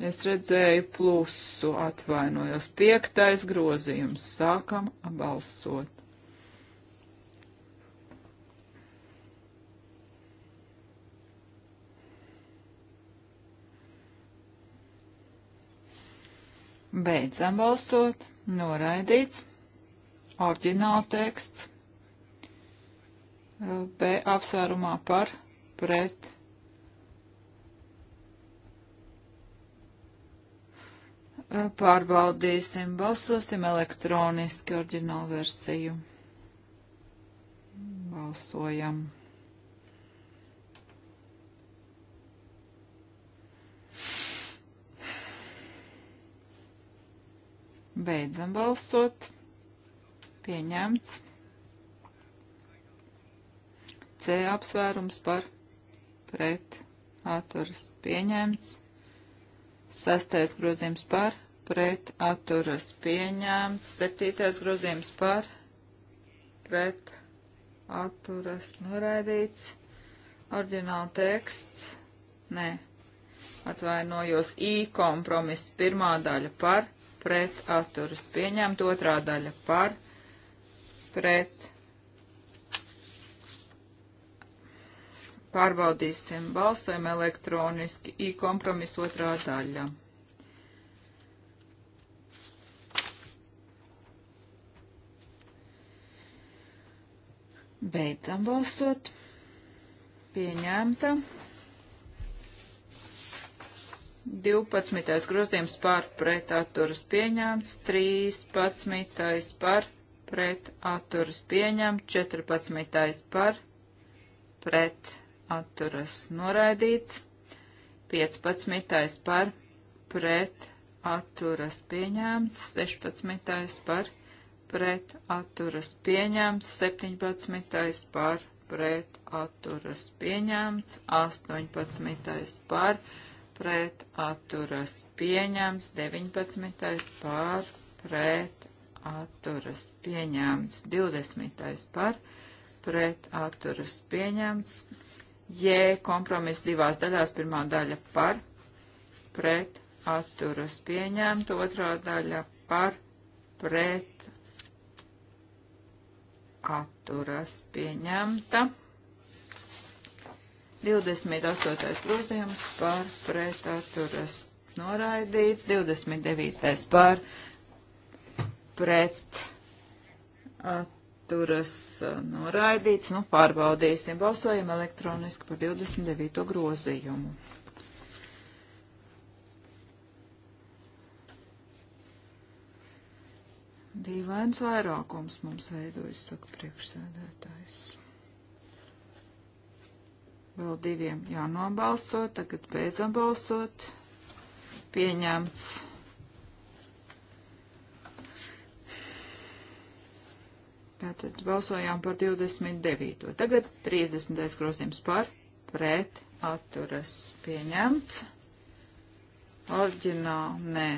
es redzēju plusu, atvainojos. Piektais grozījums. Sākam balsot. Beidzam balsot, noraidīts, orģināla teksts, B apsvērumā par, pret, Pārbaudīsim, balsosim elektroniski oriģinālu versiju. Balsojam. Beidzam balsot. Pieņemts. C apsvērums par pret atturas pieņemts. Sastais grozījums par pret atturas pieņēmts, septītais grozījums par pret atturas noraidīts, oriģināla teksts, nē, atvainojos, I kompromiss pirmā daļa par pret atturas pieņēmt, otrā daļa par pret pārbaudīsim balsojumu elektroniski, I kompromiss otrā daļa. Beidzam balsot. Pieņemta. 12. grozījums par pret atturas pieņemts, 13. par pret atturas pieņemts, 14. par pret atturas noraidīts, 15. par pret atturas pieņemts, 16. par pret pret atturas pieņemts, 17. par pret atturas pieņemts, 18. par pret atturas pieņemts, 19. par pret atturas pieņemts, 20. par pret atturas pieņemts, J kompromiss divās daļās, pirmā daļa par pret atturas pieņemts, otrā daļa par pret atturas pieņemta. 28. grozījums par pret atturas noraidīts, 29. par pret atturas noraidīts. Nu, pārbaudīsim, balsojam elektroniski par 29. grozījumu. Dīvains vairākums mums veidojas, saka priekšsēdētājs. Vēl diviem jānobalso, tagad beidzam balsot. Pieņemts. Tātad balsojām par 29. Tagad 30. grozījums par pret atturas pieņemts. Orģināli, nē,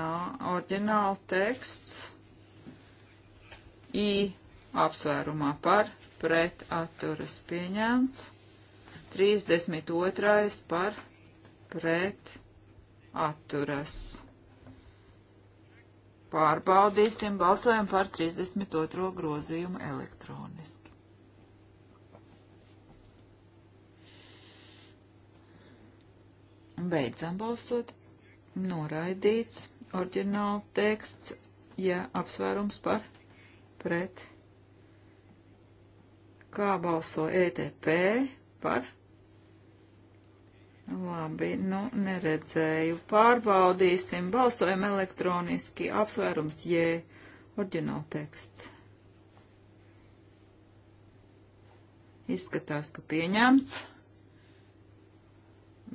nā, orģināli teksts. I apsvērumā par pret atturas pieņemts. 32. par pret atturas. Pārbaudīsim, balsojam par 32. grozījumu elektroniski. Beidzam balsot. Noraidīts oriģināla teksts, ja apsvērums par pret pret, kā balso ETP par. Labi, nu neredzēju. Pārbaudīsim, balsojam elektroniski, apsvērums J, oriģināl teksts. Izskatās, ka pieņemts,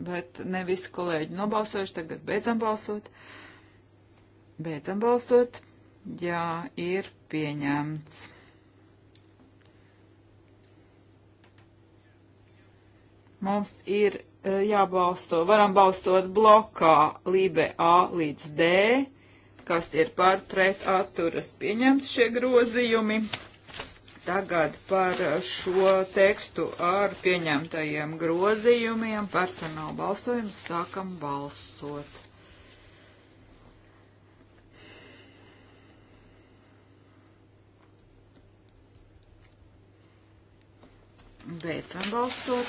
bet ne visi kolēģi nobalsojuši, tagad beidzam balsot. Beidzam balsot. Jā, ir pieņemts. Mums ir e, jābalsto, varam balstot blokā lībe A līdz D, kas ir par pret atturas pieņemts šie grozījumi. Tagad par šo tekstu ar pieņemtajiem grozījumiem personāla balsojums sākam balsot. Beidzam balsot.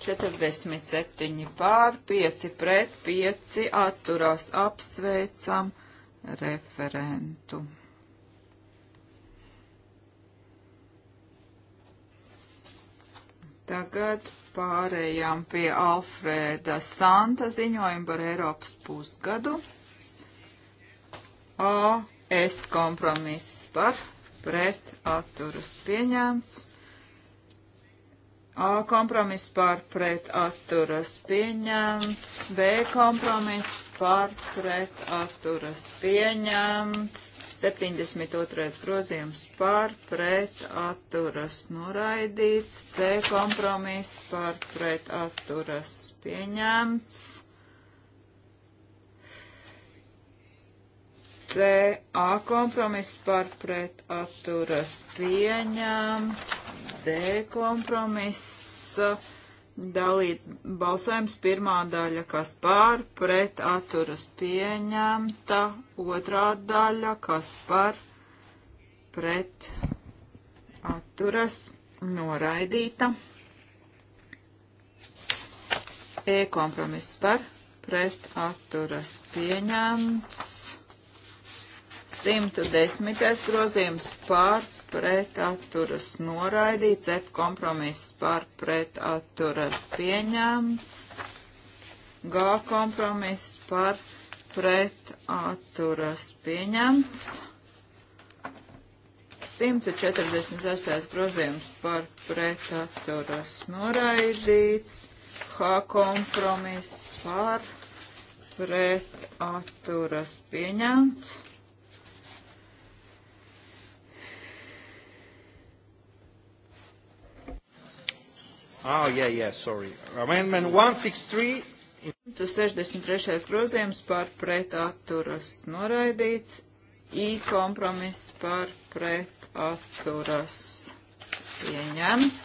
47 pār, 5 pret, 5 atturās apsveicam referentu. Tagad pārējām pie Alfrēda Santa ziņojuma par Eiropas pusgadu. A. S kompromiss par pret atturus pieņemts. A kompromiss par pret atturas pieņemts, B kompromiss par pret atturas pieņemts, 72. grozījums par pret atturas noraidīts, C kompromiss par pret atturas pieņemts. CA kompromiss par pret atturas pieņemts, D kompromiss dalīt balsojums pirmā daļa, kas par pret atturas pieņemta, otrā daļa, kas par pret atturas noraidīta. E kompromiss par pret atturas pieņemts. 110. grozījums pār pretaturas noraidīts, F kompromiss pār pretaturas pieņemts, G kompromiss pār pretaturas pieņemts, 146. grozījums par pretaturas noraidīts, H kompromiss par pretaturas pieņemts. Ah, oh, yeah, yeah, sorry. Amendment 163. 163. grozījums par pret atturas noraidīts. I kompromiss par pret atturas pieņemts.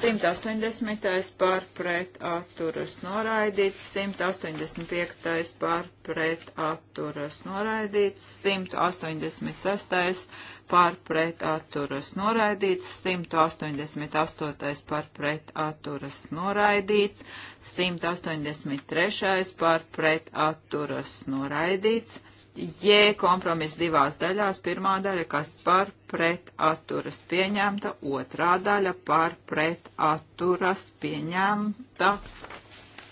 180. par pret atturas noraidīts, 185. par pret atturas noraidīts, 186 par pret atturas noraidīts, 188. par pret atturas noraidīts, 183. par pret atturas noraidīts, J kompromiss divās daļās, pirmā daļa, kas par pret atturas pieņemta, otrā daļa par pret atturas pieņemta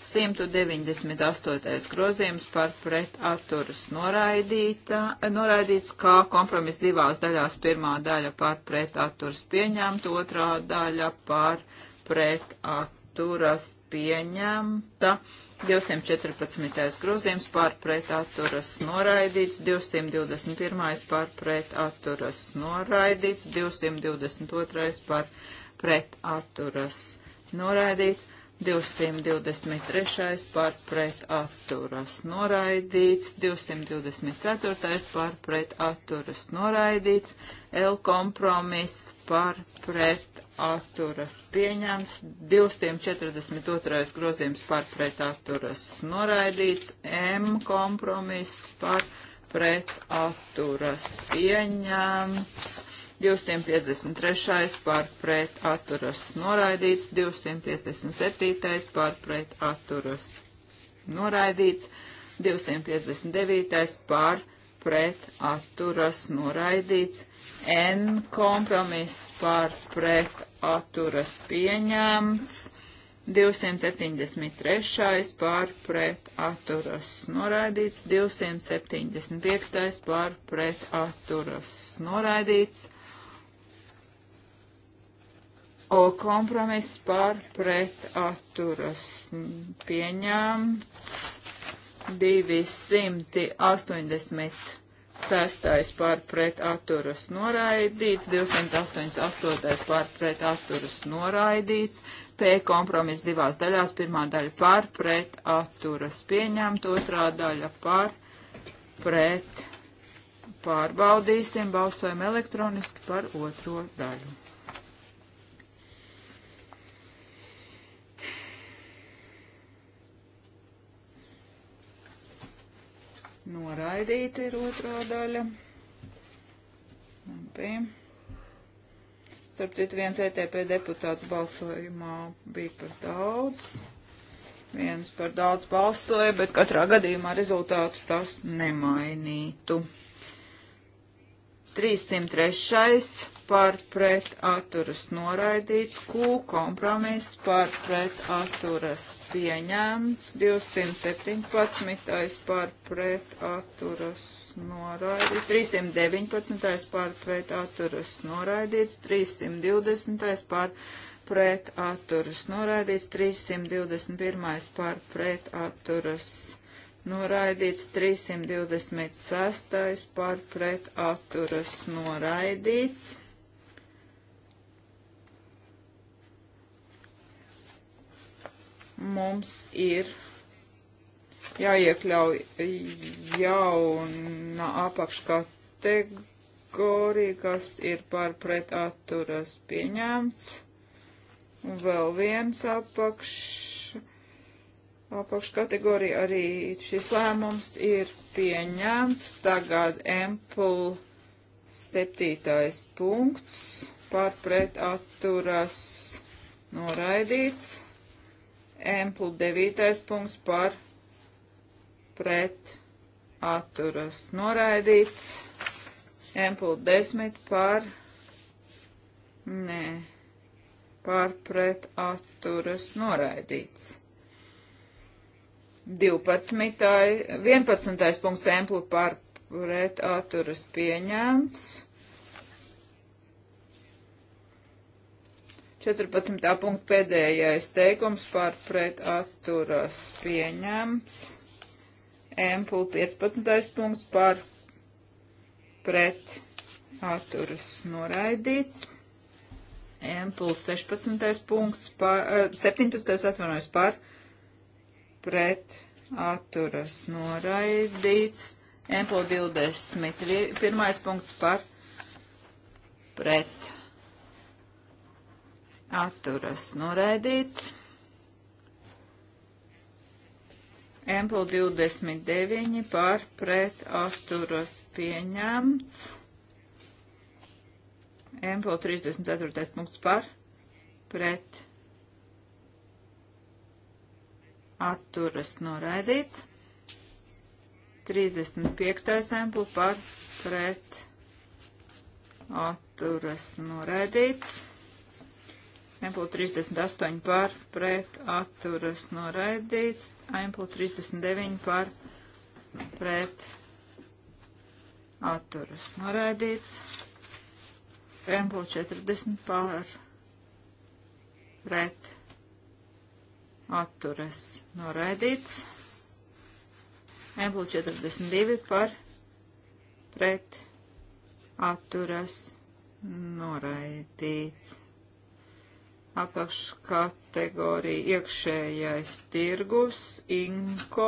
198. grozījums par pretaturas noraidīts, kā kompromis divās daļās. Pirmā daļa par pretaturas pieņemta, otrā daļa par pretaturas pieņemta. 214. grozījums par pretaturas noraidīts, 221. par pretaturas noraidīts, 222. par pretaturas noraidīts. 223. par pret atturas noraidīts, 224. par pret atturas noraidīts, L kompromiss par pret atturas pieņemts, 242. grozījums par pret atturas noraidīts, M kompromiss par pret atturas pieņemts, 253. par pret atturas noraidīts, 257. par pret atturas noraidīts, 259. par pret atturas noraidīts, N kompromiss par pret atturas pieņemts, 273. pār pret atturas noraidīts, 275. pār pret atturas noraidīts, O kompromiss par pret atturas pieņemts. 286 par pret atturas noraidīts, 288 par pret atturas noraidīts, P kompromiss divās daļās, pirmā daļa par pret atturas pieņemt, otrā daļa par pret pārbaudīsim, balsojam elektroniski par otro daļu. Noraidīta ir otrā daļa. Labi. Starp citu, viens ETP deputāts balsojumā bija par daudz. Viens par daudz balsoja, bet katrā gadījumā rezultātu tas nemainītu. 303 par pret atturas noraidīts, Q kompromiss par pret atturas pieņemts, 217 par pret atturas noraidīts, 319 par pret atturas noraidīts, 320 par pret atturas noraidīts, 321 par pret atturas noraidīts noraidīts 326. par pret atturas noraidīts. mums ir jāiekļauj jauna apakškategorija, kas ir par pretaturas pieņēmts. Un vēl viens apakš, apakškategorija arī šis lēmums ir pieņēmts. Tagad Empul septītais punkts par pretaturas noraidīts. Emplu 9. punkts par pret atturas noraidīts. Emplu 10 par nē, par pret atturas noraidīts. 12. 11. punkts emplu par pret atturas pieņemts. 14. punkta pēdējais teikums par pretaturas pieņemts. Empul 15. punkts par pretaturas noraidīts. Empul 16. punkts par, 17. Eh, atvainojas par pretaturas noraidīts. Empul 21. punkts par pretaturas atturas noraidīts. Empel 29 par pret atturas pieņemts. Empel 34. punkts par pret atturas noraidīts. 35. empel par pret atturas noraidīts. Ampul 38 par pret atturas noraidīts. Ampul 39 par pret atturas noraidīts. Ampul 40 par pret atturas noraidīts. Ampul 42 par pret atturas noraidīts apakškategorija iekšējais tirgus, inko,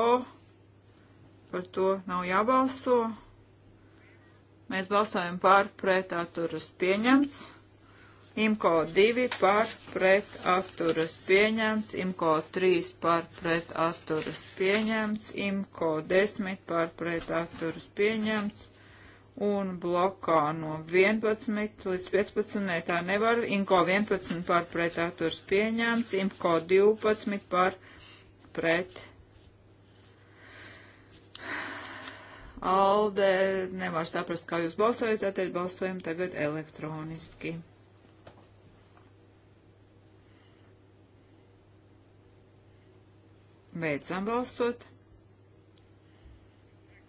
par to nav jābalso. Mēs balsojam par pret atturas pieņemts. Imko 2 par pret atturas pieņemts, Imko 3 par pret atturas pieņemts, Imko 10 par pret atturas pieņemts, un blokā no 11 līdz 15 ne, tā nevar. Inko 11 par pret atturs pieņēmts, Imko 12 par pret. Alde nevar saprast, kā jūs balsojat, tātad balsojam tagad elektroniski. Beidzam balsot.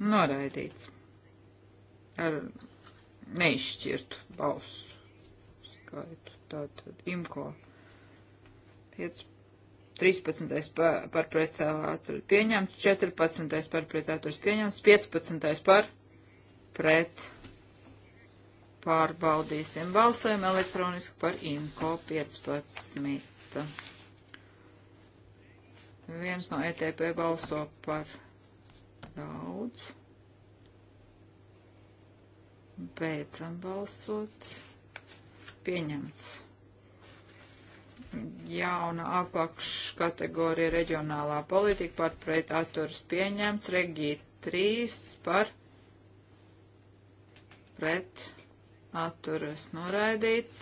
Noraidīts ar neizšķirtu balsu skaitu. Tātad imko 5, 13. par, par pretāvāturu pieņemts, 14. par pretāvāturu pieņemts, 15. par pret pārbaudīsim balsojumu elektroniski par imko 15. Viens no ETP balso par daudz. Beidzam balsot. Pieņemts. Jauna apakškategorija reģionālā politika par pret atturas pieņemts. Regī 3 par pret atturas noraidīts.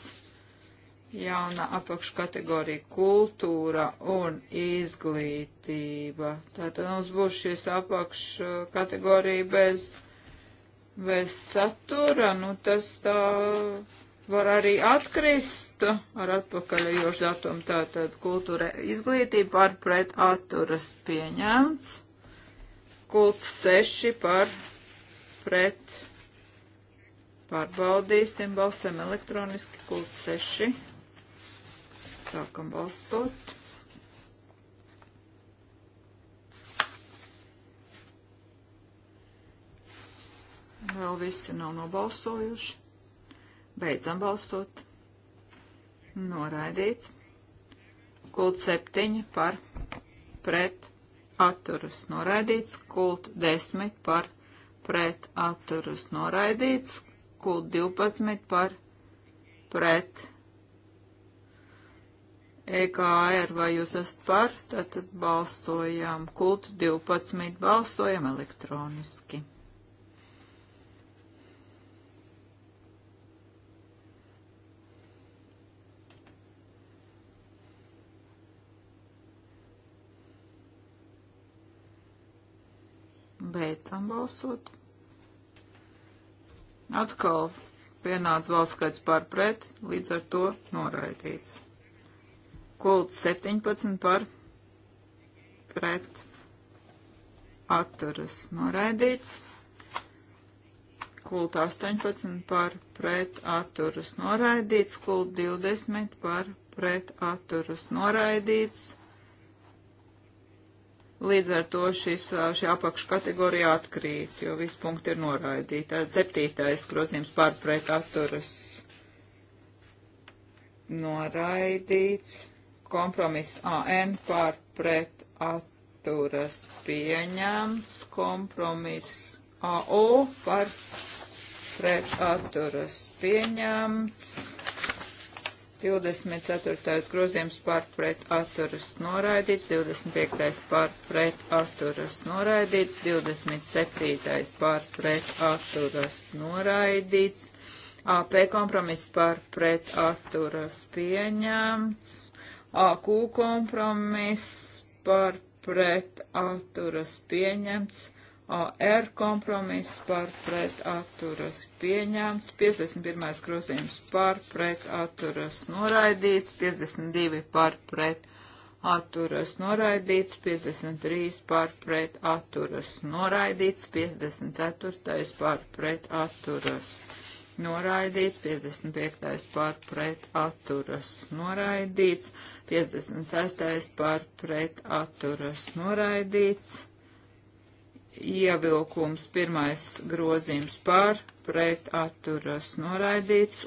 Jauna apakškategorija kultūra un izglītība. Tātad mums būs šīs apakškategorija bez vai satura, nu tas tā var arī atkrist ar atpakaļējošu datumu, tātad kultūra izglītība par pret atturas pieņemts, kults 6 par pret pārbaudīsim, balsam elektroniski, kults 6, sākam balsot. Vēl visi nav nobalsojuši. Beidzam balsot. Noraidīts. Kult 7 par pret atturus noraidīts. Kult 10 par pret atturus noraidīts. Kult 12 par pret EKR, vai jūs esat par, tad balsojām kultu 12, balsojam elektroniski. Beidzam balsot. Atkal pienāca valsts skaits par pret, līdz ar to noraidīts. Kults 17 par pret atturas noraidīts. Kult 18 par pret atturas noraidīts. Kult 20 par pret atturas noraidīts. Līdz ar to šis, šī apakškategorija atkrīt, jo visi punkti ir noraidīti. Septītais grozījums pārpret atturas noraidīts. Kompromiss AN pārpret atturas pieņemts. Kompromiss AO pārpret atturas pieņemts. 24. grozījums par pret atturas noraidīts, 25. par pret atturas noraidīts, 27. par pret atturas noraidīts, AP kompromiss par pret atturas pieņemts, AQ kompromiss par pret atturas pieņemts, AR kompromiss par pret atturas pieņemts, 51. grozījums par pret atturas noraidīts, 52 par pret atturas noraidīts, 53 par pret atturas noraidīts, 54. par pret atturas noraidīts, 55. par pret atturas noraidīts, 56. par pret atturas noraidīts ievilkums pirmais grozījums par pret atturas noraidīts,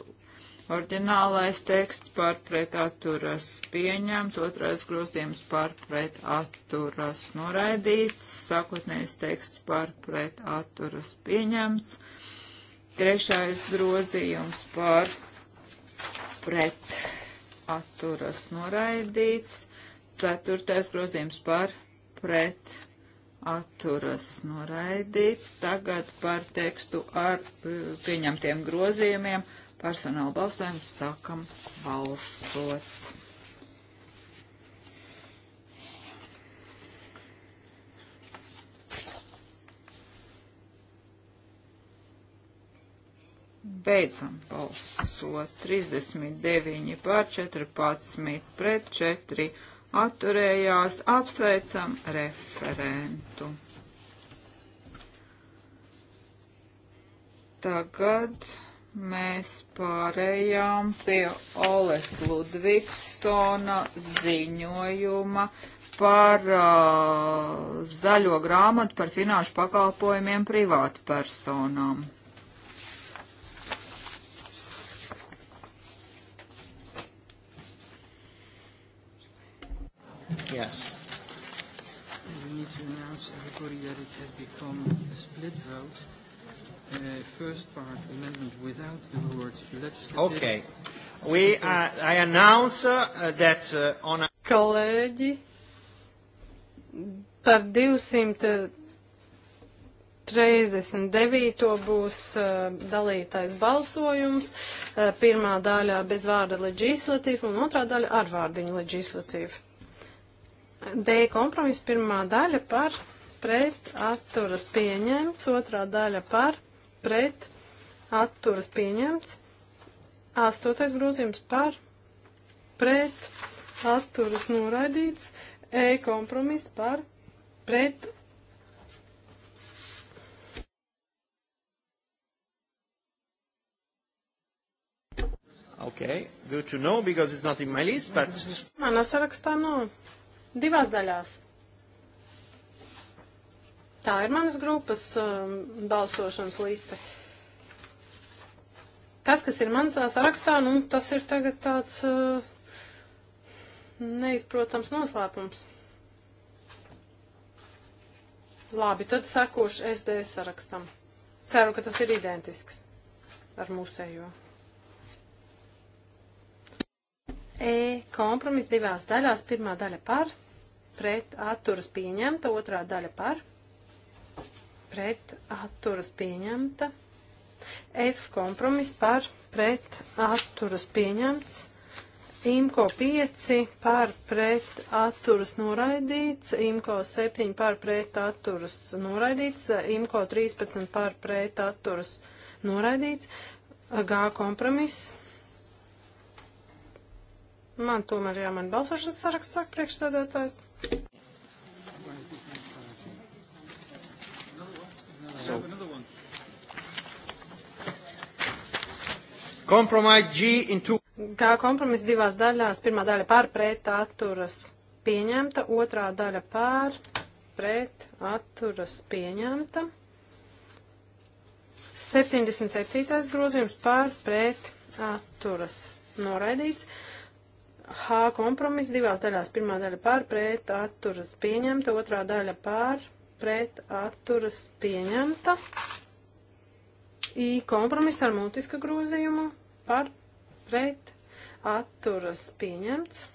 Orģinālais teksts par pretaturas pieņemts, otrais grozījums par pretaturas noraidīts, sākotnējais teksts par pretaturas pieņemts, trešais grozījums par pretaturas noraidīts, ceturtais grozījums par pretaturas atturas noraidīts. Tagad par tekstu ar eh, pieņemtiem grozījumiem personāla balsojumu sākam balsot. Beidzam balsot. 39 pār 14 pret 4 atturējās, apsveicam referentu. Tagad mēs pārējām pie Oles Ludvigsona ziņojuma par uh, zaļo grāmatu par finanšu pakalpojumiem privātu personām. Yes. We need to announce everybody that it has become a split vote. Uh, first part amendment without the words legislative. Okay. We, uh, I announce uh, that uh, on. A Kolēģi, par 239. būs uh, dalītais balsojums. Uh, pirmā daļā bez vārda legislatīva un otrā daļa ar vārdiņu legislatīva. D kompromiss pirmā daļa par pret atturas pieņemts, otrā daļa par pret atturas pieņemts, astotais grozījums par pret atturas noraidīts, E kompromiss par pret Okay, good to know because it's not in my list, but... Manā sarakstā nav. No divās daļās. Tā ir manas grupas um, balsošanas liste. Tas, kas ir manas sarakstā, nu, tas ir tagad tāds uh, neizprotams noslēpums. Labi, tad sekošu SD sarakstam. Ceru, ka tas ir identisks ar mūsējo. E kompromis divās daļās. Pirmā daļa par pret atturas pieņemta, otrā daļa par, pret atturas pieņemta, F kompromis par, pret atturas pieņemts, IMCO 5 par, pret atturas noraidīts, IMCO 7 par, pret atturas noraidīts, IMCO 13 par, pret atturas noraidīts, G kompromis. Man tomēr jāman balsošanas saraksts saka priekšsēdētājs. So. Kā kompromiss divās daļās, pirmā daļa pār pret atturas pieņemta, otrā daļa pār pret atturas pieņemta. 77. grozījums pār pret atturas noraidīts. H kompromiss divās daļās. Pirmā daļa pār pret atturas pieņemta, otrā daļa pār pret atturas pieņemta. I kompromiss ar mutisku grozījumu par pret atturas pieņemts.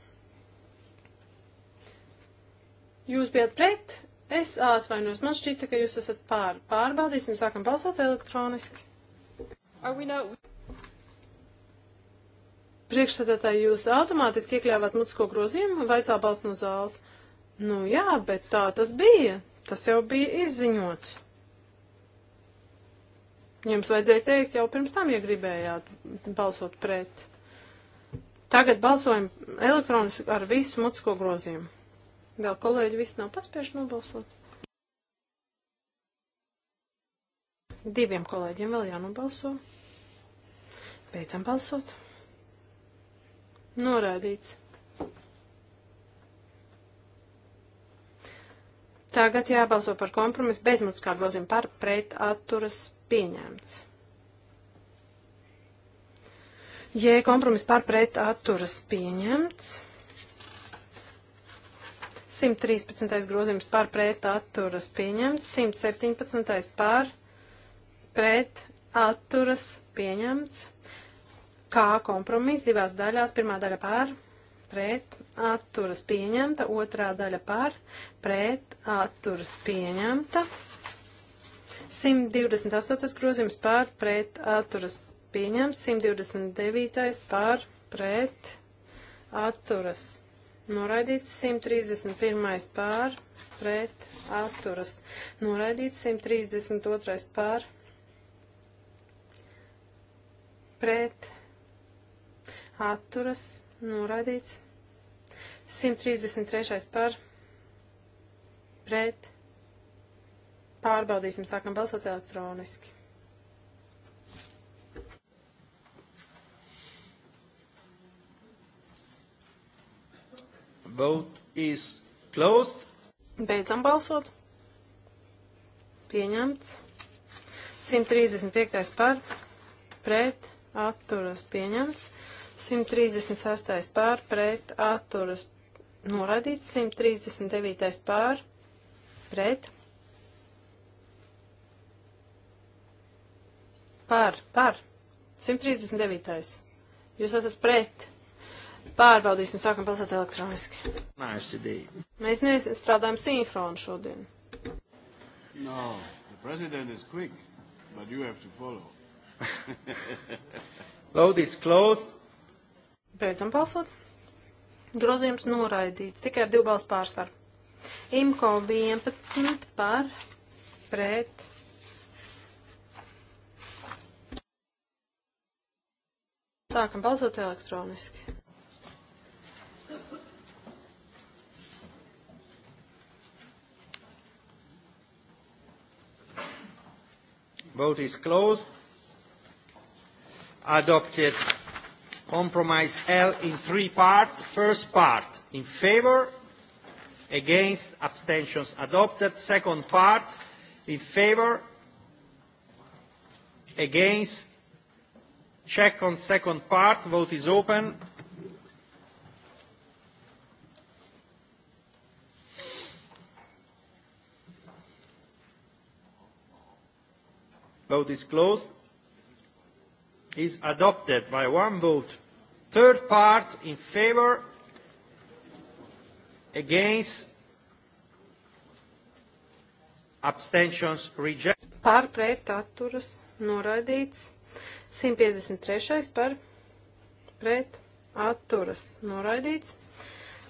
Jūs bijat pret, es atvainojos. Man šķita, ka jūs esat pār. Pārbaudīsim, sākam balsot elektroniski. Not... Priekšsēdētāji, jūs automātiski iekļāvāt mutisko grozījumu vai cēl balsts no zāles? Nu jā, bet tā tas bija. Tas jau bija izziņots. Jums vajadzēja teikt jau pirms tam, ja gribējāt balsot pret. Tagad balsojam elektroniski ar visu mutisko grozījumu. Vēl kolēģi visi nav paspējuši nobalsot. Diviem kolēģiem vēl jānobalso. Beidzam balsot. Noraidīts. Tagad jābalso par kompromisu bezmutiskā grozījuma par pret atturas pieņemts. Ja kompromiss par pret atturas pieņemts, 113. grozījums par pret atturas pieņemts, 117. par pret atturas pieņemts, kā kompromiss divās daļās. Pirmā daļa pār, pret, atturas pieņemta, otrā daļa pār, pret, atturas pieņemta. 128. grozījums pār, pret, atturas pieņemts, 129. pār, pret, atturas noraidīts, 131. pār, pret, atturas noraidīts, 132. pār, pret, atturas atturas, noraidīts. 133. par, pret, pārbaudīsim, sākam balsot elektroniski. Vote is closed. Beidzam balsot. Pieņemts. 135. par, pret, atturas, pieņemts. 136. pār pret atturas noradīts, 139. pār pret pār, pār, 139. Jūs esat pret. Pārbaudīsim, sākam balsot elektroniski. Nice idea. Mēs nestrādājam sinhronu šodien. No, the president is quick, but you have to follow. Vote is closed. Beidzam balsot. Grozījums noraidīts tikai ar divu balstu pārsvaru. Imko 11 par pret. Sākam balsot elektroniski. Vote is closed. Adopted compromise L in three parts. First part, in favor, against, abstentions adopted. Second part, in favor, against, check on second part, vote is open. Vote is closed is adopted by one vote. Third part in favor, against, abstentions rejected. Par pret atturas noraidīts. 153. par pret atturas noraidīts.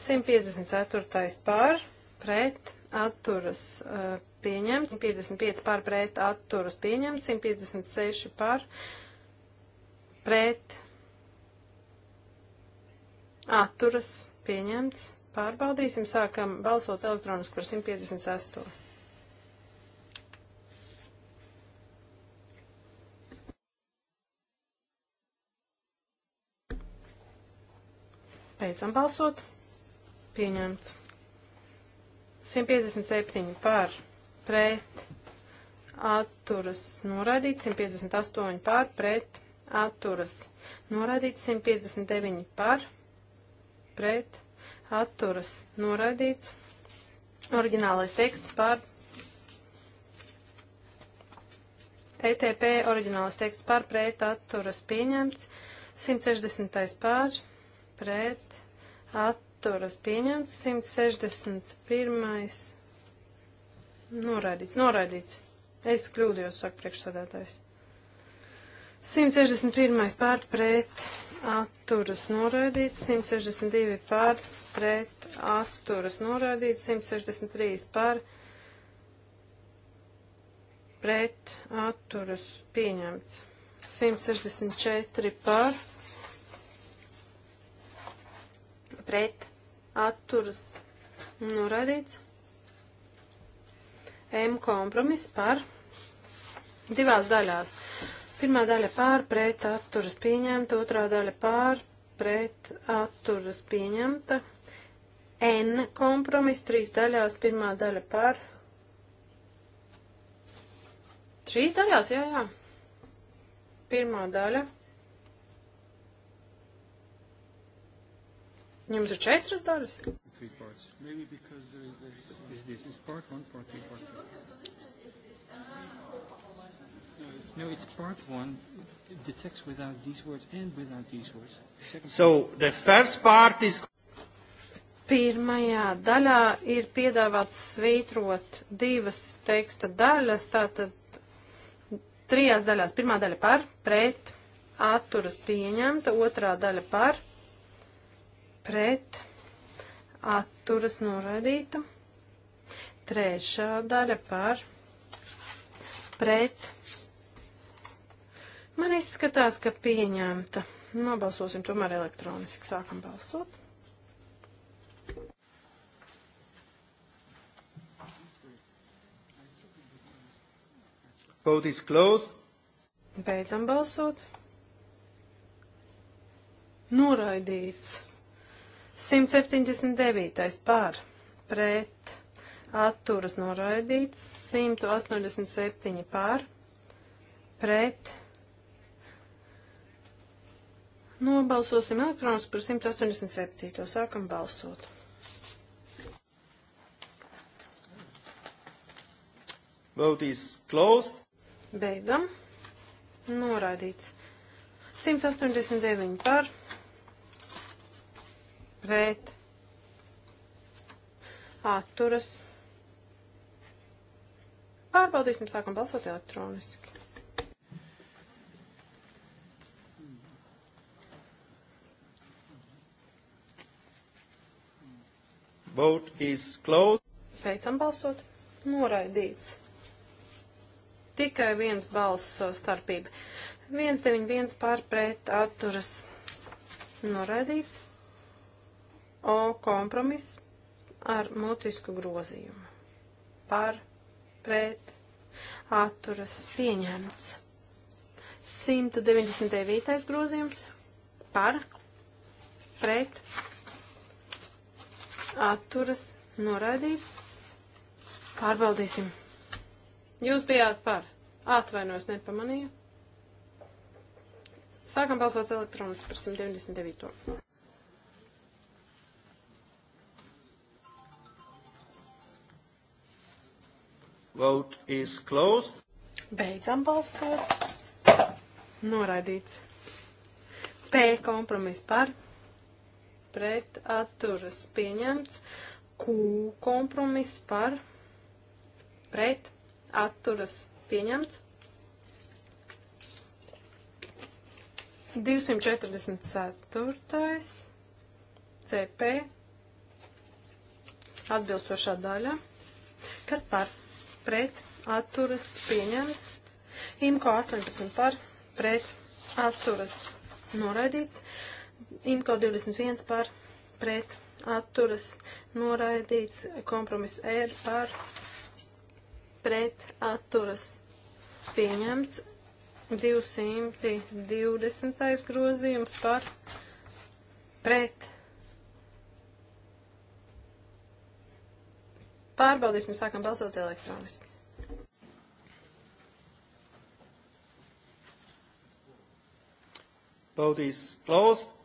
154. par pret atturas uh, pieņemts. 155 par pret atturas pieņemts. 156 par pret pret atturas pieņemts. Pārbaudīsim, sākam balsot elektroniski par 158. Beidzam balsot. Pieņemts. 157 par pret atturas noraidīts, 158 par pret atturas. Noraidīts 159 par, pret, atturas. Noraidīts. Oriģinālais teksts par. ETP oriģinālais teksts par, pret, atturas pieņemts. 160. par, pret, atturas pieņemts. 161. Noraidīts, noraidīts. Es kļūdījos, saka priekšsādātājs. 161. pār pret atturas noraidīts, 162 pār pret atturas noraidīts, 163 pār pret atturas pieņemts, 164 pār pret atturas noraidīts, M kompromis par divās daļās. Pirmā daļa pār pret atturas pieņemta, otrā daļa pār pret atturas pieņemta. N kompromis trīs daļās, pirmā daļa pār. Trīs daļās, jā, jā. Pirmā daļa. Jums ir četras daļas? Three parts. Maybe because there is this, is this is part one, part two, part three. No, it's part one, the text without these words and without these words. The so the first part is. Pirmajā daļā ir piedāvāts svītrot divas teksta daļas, tātad trijās daļās. Pirmā daļa par, pret, atturas pieņemta, otrā daļa par, pret, atturas noraidīta, trešā daļa par, pret, Man izskatās, ka pieņemta. Nobalsosim tomēr elektroniski. Sākam balsot. Vote is closed. Beidzam balsot. Noraidīts. 179. pār. Pret. Atturas noraidīts. 187 pār. Pret Nobalsosim elektroniski par 187. Sākam balsot. Vote is closed. Beidzam. Noraidīts. 189 par. Pret. Atturas. Pārbaudīsim, sākam balsot elektroniski. Vote is closed. Beidzam balsot. Noraidīts. Tikai viens balss uh, starpība. 191 pār pret atturas. Noraidīts. O kompromiss ar mutisku grozījumu. Par pret atturas pieņemts. 199. grozījums par pret atturas noraidīts. Pārbaudīsim. Jūs bijāt par. Atvainojos, nepamanīju. Sākam balsot elektroniski par 199. Vote is closed. Beidzam balsot. Noraidīts. P kompromis par pret atturas pieņemts. Q kompromiss par pret atturas pieņemts. 244. CP atbilstošā daļa, kas par pret atturas pieņemts. IMCO 18 par pret atturas noraidīts. Imko 21 par pret atturas noraidīts. Kompromiss R par pret atturas pieņemts. 220. grozījums par pret. Pārbaudīsim, sākam balsot elektroniski. Vote is closed.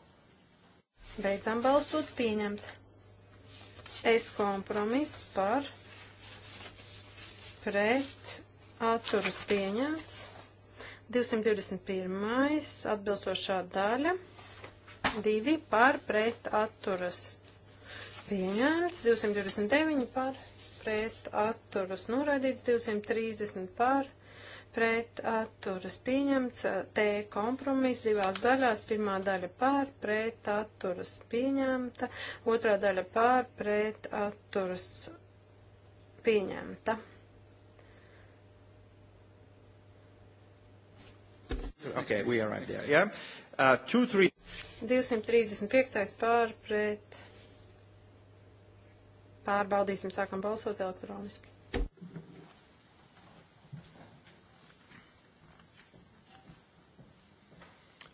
Beidzam balsot pieņemts. Es kompromiss par pret atturas pieņemts. 221. atbilstošā daļa. 2 par pret atturas pieņemts. 229 par pret atturas noraidīts. 230 par pret pret atturas pieņemts, T kompromis divās daļās, pirmā daļa pār, pret atturas pieņemta, otrā daļa pār, pret atturas pieņemta. Okay, we are right there, yeah? Uh, two, three. 235. pār pret. Pārbaudīsim, sākam balsot elektroniski.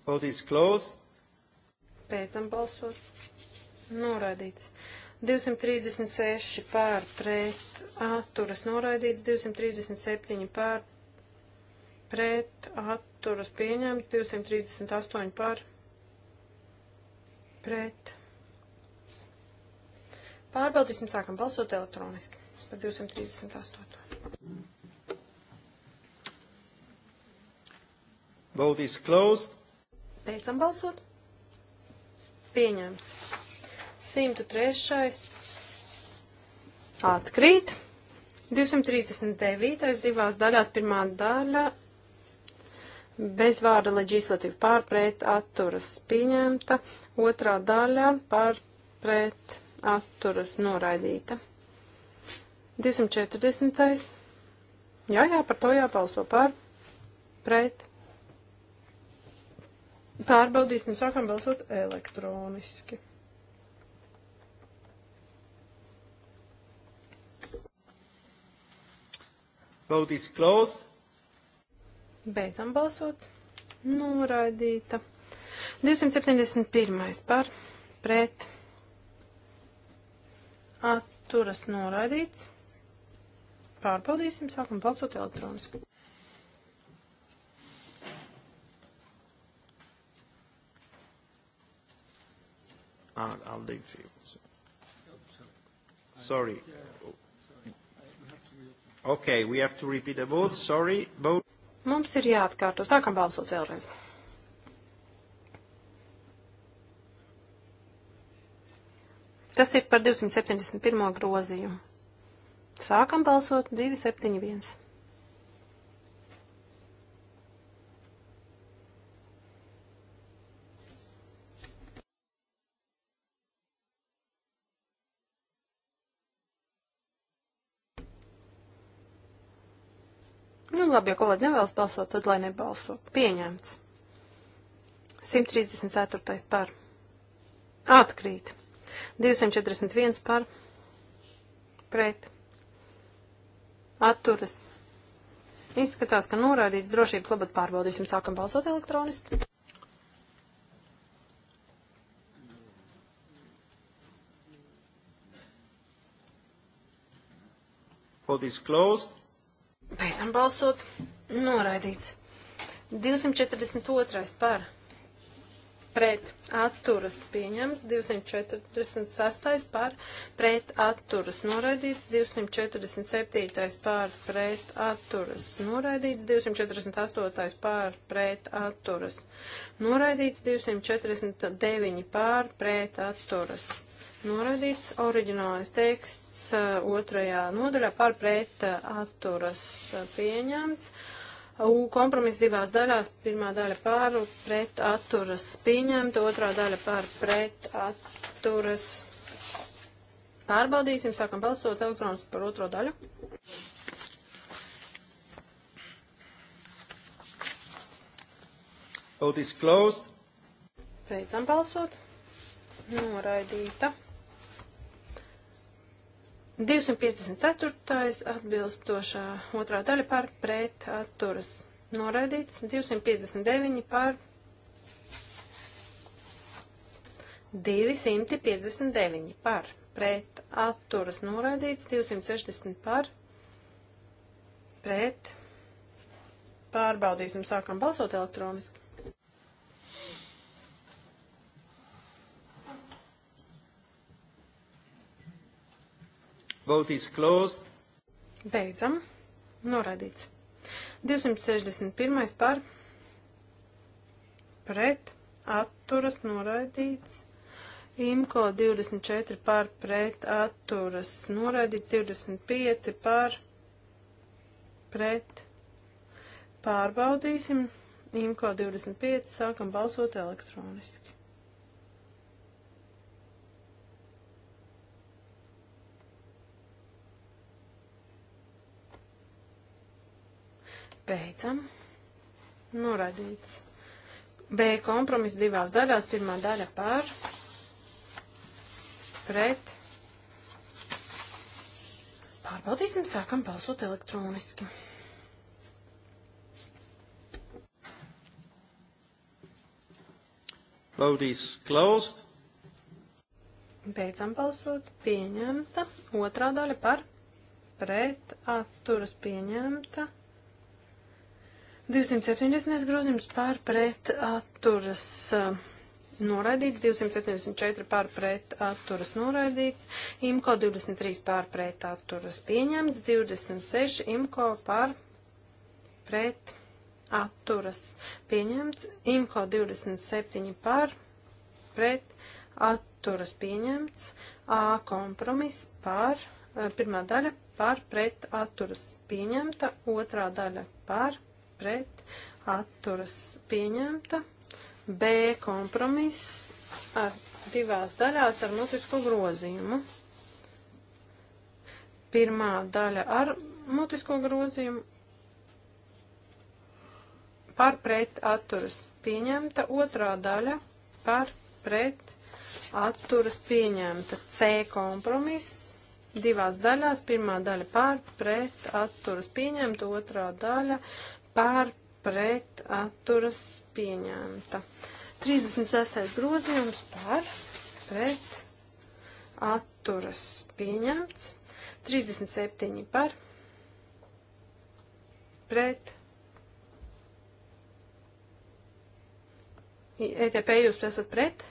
Vote is closed. Beidzam balsot. Noraidīts. 236 pār pret atturas noraidīts, 237 pār pret atturas pieņemts, 238 pār pret. Pārbaudīsim, sākam balsot elektroniski par 238. Vote is closed. Beidzam balsot. Pieņemts. 103. Atkrīt. 239. divās daļās pirmā daļa bez vārda leģislatīva pārpret atturas pieņemta, otrā daļa pārpret atturas noraidīta. 240. Jā, jā, par to jābalso pār, pret, Pārbaudīsim, sākam balsot elektroniski. Vote is closed. Beidzam balsot. Noraidīta. 271. par pret. Atturas noraidīts. Pārbaudīsim, sākam balsot elektroniski. Ah, Alde in favor. Sorry. Okay, we have to repeat the vote. Sorry. Vote. Mums ir jāatkārto. Sākam balsot vēlreiz. Tas ir par 271. grozījumu. Sākam balsot 271. Nu, labi, ja kolēģi nevēlas balsot, tad lai nebalso. Pieņemts. 134. par. Atkrīt. 241 par. Pret. Atturas. Izskatās, ka norādīts drošības labad pārbaudīsim. Sākam balsot elektroniski. Vote is closed. Beidzam balsot. Noraidīts. 242. par pret atturas pieņems, 246. par pret atturas noraidīts, 247. par pret atturas noraidīts, 248. par pret atturas noraidīts, 249. par pret atturas Noradīts oriģinālais teksts uh, otrajā nodaļā par pret uh, atturas uh, pieņemts. Kompromis divās daļās. Pirmā daļa par pret atturas pieņemta, otrā daļa par pret atturas. Pārbaudīsim, sākam balsot elektronis par otro daļu. Vote is closed. Beidzam balsot. Noraidīta. 254. atbilstošā otrā daļa par pret atturas noraidīts, 259 par 259 par pret atturas noraidīts, 260 par pret pārbaudīsim, sākam balsot elektroniski. Vote is closed. Beidzam. Noraidīts. 261. par pret atturas noraidīts. Imko 24 par pret atturas, noraidīts 25 par pret. Pārbaudīsim. Imko 25 sākam balsot elektroniski. Beidzam. Noraidīts. B kompromis divās daļās. Pirmā daļa par, pret. Pārbaudīsim, sākam balsot elektroniski. Vote is closed. Beidzam balsot. Pieņemta. Otrā daļa par, pret, atturas pieņemta. 270 grozījums pār eh, pret atturas noraidīts, 274 pār pret atturas noraidīts, IMCO 23 pār pret atturas pieņemts, 26 IMCO pār pret atturas pieņemts, IMCO 27 pār pret atturas pieņemts, A kompromiss pār, eh, pirmā daļa pār pret atturas pieņemta, otrā daļa pār pret pret atturas pieņemta. B kompromiss ar divās daļās ar mutisko grozījumu. Pirmā daļa ar mutisko grozījumu par pret atturas pieņemta, otrā daļa par pret atturas pieņemta. C kompromiss divās daļās. Pirmā daļa pār, pret, atturas pieņemta, otrā daļa pār pret atturas pieņemta. 36. grozījums par pret atturas pieņemts. 37 par pret ETP jūs esat pret?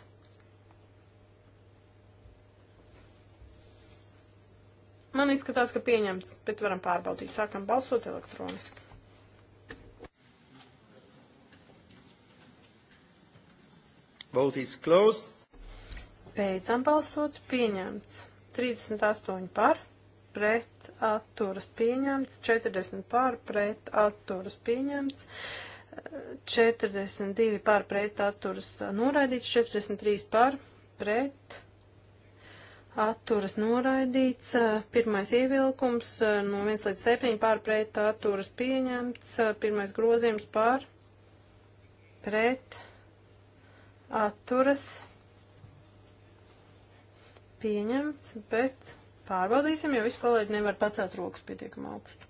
Man izskatās, ka pieņemts, bet varam pārbaudīt. Sākam balsot elektroniski. Vote is closed. Beidzam balsot. Pieņemts. 38 par, pret atturas pieņemts. 40 par, pret atturas pieņemts. 42 par, pret atturas noraidīts. 43 par, pret atturas noraidīts, pirmais ievilkums no 1 līdz 7 pār pret atturas pieņemts, pirmais grozījums pār pret atturas pieņemts, bet pārbaudīsim, jo visi kolēģi nevar pacelt rokas pietiekam augstu.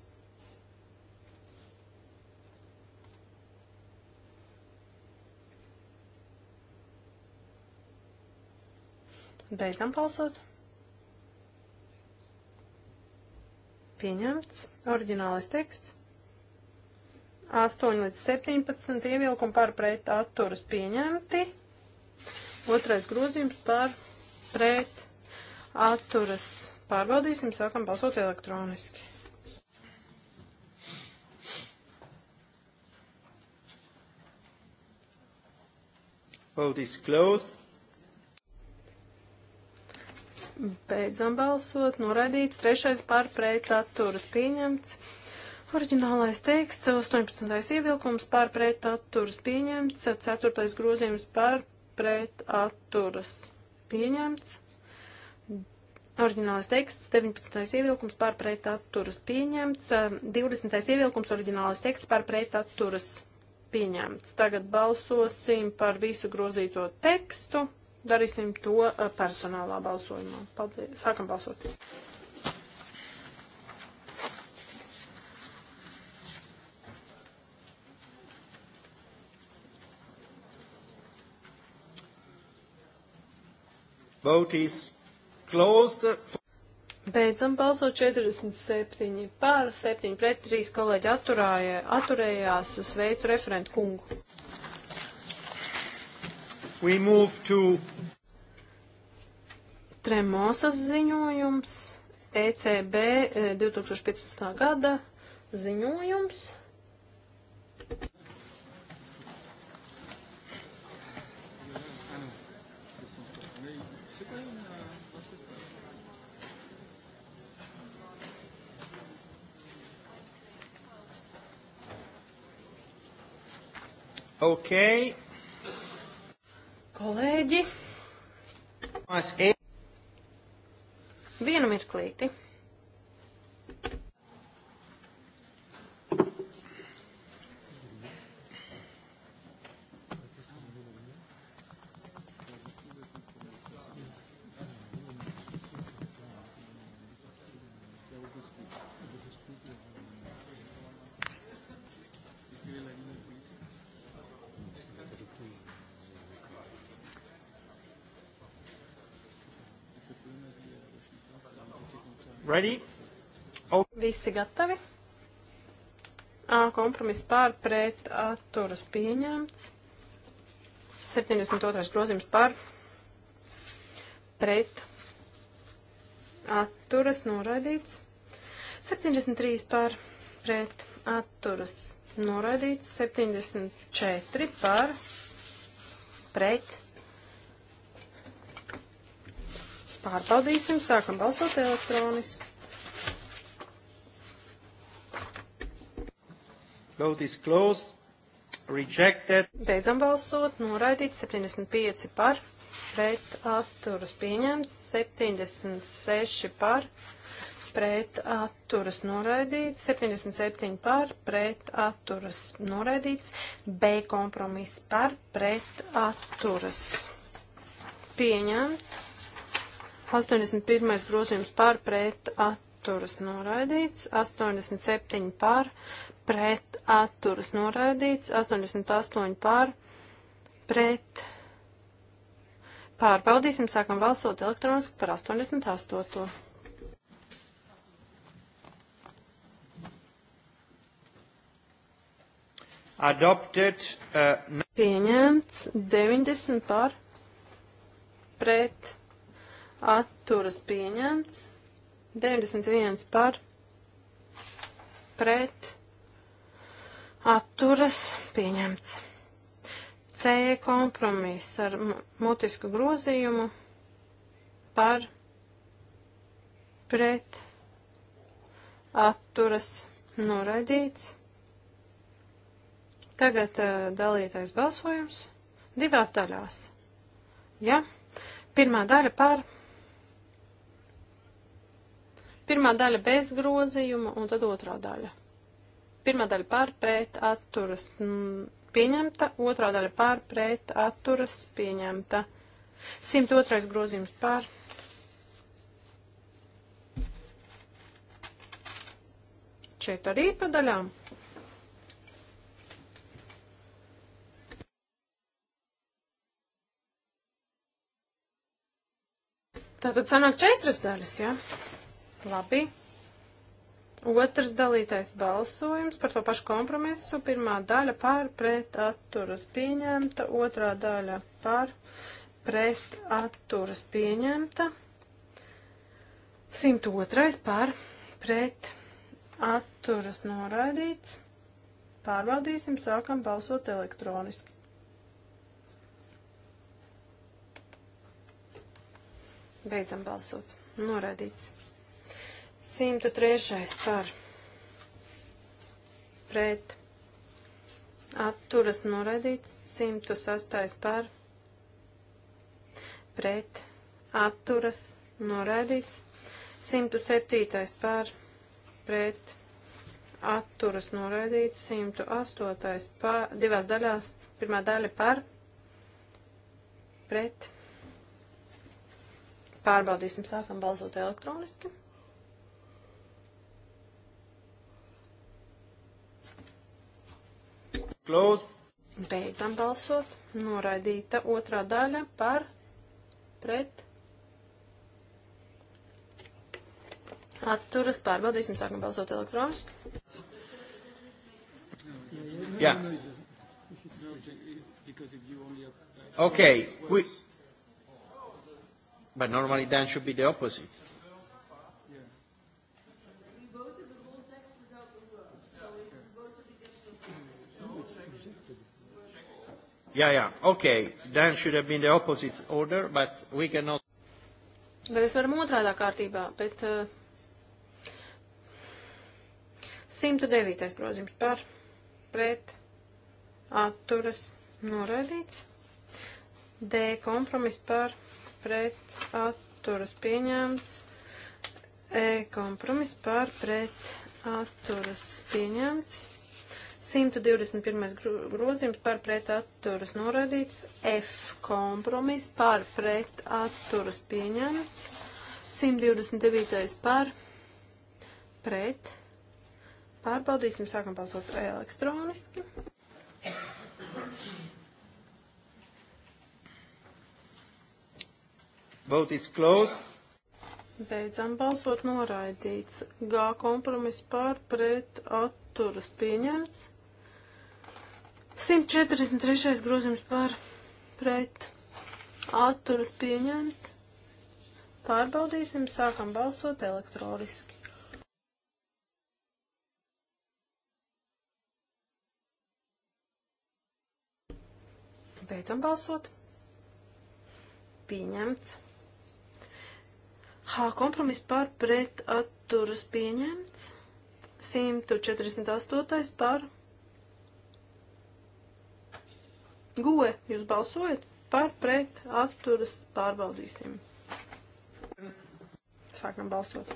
Beidzam balsot. Pieņemts. Oriģinālais teksts. 8 līdz 17 ievilkumi par pret atturas pieņemti. Otrais grozījums par pret atturas. Pārbaudīsim, sākam balsot elektroniski. Vote is closed. Beidzam balsot, noraidīts, trešais par pret atturas pieņemts. Oriģinālais teksts, 18. ievilkums par pret atturas pieņemts, 4. grozījums par pret atturas pieņemts. Oriģinālais teksts, 19. ievilkums par pret atturas pieņemts, 20. ievilkums, oriģinālais teksts par pret atturas pieņemts. Tagad balsosim par visu grozīto tekstu. Darīsim to eh, personālā balsojumā. Paldies. Sākam balsot. Vote is closed. Beidzam balsot 47 pār, 7 pret, 3 kolēģi atturāja, atturējās uz sveicu referentu kungu. We move to Tremosas ziņojums, e eh, ECB 2015. gada ziņojums. Ok. Kolēģi. Vienu mirklīti. Ready? Oh. Visi gatavi? A, kompromiss pār pret atturas pieņemts. 72. grozījums pār pret atturas noraidīts. 73 pār pret atturas noraidīts. 74 pār pret atturas Pārbaudīsim, sākam balsot elektroniski. Vote is closed. Rejected. Beidzam balsot, noraidīts 75 par, pret atturas pieņemts 76 par, pret atturas noraidīts 77 par, pret atturas noraidīts B kompromiss par, pret atturas pieņemts 81. grozījums par pret atturas noraidīts, 87 par pret atturas noraidīts, 88 par pret. Pārbaudīsim, sākam balsot elektroniski par 88. Adopted, uh, Pieņemts 90 par pret atturas pieņemts, 91 par, pret, atturas pieņemts. C kompromiss ar mutisku grozījumu par, pret, atturas noraidīts. Tagad uh, dalītais balsojums divās daļās. Ja? Pirmā daļa par Pirmā daļa bez grozījuma un tad otrā daļa. Pirmā daļa par pret atturas pieņemta, otrā daļa par pret atturas pieņemta. 102. grozījums par. Šeit arī pa daļām. Tātad sanāk četras daļas, jā? Ja? Labi. Otrs dalītais balsojums par to pašu kompromisu. Pirmā daļa par pret atturas pieņemta, otrā daļa par pret atturas pieņemta. 102. par pret atturas noraidīts. Pārbaudīsim, sākam balsot elektroniski. Beidzam balsot. Noraidīts. 103. par pret atturas noraidīts, 108. par pret atturas noraidīts, 107. par pret atturas noraidīts, 108. par divās daļās, pirmā daļa par pret. Pārbaudīsim, sākam balsot elektroniski. Closed. Beidzam balsot. Noraidīta otrā daļa par pret. Atturas pārbaudīsim, sākam balsot elektroniski. Jā. Yeah. Okay. We... But normally then should be the opposite. Yeah, yeah. Okay. Then should have been the opposite order, but we cannot. Bet es varam otrādā kārtībā, bet uh, 109. grozījums par pret atturas noraidīts. D kompromis par pret atturas pieņemts. E kompromis par pret atturas pieņemts. 121. grozījums par pretatturas noraidīts, F kompromis par pretatturas pieņemts, 129. par pret. Pārbaudīsim, sākam balsot elektroniski. Vote is closed. Beidzam balsot noraidīts. G kompromis par pret atturas pieņemts. 143. grozījums par pret atturas pieņemts. Pārbaudīsim, sākam balsot elektroniski. Beidzam balsot. Pieņemts. H kompromiss par pret atturas pieņemts. 148. par pret Goe, jūs balsojat par pret atturas pārbaudīsim. Sākam balsot.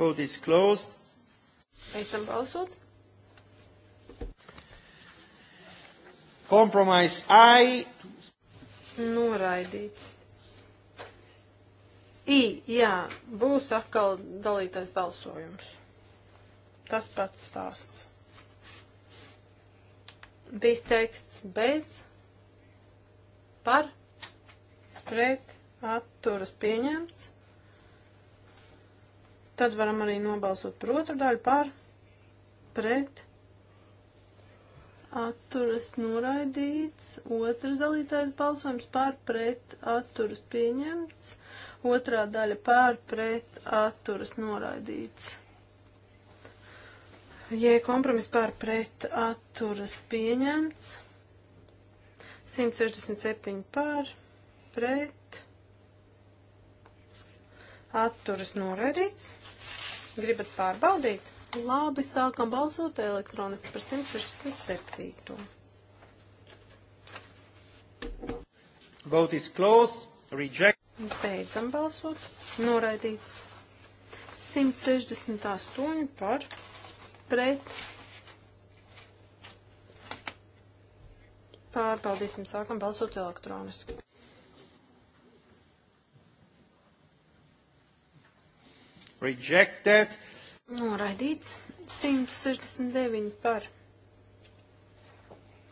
Vote is closed. Beidzam balsot. Compromise I. Noraidīts. I, jā, būs atkal dalītais balsojums. Tas pats stāsts. Bijis teksts bez, par, pret, atturas pieņemts. Tad varam arī nobalsot par otru daļu par, pret, atturas noraidīts, otrs dalītājs balsojums par, pret, atturas pieņemts, otrā daļa par, pret, atturas noraidīts. Jē, kompromiss pār pret atturas pieņemts. 167 pār pret atturas noraidīts. Gribat pārbaudīt? Labi, sākam balsot elektroniski par 167. Vote is closed. Reject. Beidzam balsot. Noraidīts. 168 par pret pret. Pārbaudīsim, sākam balsot elektroniski. Rejected. Noraidīts 169 par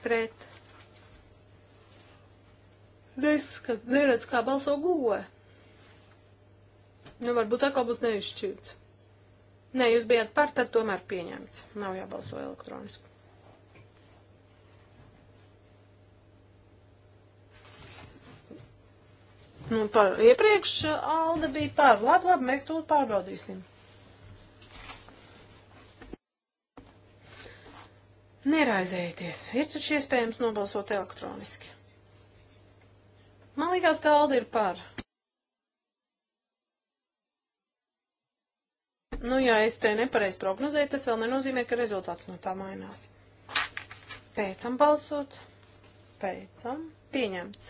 pret. Neskat, neredz, kā balso goe. Nu, varbūt atkal būs neizšķirts. Nē, jūs bijāt par, tad tomēr pieņemts. Nav jābalso elektroniski. Nu, par iepriekš eh, Alda bija par. Labi, labi, mēs to pārbaudīsim. Neraizējieties. Ir taču iespējams nobalsot elektroniski. Man liekas, ka Alda ir par. Nu, ja es te nepareiz prognozēju, tas vēl nenozīmē, ka rezultāts no tā mainās. Pēcam balsot, pēcam pieņemts.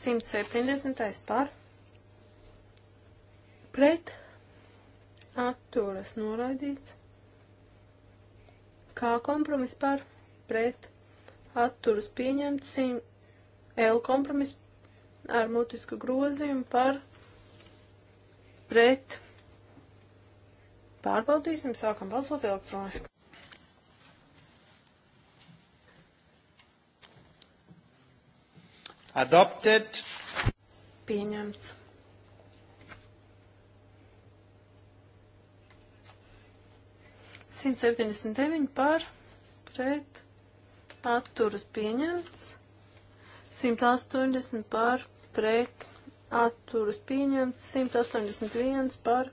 Simt septiņdesmitais par pret atturas noraidīts. Kā kompromis par pret atturas pieņemts. L kompromis ar mutisku grozījumu par pret. Pārbaudīsim, sākam balsot elektroniski. Adopted. Pieņemts. Simt septiņdesmit deviņi par pret atturas pieņemts. Simt astoņdesmit par pret pret atturas pieņemts, 181 par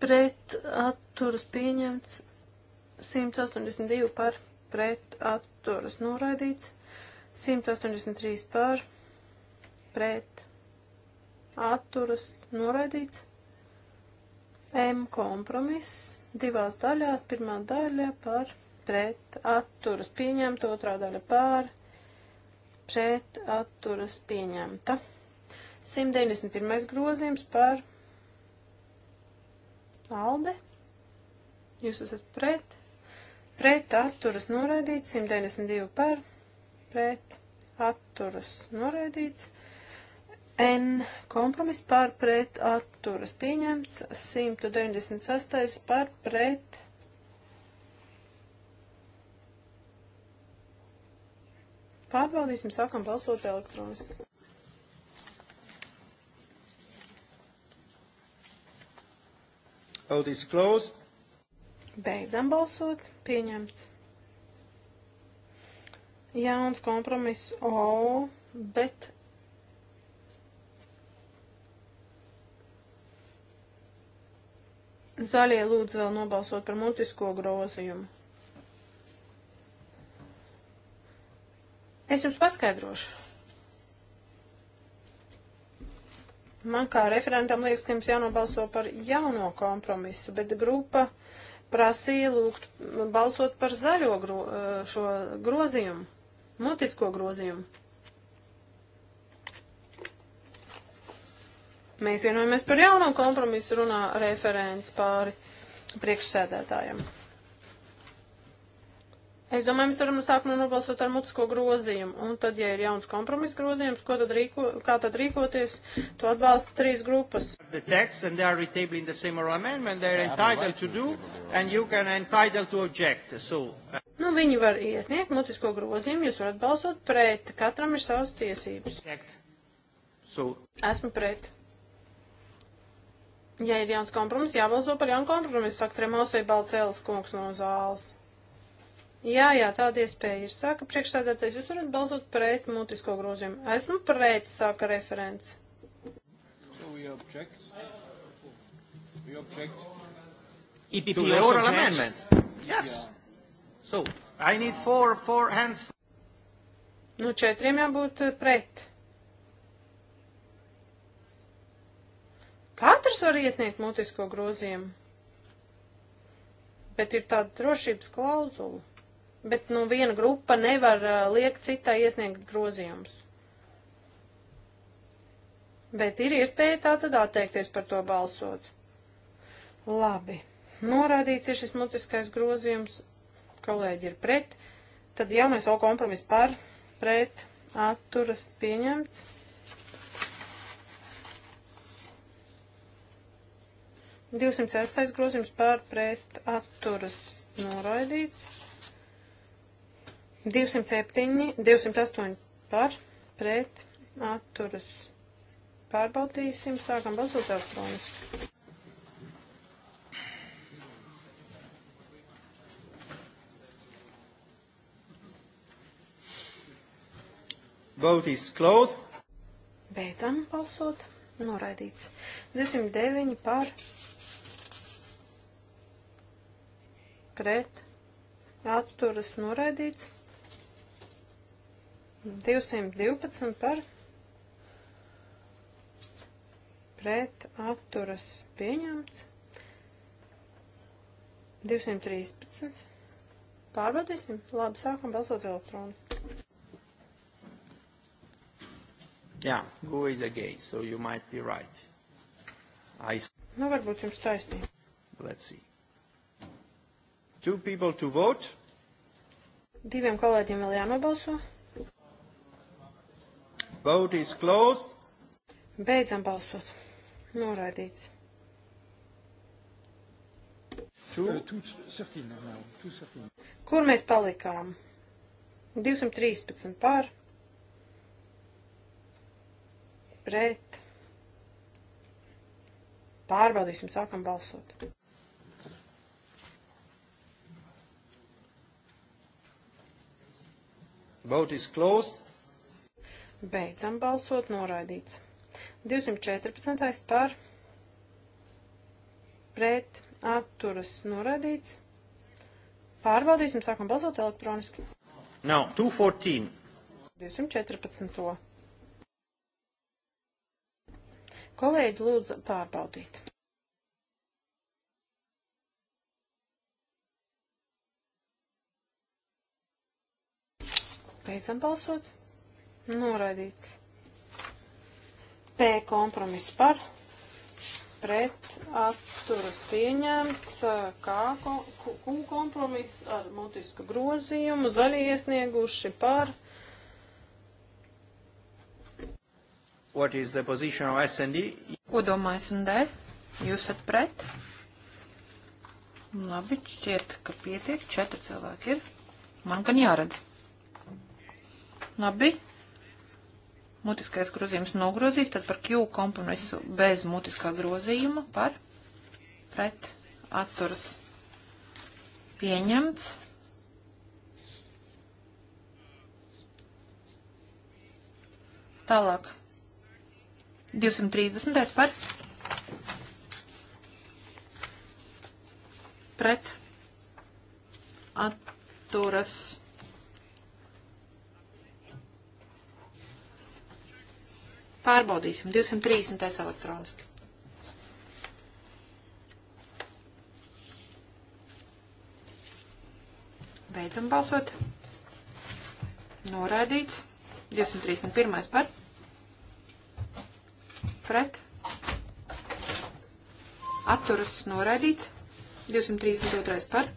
pret atturas pieņemts, 182 par pret atturas noraidīts, 183 par pret atturas noraidīts, M kompromiss divās daļās, pirmā daļa par pret atturas pieņemta, otrā daļa par pret pret atturas pieņemta. 191. grozījums par alde. Jūs esat pret. Pret atturas noraidīts. 192 par. Pret atturas noraidīts. N kompromiss par pret atturas pieņemts. 198 par pret atturas Pārbaudīsim, sākam balsot elektroniski. Vote is closed. Beidzam balsot. Pieņemts. Jauns kompromiss O, bet zaļie lūdzu vēl nobalsot par mutisko grozījumu. Es jums paskaidrošu. Man kā referentam liekas, ka jums jānobalso par jauno kompromisu, bet grupa prasīja lūgt balsot par zaļo gro, eh, šo grozījumu, mutisko grozījumu. Mēs vienojamies par jauno kompromisu runā referents pāri priekšsēdētājiem. Es domāju, mēs varam no sākuma nu nobalsot ar mutisko grozījumu, un tad, ja ir jauns kompromiss grozījums, ko tad rīko, kā tad rīkoties, to atbalsta trīs grupas. The text and they are retabling the same oral amendment they are entitled to do and you can entitled to object. So, uh... Nu, viņi var iesniegt mutisko grozījumu, jūs varat balsot pret, katram ir savas tiesības. So... Esmu pret. Ja ir jauns kompromiss, jābalso par jaunu kompromisu, saka Tremosai Balcēlis kungs no zāles. Jā, jā, tāda iespēja ir. Saka priekšsēdētājs, jūs varat balsot pret mutisko grozījumu. Esmu pret, saka referents. So we object. We object. EPP to the oral amendment. Yes. Yeah. So I need four, four hands. Nu, četriem jābūt eh, pret. Katrs var iesniegt mutisko grozījumu, bet ir tāda drošības klauzula bet nu, viena grupa nevar uh, liekt citai iesniegt grozījumus. Bet ir iespēja tā tad atteikties par to balsot. Labi. Norādīts ir šis mutiskais grozījums, kolēģi ir pret, tad jaunais O kompromiss par, pret, atturas pieņemts. Divsimt sestais grozījums par, pret, atturas noraidīts. 207, 208 par, pret, atturas. Pārbaudīsim, sākam balsot elektroniski. Vote is closed. Beidzam balsot. Noraidīts. 209 par pret atturas noraidīts. 212 par pret apturas pieņemts. 213. Pārbaudīsim. Labi, sākam balsot elektroni. Jā, yeah, go is against, so you might be right. I... Nu, varbūt jums taisnība. Let's see. Two people to vote. Diviem kolēģiem vēl jānobalso. Vote is closed. Beidzam balsot. Noraidīts. 213. Uh, Kur mēs palikām? 213 pār. Pret. Pārbaudīsim, sākam balsot. Vote is closed. Beidzam balsot, noraidīts. 214. par pret atturas noraidīts. Pārbaudīsim, sākam balsot elektroniski. Now, 214. 214. Kolēģi lūdzu pārbaudīt. Beidzam balsot. Noraidīts. P kompromiss par. Pret atturas pieņemts. K kompromiss ar mutisku grozījumu. Zaļie iesnieguši par. What is the position of S&D? Ko domā S&D? Jūs esat pret? Labi, šķiet, ka pietiek. Četri cilvēki ir. Man gan jāredz. Labi, mutiskais grozījums nogrozīs, tad par Q kompromisu bez mutiskā grozījuma par pret atturas pieņemts. Tālāk. 230. par pret atturas pieņemts Pārbaudīsim. 230. elektroniski. Beidzam balsot. Noraidīts. 231. par. Pret. Atturas noraidīts. 232. par.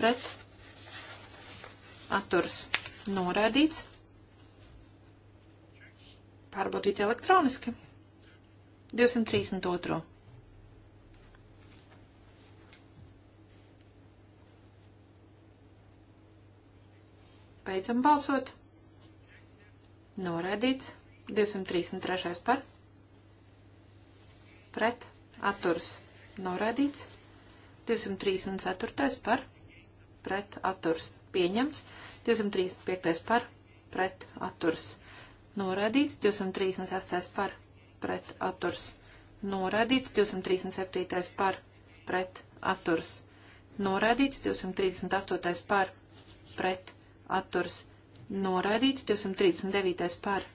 Pret. Atturas noraidīts pārbaudīt elektroniski. 232. Beidzam balsot. Noraidīts. 233. par. Pret. Atturs. Noraidīts. 234. par. Pret. Atturs. Pieņems. 235. par. Pret. Atturs. Pieņems Noraidīts 236. par pret atturs. Noraidīts 237. par pret atturs. Noraidīts 238. par pret atturs. Noraidīts 239. par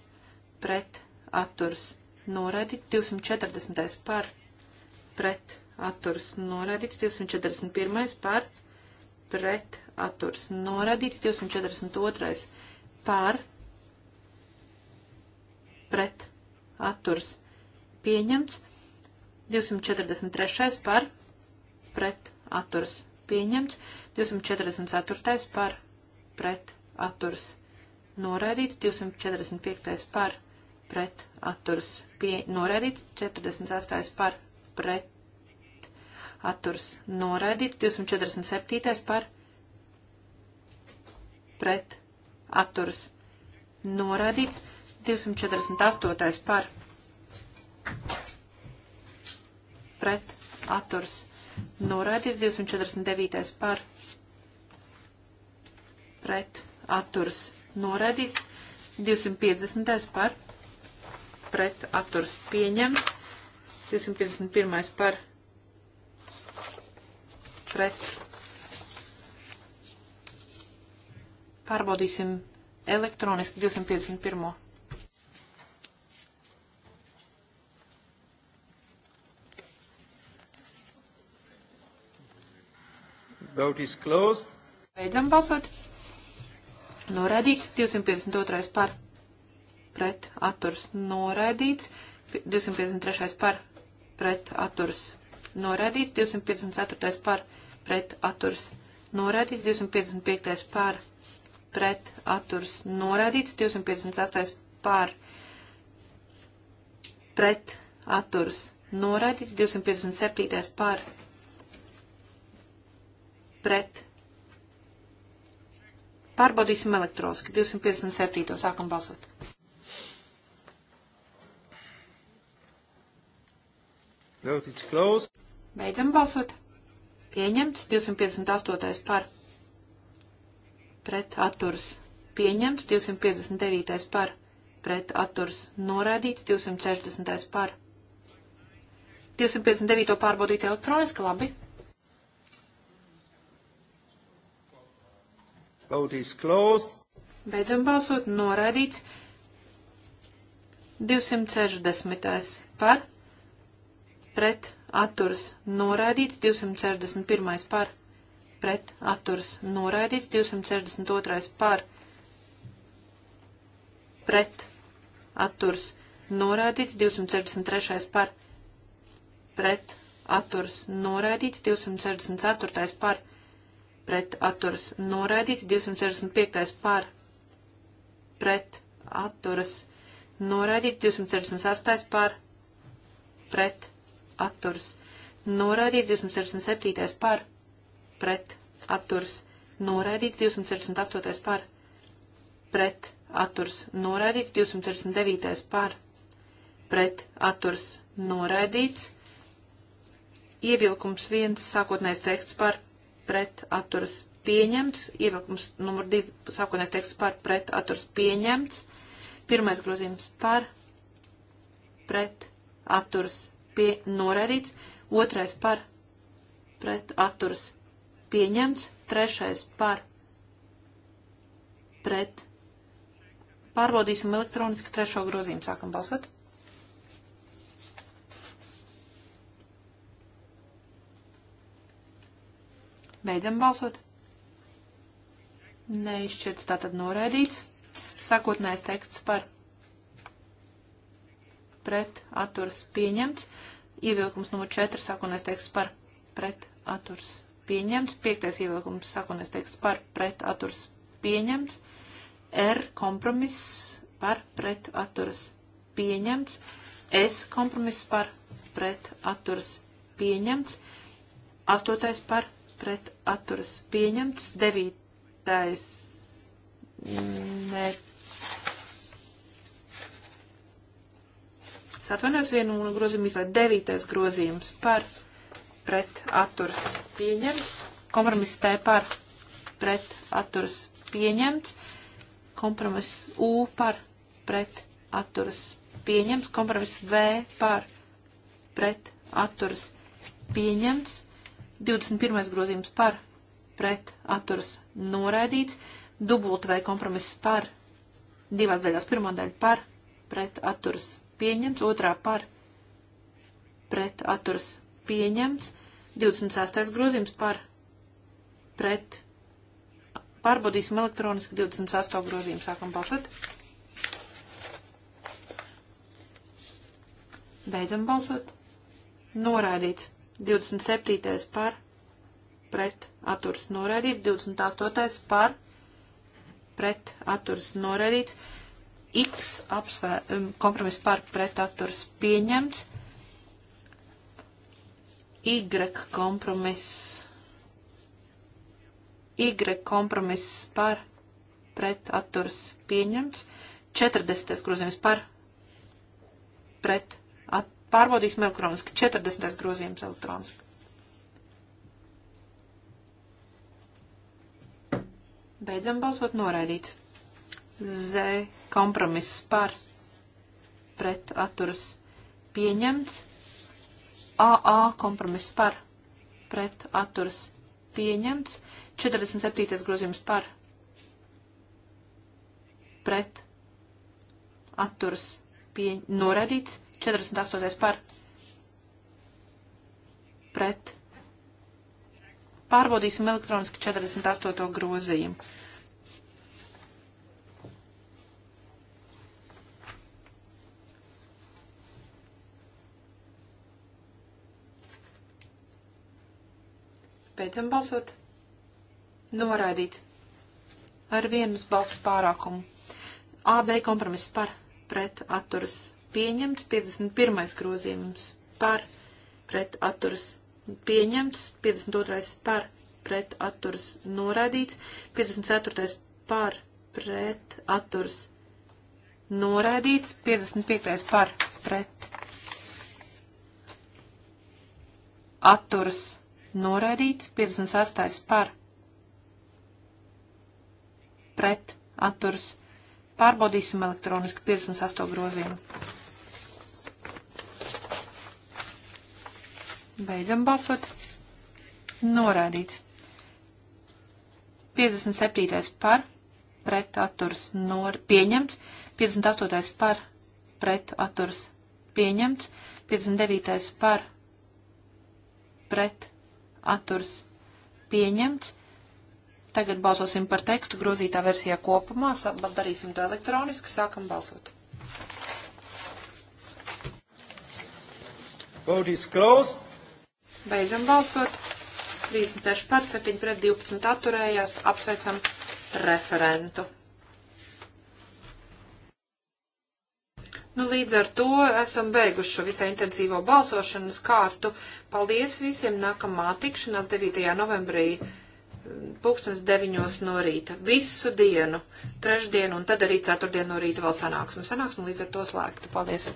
pret atturs. Noraidīts 240. par pret atturs. Noraidīts 241. par pret atturs. Noraidīts 242. par pret atturs pret atturs pieņemts. 243. par pret atturs pieņemts. 244. par pret atturs noraidīts. 245. par pret atturs pie, noraidīts. 48. par pret atturs noraidīts. 247. par pret atturs noraidīts. 248. par pret atturs norādīts, 249. par pret atturs norādīts, 250. par pret atturs pieņems, 251. par pret. Pārbaudīsim elektroniski 251. Vote is closed. Beidzam balsot. Noraidīts 252. par pret atturs noraidīts. 253. par pret atturs noraidīts. 254. par pret atturs noraidīts. 255. par pret atturs noraidīts. 258. par pret atturs noraidīts. 257. par pret atturs noraidīts pret. Pārbaudīsim elektroniski. 257. sākam balsot. Vote is closed. Beidzam balsot. Pieņemts 258. par. Pret atturs. Pieņemts 259. par. Pret atturs. Noraidīts 260. par. 259. pārbaudīt elektroniski labi. Vote is closed. Beidzam balsot. Noraidīts. 260. par. Pret atturas noraidīts. 261. par. Pret atturas noraidīts. 262. par. Pret atturas noraidīts. 263. par. Pret atturas noraidīts. 264. par pret atturas noraidīts, 265. par pret atturas noraidīts, 268. par pret atturas noraidīts, 267. par pret atturas noraidīts, 268. par pret atturas noraidīts, 269. par pret atturas noraidīts, ievilkums viens sākotnējs teksts par pret pret atturas pieņemts. Ievilkums numur 2 sākotnēs teksts par pret atturas pieņemts. Pirmais grozījums par pret atturas pie, noraidīts. Otrais par pret atturas pieņemts. Trešais par pret. Pārbaudīsim elektroniski trešo grozījumu. Sākam balsot. Beidzam balsot. Neizšķirts tātad noraidīts. Sākotnējais teksts par pret atturas pieņemts. Ievilkums numur 4 sākotnējais teksts par pret atturas pieņemts. Piektais ievilkums sākotnējais teksts par pret atturas pieņemts. R kompromiss par pret atturas pieņemts. S kompromiss par pret atturas pieņemts. Astotais par pret atturas pieņemts, devītais ne. Es atvainojos vienu un grozījumu izlaid. Devītais grozījums par pret atturas pieņemts. Kompromiss T par pret atturas pieņemts. Kompromiss U par pret atturas pieņemts. Kompromiss V par pret atturas pieņemts. 21. grozījums par pret atturas noraidīts, dubultu vai kompromiss par divās daļās. Pirmā daļa par pret atturas pieņemts, otrā par pret atturas pieņemts, 26. grozījums par pret. Pārbaudīsim elektroniski 28. grozījumu. Sākam balsot. Beidzam balsot. Noraidīts. 27. par pret atturs noraidīts, 28. par pret atturs noraidīts, X apsvēr, um, kompromiss par pret atturs pieņemts, Y kompromiss, Y kompromiss par pret atturs pieņemts, 40. grozījums par pret atturs Pārbaudīsim elektroniski. 40. grozījums elektroniski. Beidzam balsot noraidīt. Z kompromiss par pret atturas pieņemts. AA kompromiss par pret atturas pieņemts. 47. grozījums par pret atturas pie, noraidīts. 48. par pret. Pārbaudīsim elektroniski 48. grozījumu. Beidzam balsot. Noraidīts. Ar vienu balsu pārākumu. AB kompromiss par pret atturas pieņemts, 51. grozījums par pret atturas pieņemts, 52. par pret atturas noraidīts, 54. par pret atturas noraidīts, 55. par pret atturas noraidīts, 58. par pret atturas pārbaudīsim elektroniski 58 grozījumu. Beidzam balsot. Norādīts. 57. par pret atturs nor pieņemts. 58. par pret atturs pieņemts. 59. par pret atturs pieņemts. Tagad balsosim par tekstu grozītā versijā kopumā. Darīsim to elektroniski. Sākam balsot. Vote is closed. Beidzam balsot. 36 par 7 pret 12 atturējās. Apsveicam referentu. Nu, līdz ar to esam beiguši šo visai intensīvo balsošanas kārtu. Paldies visiem nākamā tikšanās 9. novembrī mm, pulkstens 9 no rīta, visu dienu, trešdienu un tad arī ceturtdienu no rīta vēl sanāksim. Sanāksim līdz ar to slēgtu. Paldies!